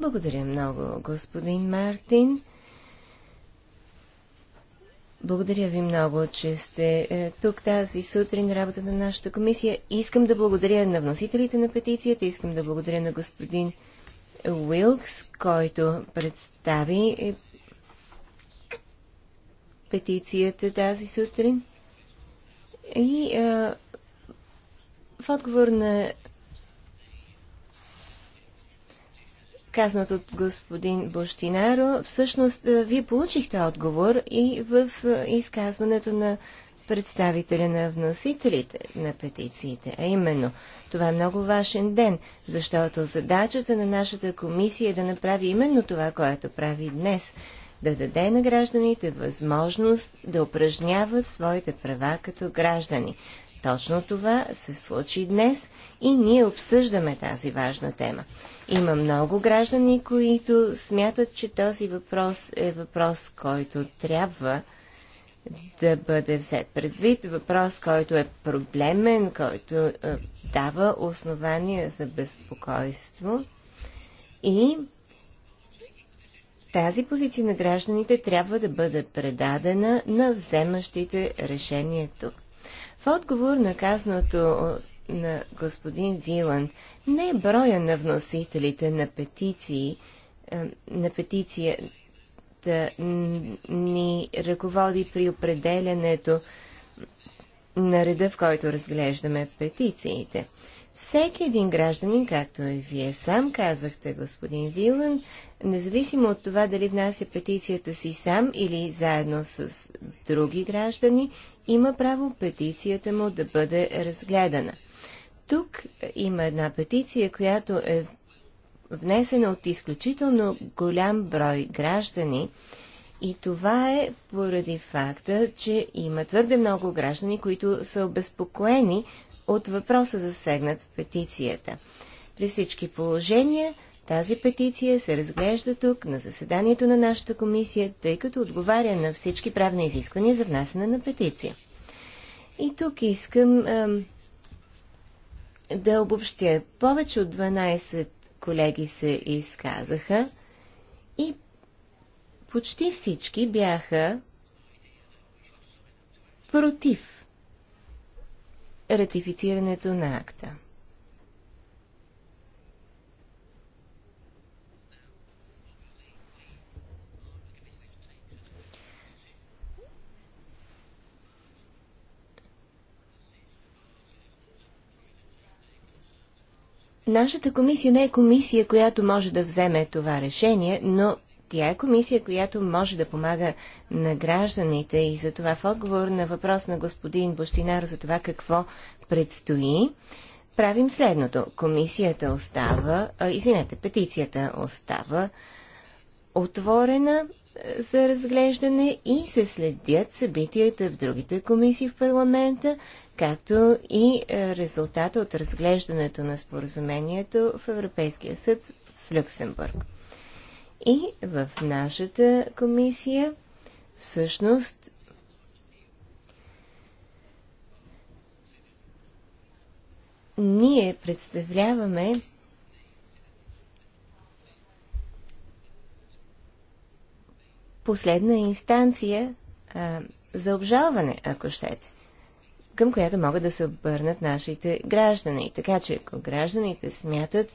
Благодаря много, господин Мартин. Благодаря ви много, че сте е, тук тази сутрин работа на нашата комисия. Искам да благодаря на вносителите на петицията, искам да благодаря на господин Уилкс, който представи е, петицията тази сутрин. И е, в отговор на казаното от господин Бощинаро, всъщност е, вие получихте отговор и в е, изказването на представителя на вносителите на петициите. А именно, това е много важен ден, защото задачата на нашата комисия е да направи именно това, което прави днес да даде на гражданите възможност да упражняват своите права като граждани. Точно това се случи днес и ние обсъждаме тази важна тема. Има много граждани, които смятат, че този въпрос е въпрос, който трябва да бъде взет предвид. Въпрос, който е проблемен, който е, дава основания за безпокойство. И тази позиция на гражданите трябва да бъде предадена на вземащите решение тук. В отговор на казаното на господин Вилан не е броя на вносителите на петиции, е, на петицията ни ръководи при определенето на реда, в който разглеждаме петициите. Всеки един гражданин, както и вие сам казахте, господин Вилан, независимо от това дали внася петицията си сам или заедно с други граждани, има право петицията му да бъде разгледана. Тук има една петиция, която е внесена от изключително голям брой граждани и това е поради факта, че има твърде много граждани, които са обезпокоени от въпроса засегнат в петицията. При всички положения – тази петиция се разглежда тук на заседанието на нашата комисия, тъй като отговаря на всички правни изисквания за внасяне на петиция. И тук искам ем, да обобщя. Повече от 12 колеги се изказаха и почти всички бяха против ратифицирането на акта. Нашата комисия не е комисия, която може да вземе това решение, но тя е комисия, която може да помага на гражданите и за това в отговор на въпрос на господин Бощинар за това какво предстои, правим следното. Комисията остава, а, извинете, петицията остава отворена за разглеждане и се следят събитията в другите комисии в парламента както и е, резултата от разглеждането на споразумението в Европейския съд в Люксембург. И в нашата комисия всъщност ние представляваме последна инстанция а, за обжалване, ако щете към която могат да се обърнат нашите граждани. Така че, ако гражданите смятат,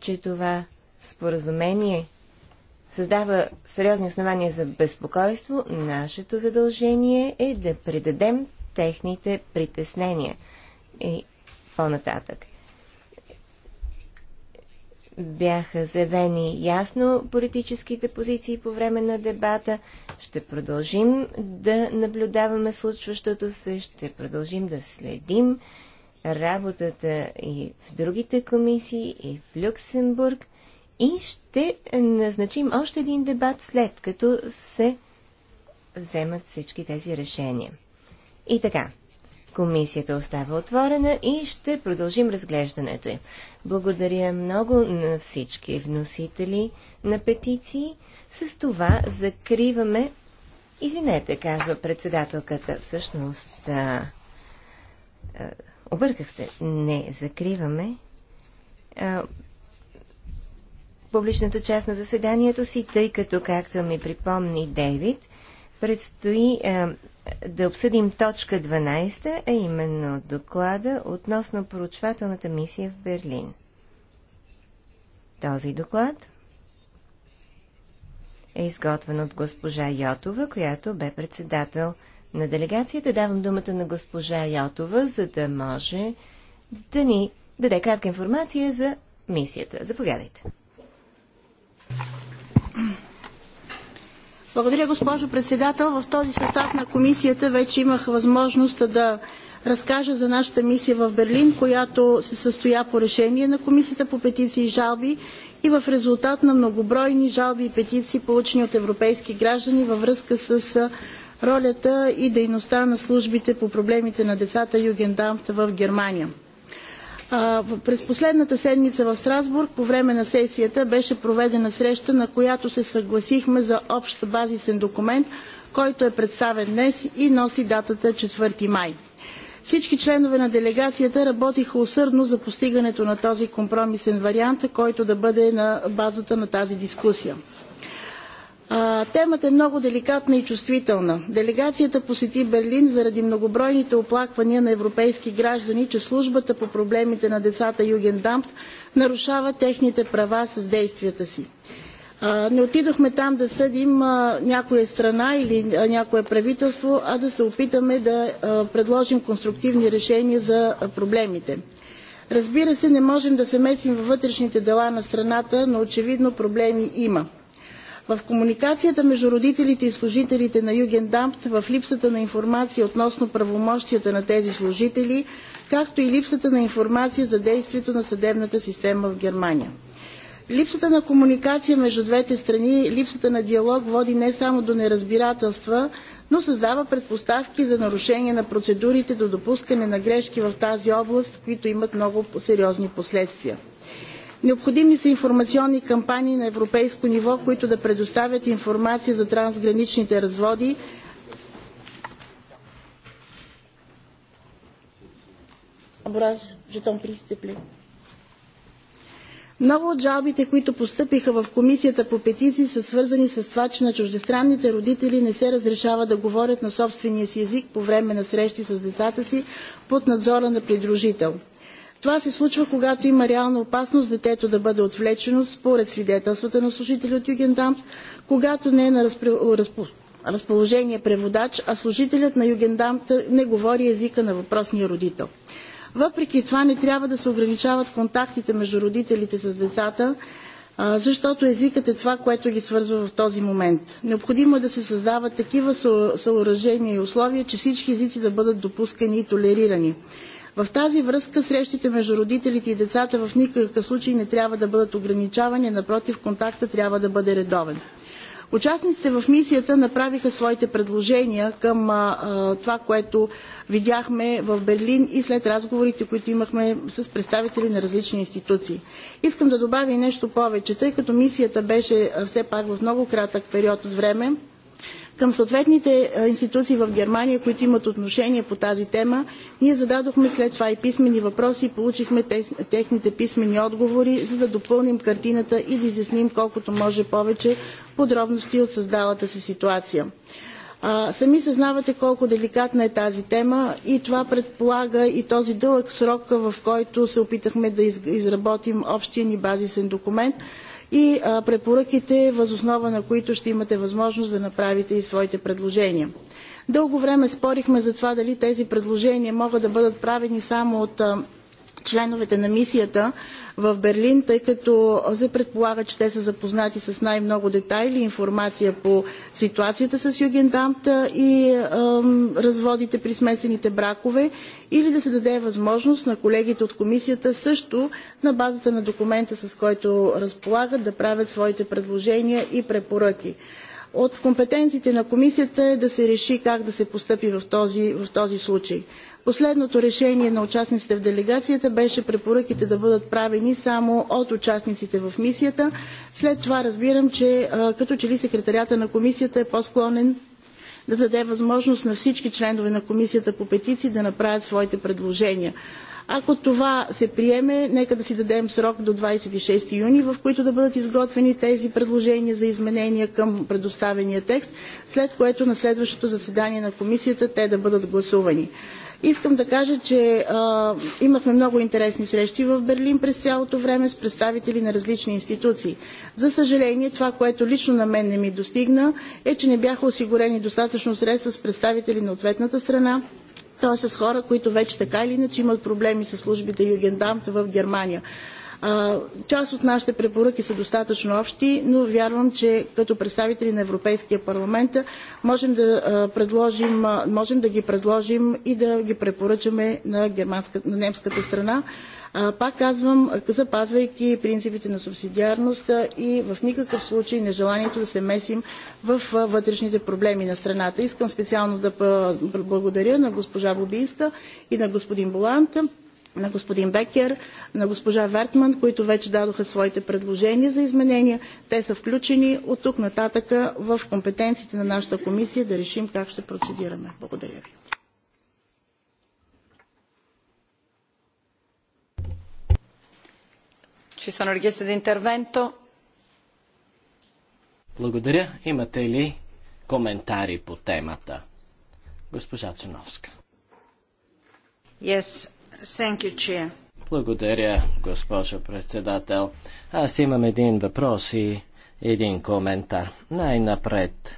че това споразумение създава сериозни основания за безпокойство, нашето задължение е да предадем техните притеснения и по-нататък бяха заявени ясно политическите позиции по време на дебата. Ще продължим да наблюдаваме случващото се, ще продължим да следим работата и в другите комисии, и в Люксембург. И ще назначим още един дебат след като се вземат всички тези решения. И така, Комисията остава отворена и ще продължим разглеждането им. Благодаря много на всички вносители на петиции. С това закриваме. Извинете, казва председателката. Всъщност, а, обърках се. Не, закриваме. А, публичната част на заседанието си, тъй като, както ми припомни Дейвид, предстои а, да обсъдим точка 12, а именно доклада относно проучвателната мисия в Берлин. Този доклад е изготвен от госпожа Йотова, която бе председател на делегацията. Давам думата на госпожа Йотова, за да може да ни даде кратка информация за мисията. Заповядайте. Благодаря, госпожо председател. В този състав на комисията вече имах възможност да разкажа за нашата мисия в Берлин, която се състоя по решение на Комисията по петиции и жалби и в резултат на многобройни жалби и петиции, получени от европейски граждани във връзка с ролята и дейността на службите по проблемите на децата Югендамт в Германия. През последната седмица в Страсбург по време на сесията беше проведена среща, на която се съгласихме за общ базисен документ, който е представен днес и носи датата 4 май. Всички членове на делегацията работиха усърдно за постигането на този компромисен вариант, който да бъде на базата на тази дискусия. А, темата е много деликатна и чувствителна. Делегацията посети Берлин заради многобройните оплаквания на европейски граждани, че службата по проблемите на децата Югендамп нарушава техните права с действията си. А, не отидохме там да съдим а, някоя страна или а, някое правителство, а да се опитаме да предложим конструктивни решения за проблемите. Разбира се, не можем да се месим във вътрешните дела на страната, но очевидно проблеми има – в комуникацията между родителите и служителите на Югендамт, в липсата на информация относно правомощията на тези служители, както и липсата на информация за действието на съдебната система в Германия. Липсата на комуникация между двете страни, липсата на диалог води не само до неразбирателства, но създава предпоставки за нарушение на процедурите до допускане на грешки в тази област, които имат много сериозни последствия. Необходими са информационни кампании на европейско ниво, които да предоставят информация за трансграничните разводи, Много от жалбите, които постъпиха в Комисията по петиции, са свързани с това, че на чуждестранните родители не се разрешава да говорят на собствения си език по време на срещи с децата си под надзора на придружител. Това се случва, когато има реална опасност детето да бъде отвлечено според свидетелствата на служителя от Югендамт, когато не е на разположение преводач, а служителят на Югендамта не говори езика на въпросния родител. Въпреки това не трябва да се ограничават контактите между родителите с децата, защото езикът е това, което ги свързва в този момент. Необходимо е да се създават такива съоръжения и условия, че всички езици да бъдат допускани и толерирани. В тази връзка срещите между родителите и децата в никакъв случай не трябва да бъдат ограничавани, напротив, контактът трябва да бъде редовен. Участниците в мисията направиха своите предложения към а, а, това, което видяхме в Берлин и след разговорите, които имахме с представители на различни институции. Искам да добавя и нещо повече, тъй като мисията беше все пак в много кратък период от време, към съответните институции в Германия, които имат отношение по тази тема. Ние зададохме след това и писмени въпроси и получихме техните писмени отговори, за да допълним картината и да изясним колкото може повече подробности от създалата се ситуация. А, сами съзнавате колко деликатна е тази тема и това предполага и този дълъг срок, в който се опитахме да изработим общия ни базисен документ – и препоръките, възоснова на които ще имате възможност да направите и своите предложения. Дълго време спорихме за това дали тези предложения могат да бъдат правени само от членовете на мисията, в Берлин, тъй като се предполага, че те са запознати с най-много детайли и информация по ситуацията с Югендамта и разводите при смесените бракове или да се даде възможност на колегите от комисията също на базата на документа, с който разполагат, да правят своите предложения и препоръки. От компетенциите на комисията е да се реши как да се постъпи в този, в този случай. Последното решение на участниците в делегацията беше препоръките да бъдат правени само от участниците в мисията. След това разбирам, че като че ли секретарията на комисията е по-склонен да даде възможност на всички членове на комисията по петиции да направят своите предложения. Ако това се приеме, нека да си дадем срок до 26 юни, в които да бъдат изготвени тези предложения за изменения към предоставения текст, след което на следващото заседание на комисията те да бъдат гласувани. Искам да кажа, че а, имахме много интересни срещи в Берлин през цялото време с представители на различни институции. За съжаление, това, което лично на мен не ми достигна, е, че не бяха осигурени достатъчно средства с представители на ответната страна, т.е. с хора, които вече така или иначе имат проблеми с службите Югендамт в Германия. Част от нашите препоръки са достатъчно общи, но вярвам, че като представители на Европейския парламент можем да, предложим, можем да ги предложим и да ги препоръчаме на, на немската страна. Пак казвам, запазвайки принципите на субсидиарност и в никакъв случай нежеланието да се месим в вътрешните проблеми на страната. Искам специално да благодаря на госпожа Бобийска и на господин Боланта на господин Бекер, на госпожа Вертман, които вече дадоха своите предложения за изменения. Те са включени от тук нататъка в компетенциите на нашата комисия да решим как ще процедираме. Благодаря ви. Ci sono richieste di intervento? Благодаря. Имате ли коментари по темата? Госпожа Цуновска. Yes, You, Благодаря, госпожо председател. Аз имам един въпрос и един коментар. Най-напред.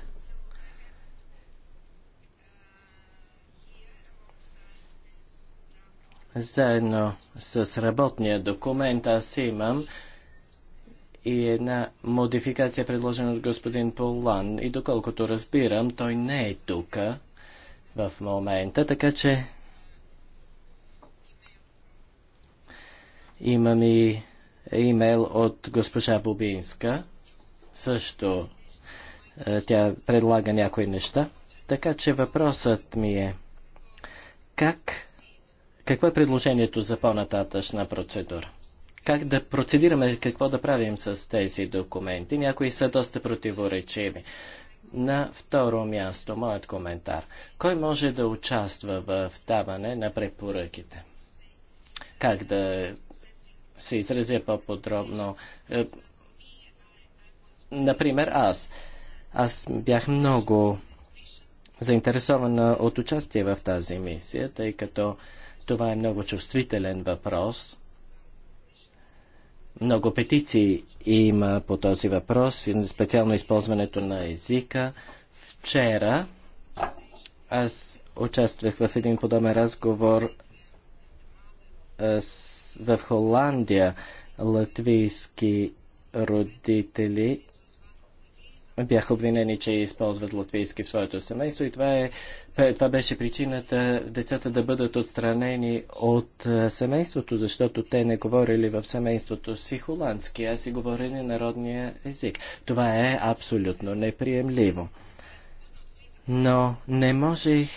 Заедно с работния документ аз имам и една модификация, предложена от господин Полан. И доколкото разбирам, той не е тук в момента, така че Имам и имейл от госпожа Бубинска. Също е, тя предлага някои неща. Така че въпросът ми е как, какво е предложението за по-нататъчна процедура? Как да процедираме, какво да правим с тези документи? Някои са доста противоречиви. На второ място, моят коментар. Кой може да участва в даване на препоръките? Как да се изразя по-подробно. Е, например, аз. Аз бях много заинтересована от участие в тази мисия, тъй като това е много чувствителен въпрос. Много петиции има по този въпрос, специално използването на езика. Вчера аз участвах в един подобен разговор с в Холандия латвийски родители бяха обвинени, че използват латвийски в своето семейство и това, е, това беше причината децата да бъдат отстранени от семейството, защото те не говорили в семейството си холандски, а си говорили народния език. Това е абсолютно неприемливо. Но не можех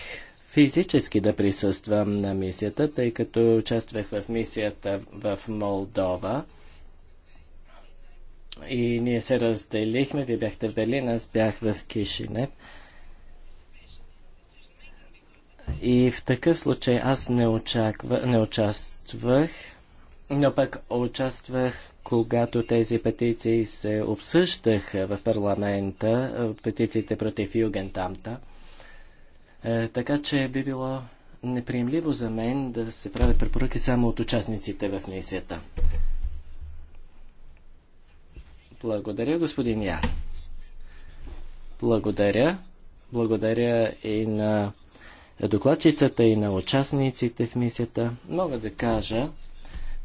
физически да присъствам на мисията, тъй като участвах в мисията в Молдова. И ние се разделихме. Вие бяхте в Берлин, аз бях в Кишинев. И в такъв случай аз не, очаква, не участвах, но пък участвах, когато тези петиции се обсъждаха в парламента, петициите против Югентамта. Е, така че би било неприемливо за мен да се правят препоръки само от участниците в мисията. Благодаря, господин Я. Благодаря. Благодаря и на докладчицата и на участниците в мисията. Мога да кажа,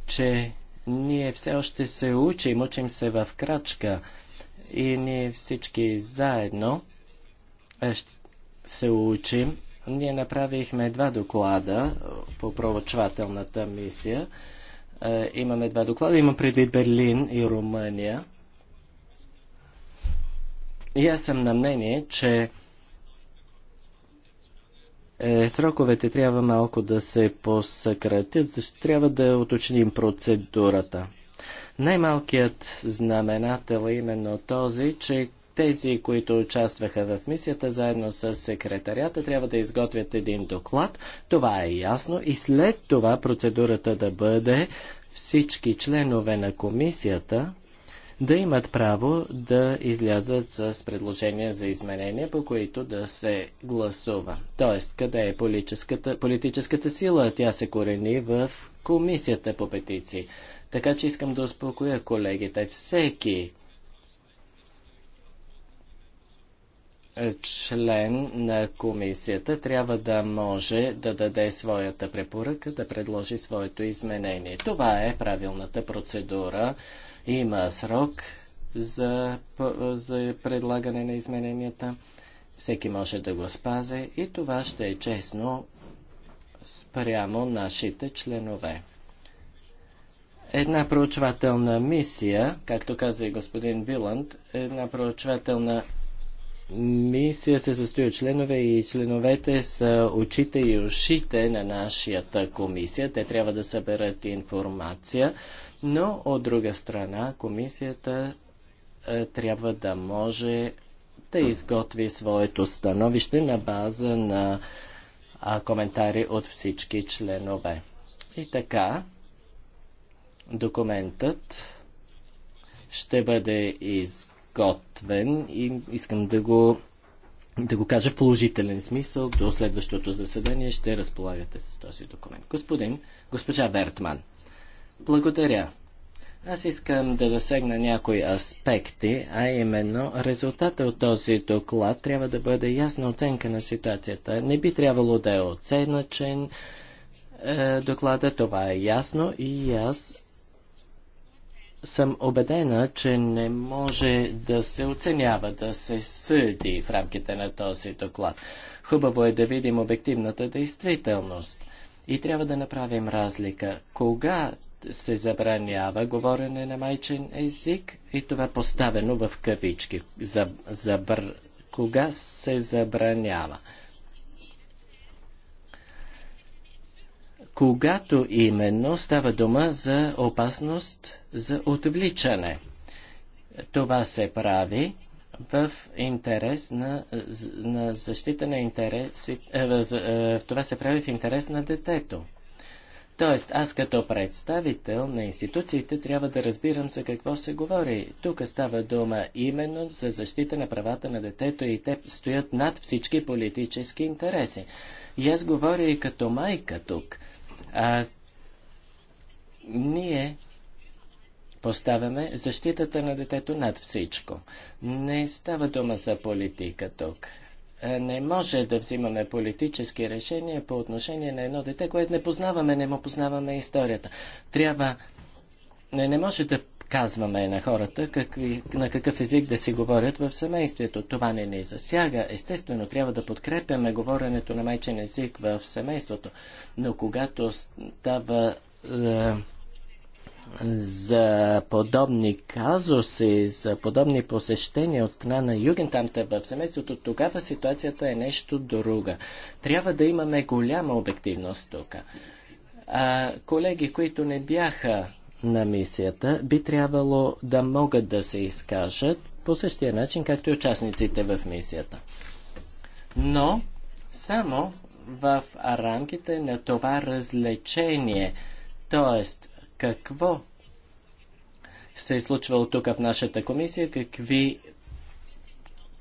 че ние все още се учим, учим се в крачка и ние всички заедно ще се учим, ние направихме два доклада по провочвателната мисия. Е, имаме два доклада. Имам предвид Берлин и Румъния. И аз съм на мнение, че е, сроковете трябва малко да се посъкратят, защото трябва да уточним процедурата. Най-малкият знаменател е именно този, че тези, които участваха в мисията заедно с секретарията, трябва да изготвят един доклад. Това е ясно. И след това процедурата да бъде всички членове на комисията да имат право да излязат с предложения за изменения, по които да се гласува. Тоест, къде е политическата, политическата сила? Тя се корени в комисията по петиции. Така че искам да успокоя колегите. Всеки член на комисията трябва да може да даде своята препоръка, да предложи своето изменение. Това е правилната процедура. Има срок за, за предлагане на измененията. Всеки може да го спазе и това ще е честно спрямо нашите членове. Една проучвателна мисия, както каза и господин Виланд, една проучвателна мисия се състои от членове и членовете са очите и ушите на нашата комисия. Те трябва да съберат информация, но от друга страна комисията е, трябва да може да изготви своето становище на база на коментари от всички членове. И така, документът ще бъде изготвен подготвен и искам да го, да го кажа в положителен смисъл. До следващото заседание ще разполагате с този документ. Господин, госпожа Вертман, благодаря. Аз искам да засегна някои аспекти, а именно резултата от този доклад трябва да бъде ясна оценка на ситуацията. Не би трябвало да е оценачен е, доклада, това е ясно и аз съм убедена, че не може да се оценява, да се съди в рамките на този доклад. Хубаво е да видим обективната действителност. И трябва да направим разлика. Кога се забранява говорене на майчен език и това поставено в кавички. За, забр... Кога се забранява? Когато именно става дума за опасност за отвличане. Това се прави в интерес на, на защита на интереси, е, е, това се прави в интерес на детето. Тоест, аз като представител на институциите трябва да разбирам за какво се говори. Тук става дума именно за защита на правата на детето и те стоят над всички политически интереси. И аз говоря и като майка тук. А, ние Поставяме защитата на детето над всичко. Не става дума за политика тук. Е, не може да взимаме политически решения по отношение на едно дете, което не познаваме, не му познаваме историята. Трябва... Не, не може да казваме на хората какви, на какъв език да си говорят в семейството. Това не ни засяга. Естествено, трябва да подкрепяме говоренето на майчен език в семейството. Но когато става е, за подобни казуси, за подобни посещения от страна на Югентамта в семейството, тогава ситуацията е нещо друга. Трябва да имаме голяма обективност тук. А, колеги, които не бяха на мисията, би трябвало да могат да се изкажат по същия начин, както и участниците в мисията. Но само в рамките на това развлечение, т.е какво се е случвало тук в нашата комисия, какви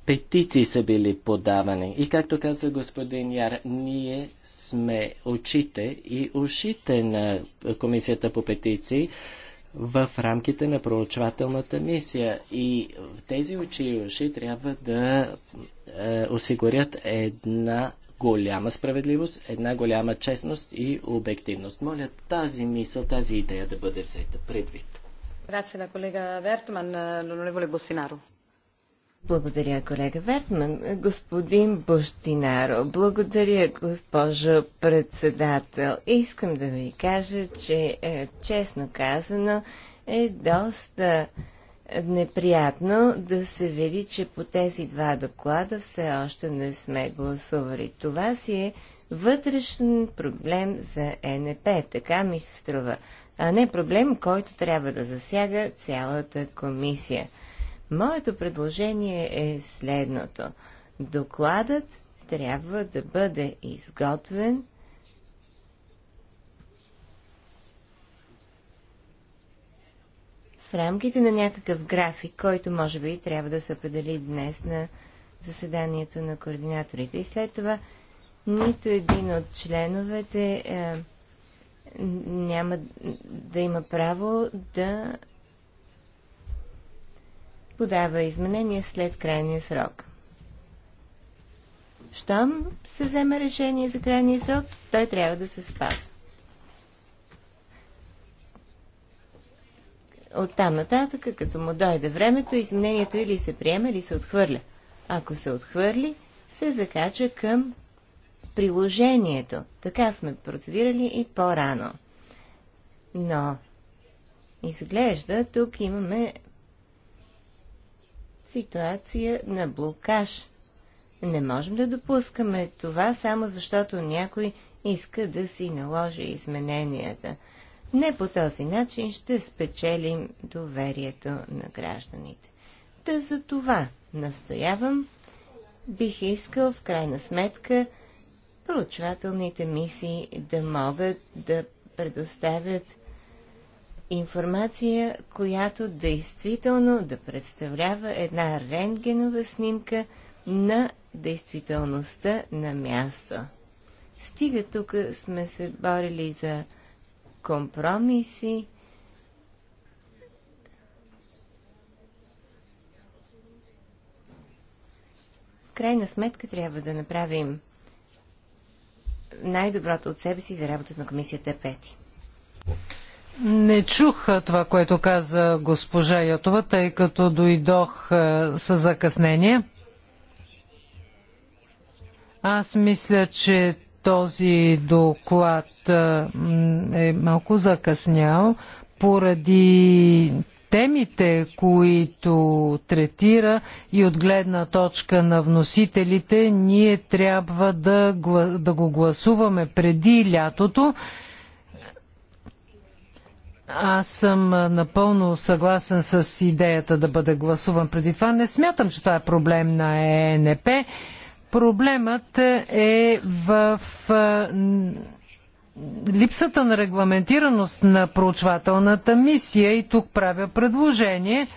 петиции са били подавани. И както каза господин Яр, ние сме очите и ушите на комисията по петиции в рамките на проучвателната мисия. И в тези очи и уши трябва да е, осигурят една голяма справедливост, една голяма честност и обективност. Моля тази мисъл, тази идея да бъде взета предвид. Благодаря, колега Вертман. Господин Бощинаро, благодаря, госпожо председател. Искам да ви кажа, че е, честно казано е доста неприятно да се види, че по тези два доклада все още не сме гласували. Това си е вътрешен проблем за ЕНП, така ми се струва, а не проблем, който трябва да засяга цялата комисия. Моето предложение е следното. Докладът трябва да бъде изготвен – в рамките на някакъв график, който може би трябва да се определи днес на заседанието на координаторите. И след това нито един от членовете е, няма да има право да подава изменения след крайния срок. Щом се вземе решение за крайния срок, той трябва да се спазва. От там нататък, като му дойде времето, изменението или се приема, или се отхвърля. Ако се отхвърли, се закача към приложението. Така сме процедирали и по-рано. Но, изглежда, тук имаме ситуация на блокаж. Не можем да допускаме това, само защото някой иска да си наложи измененията. Не по този начин ще спечелим доверието на гражданите. Та за това настоявам, бих искал в крайна сметка проучвателните мисии да могат да предоставят информация, която действително да представлява една рентгенова снимка на действителността на място. Стига тук сме се борили за компромиси. В крайна сметка трябва да направим най-доброто от себе си за работата на комисията Пети. Не чух това, което каза госпожа Йотова, тъй като дойдох с закъснение. Аз мисля, че този доклад е малко закъснял поради темите, които третира и от гледна точка на вносителите, ние трябва да, да го гласуваме преди лятото. Аз съм напълно съгласен с идеята да бъде гласуван преди това. Не смятам, че това е проблем на ЕНП. Проблемът е в липсата на регламентираност на проучвателната мисия и тук правя предложение,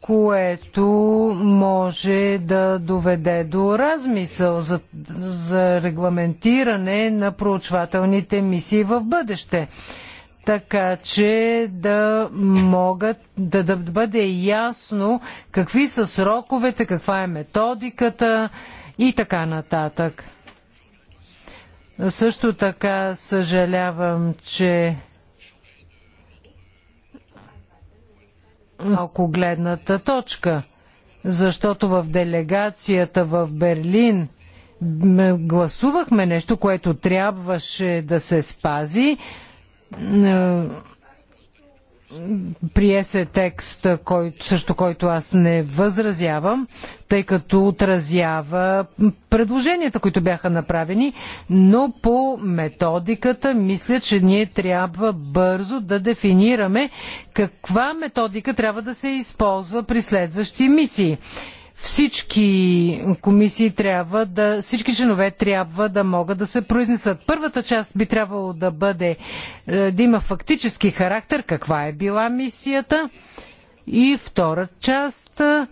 което може да доведе до размисъл за, за регламентиране на проучвателните мисии в бъдеще така че да могат да, да бъде ясно какви са сроковете, каква е методиката и така нататък. Също така съжалявам, че малко гледната точка, защото в делегацията в Берлин гласувахме нещо, което трябваше да се спази, е, прие се текст, който, също който аз не възразявам, тъй като отразява предложенията, които бяха направени, но по методиката мисля, че ние трябва бързо да дефинираме каква методика трябва да се използва при следващи мисии всички комисии трябва да, всички членове трябва да могат да се произнесат. Първата част би трябвало да бъде, е, да има фактически характер, каква е била мисията. И втора част е,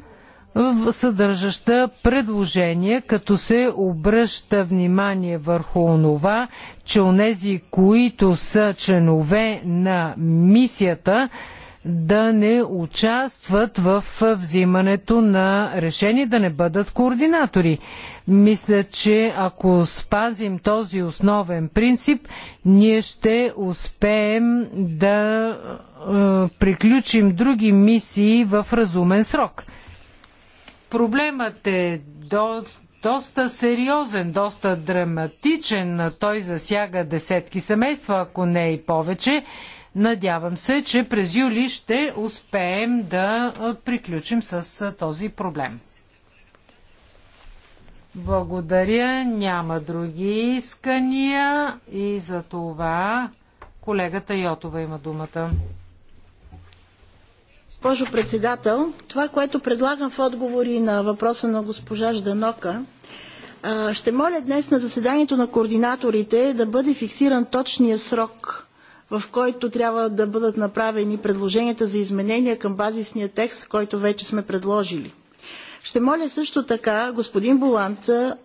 съдържаща предложение, като се обръща внимание върху онова, че онези, които са членове на мисията, да не участват в взимането на решение, да не бъдат координатори. Мисля, че ако спазим този основен принцип, ние ще успеем да е, приключим други мисии в разумен срок. Проблемът е до, доста сериозен, доста драматичен. Той засяга десетки семейства, ако не и повече. Надявам се, че през юли ще успеем да приключим с този проблем. Благодаря, няма други искания и за това колегата Йотова има думата. Госпожо председател, това, което предлагам в отговори на въпроса на госпожа Жданока, ще моля днес на заседанието на координаторите да бъде фиксиран точния срок в който трябва да бъдат направени предложенията за изменения към базисния текст, който вече сме предложили. Ще моля също така господин Боланца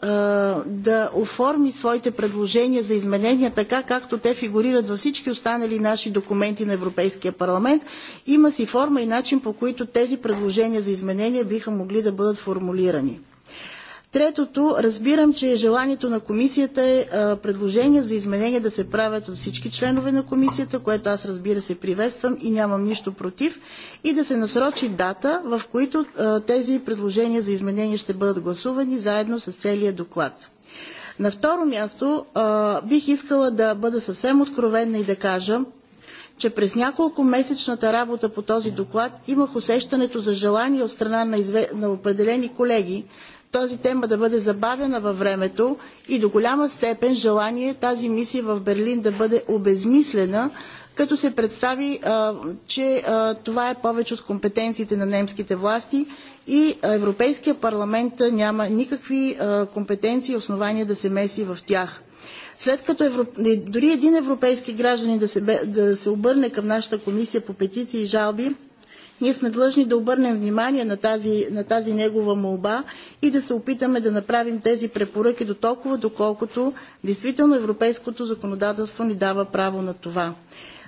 да оформи своите предложения за изменения така, както те фигурират във всички останали наши документи на Европейския парламент. Има си форма и начин, по които тези предложения за изменения биха могли да бъдат формулирани. Третото, разбирам, че желанието на комисията е предложения за изменения да се правят от всички членове на комисията, което аз разбира се приветствам и нямам нищо против, и да се насрочи дата, в които тези предложения за изменения ще бъдат гласувани заедно с целия доклад. На второ място бих искала да бъда съвсем откровенна и да кажа, че през няколко месечната работа по този доклад имах усещането за желание от страна на, изве... на определени колеги тази тема да бъде забавена във времето и до голяма степен желание тази мисия в Берлин да бъде обезмислена, като се представи, че това е повече от компетенциите на немските власти и Европейския парламент няма никакви компетенции и основания да се меси в тях. След като евро... Е, дори един европейски гражданин да се, да се обърне към нашата комисия по петиции и жалби, ние сме длъжни да обърнем внимание на тази, на тази негова молба и да се опитаме да направим тези препоръки до толкова, доколкото действително европейското законодателство ни дава право на това.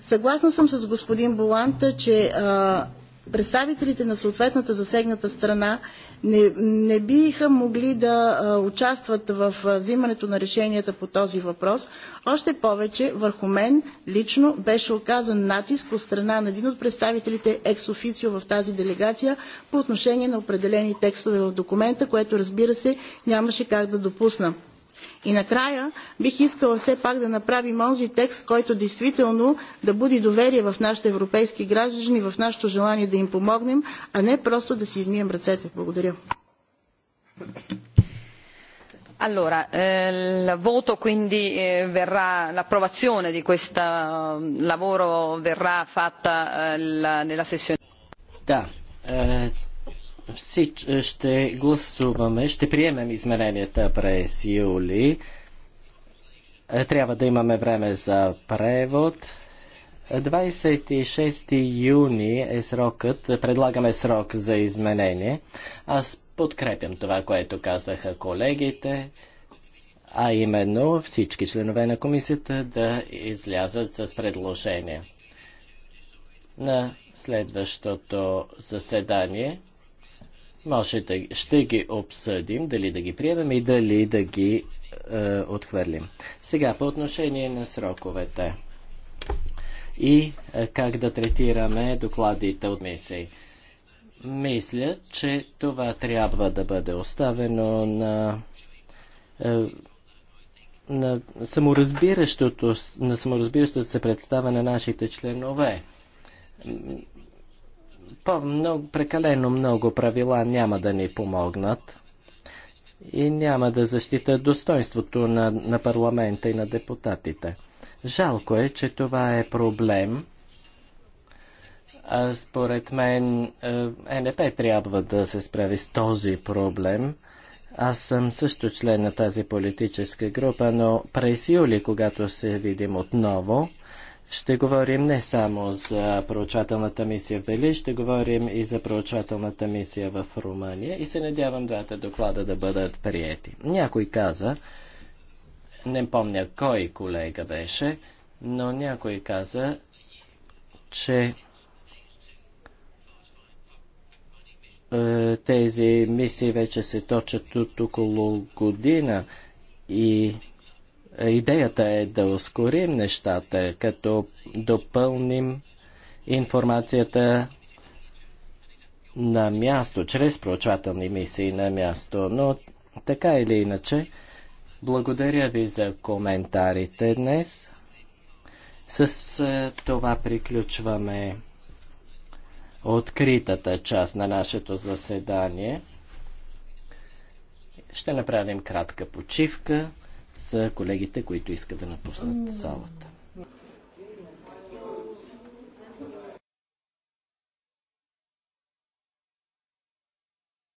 Съгласна съм с господин Боланта, че а, представителите на съответната засегната страна не, не биха могли да участват в взимането на решенията по този въпрос. Още повече върху мен лично беше оказан натиск от страна на един от представителите екс-официо в тази делегация по отношение на определени текстове в документа, което разбира се нямаше как да допусна. И накрая бих искала все пак да направим онзи текст, който действително да буди доверие в нашите европейски граждани, в нашето желание да им помогнем, а не просто да си измием ръцете. Благодаря. Allora, eh, il voto quindi eh, verrà, l'approvazione di questo eh, lavoro verrà fatta nella sessione. Da, eh всич... Е, ще гласуваме, ще приемем измененията през юли. Е, трябва да имаме време за превод. 26 юни е срокът, предлагаме срок за изменение. Аз подкрепям това, което казаха колегите, а именно всички членове на комисията да излязат с предложение. На следващото заседание може да, ще ги обсъдим, дали да ги приемем и дали да ги е, отхвърлим. Сега, по отношение на сроковете и е, как да третираме докладите от мисии. Мисля, че това трябва да бъде оставено на, е, на, саморазбиращото, на саморазбиращото се представа на нашите членове по-много, прекалено много правила няма да ни помогнат и няма да защита достоинството на, на парламента и на депутатите. Жалко е, че това е проблем. А според мен е, НП трябва да се справи с този проблем. Аз съм също член на тази политическа група, но през юли, когато се видим отново, ще говорим не само за проучвателната мисия в Бели, ще говорим и за проучвателната мисия в Румъния и се надявам двата доклада да бъдат приети. Някой каза, не помня кой колега беше, но някой каза, че е, тези мисии вече се точат от около година и Идеята е да ускорим нещата, като допълним информацията на място, чрез проучвателни мисии на място. Но така или иначе, благодаря ви за коментарите днес. С е, това приключваме откритата част на нашето заседание. Ще направим кратка почивка са колегите, които искат да напуснат залата.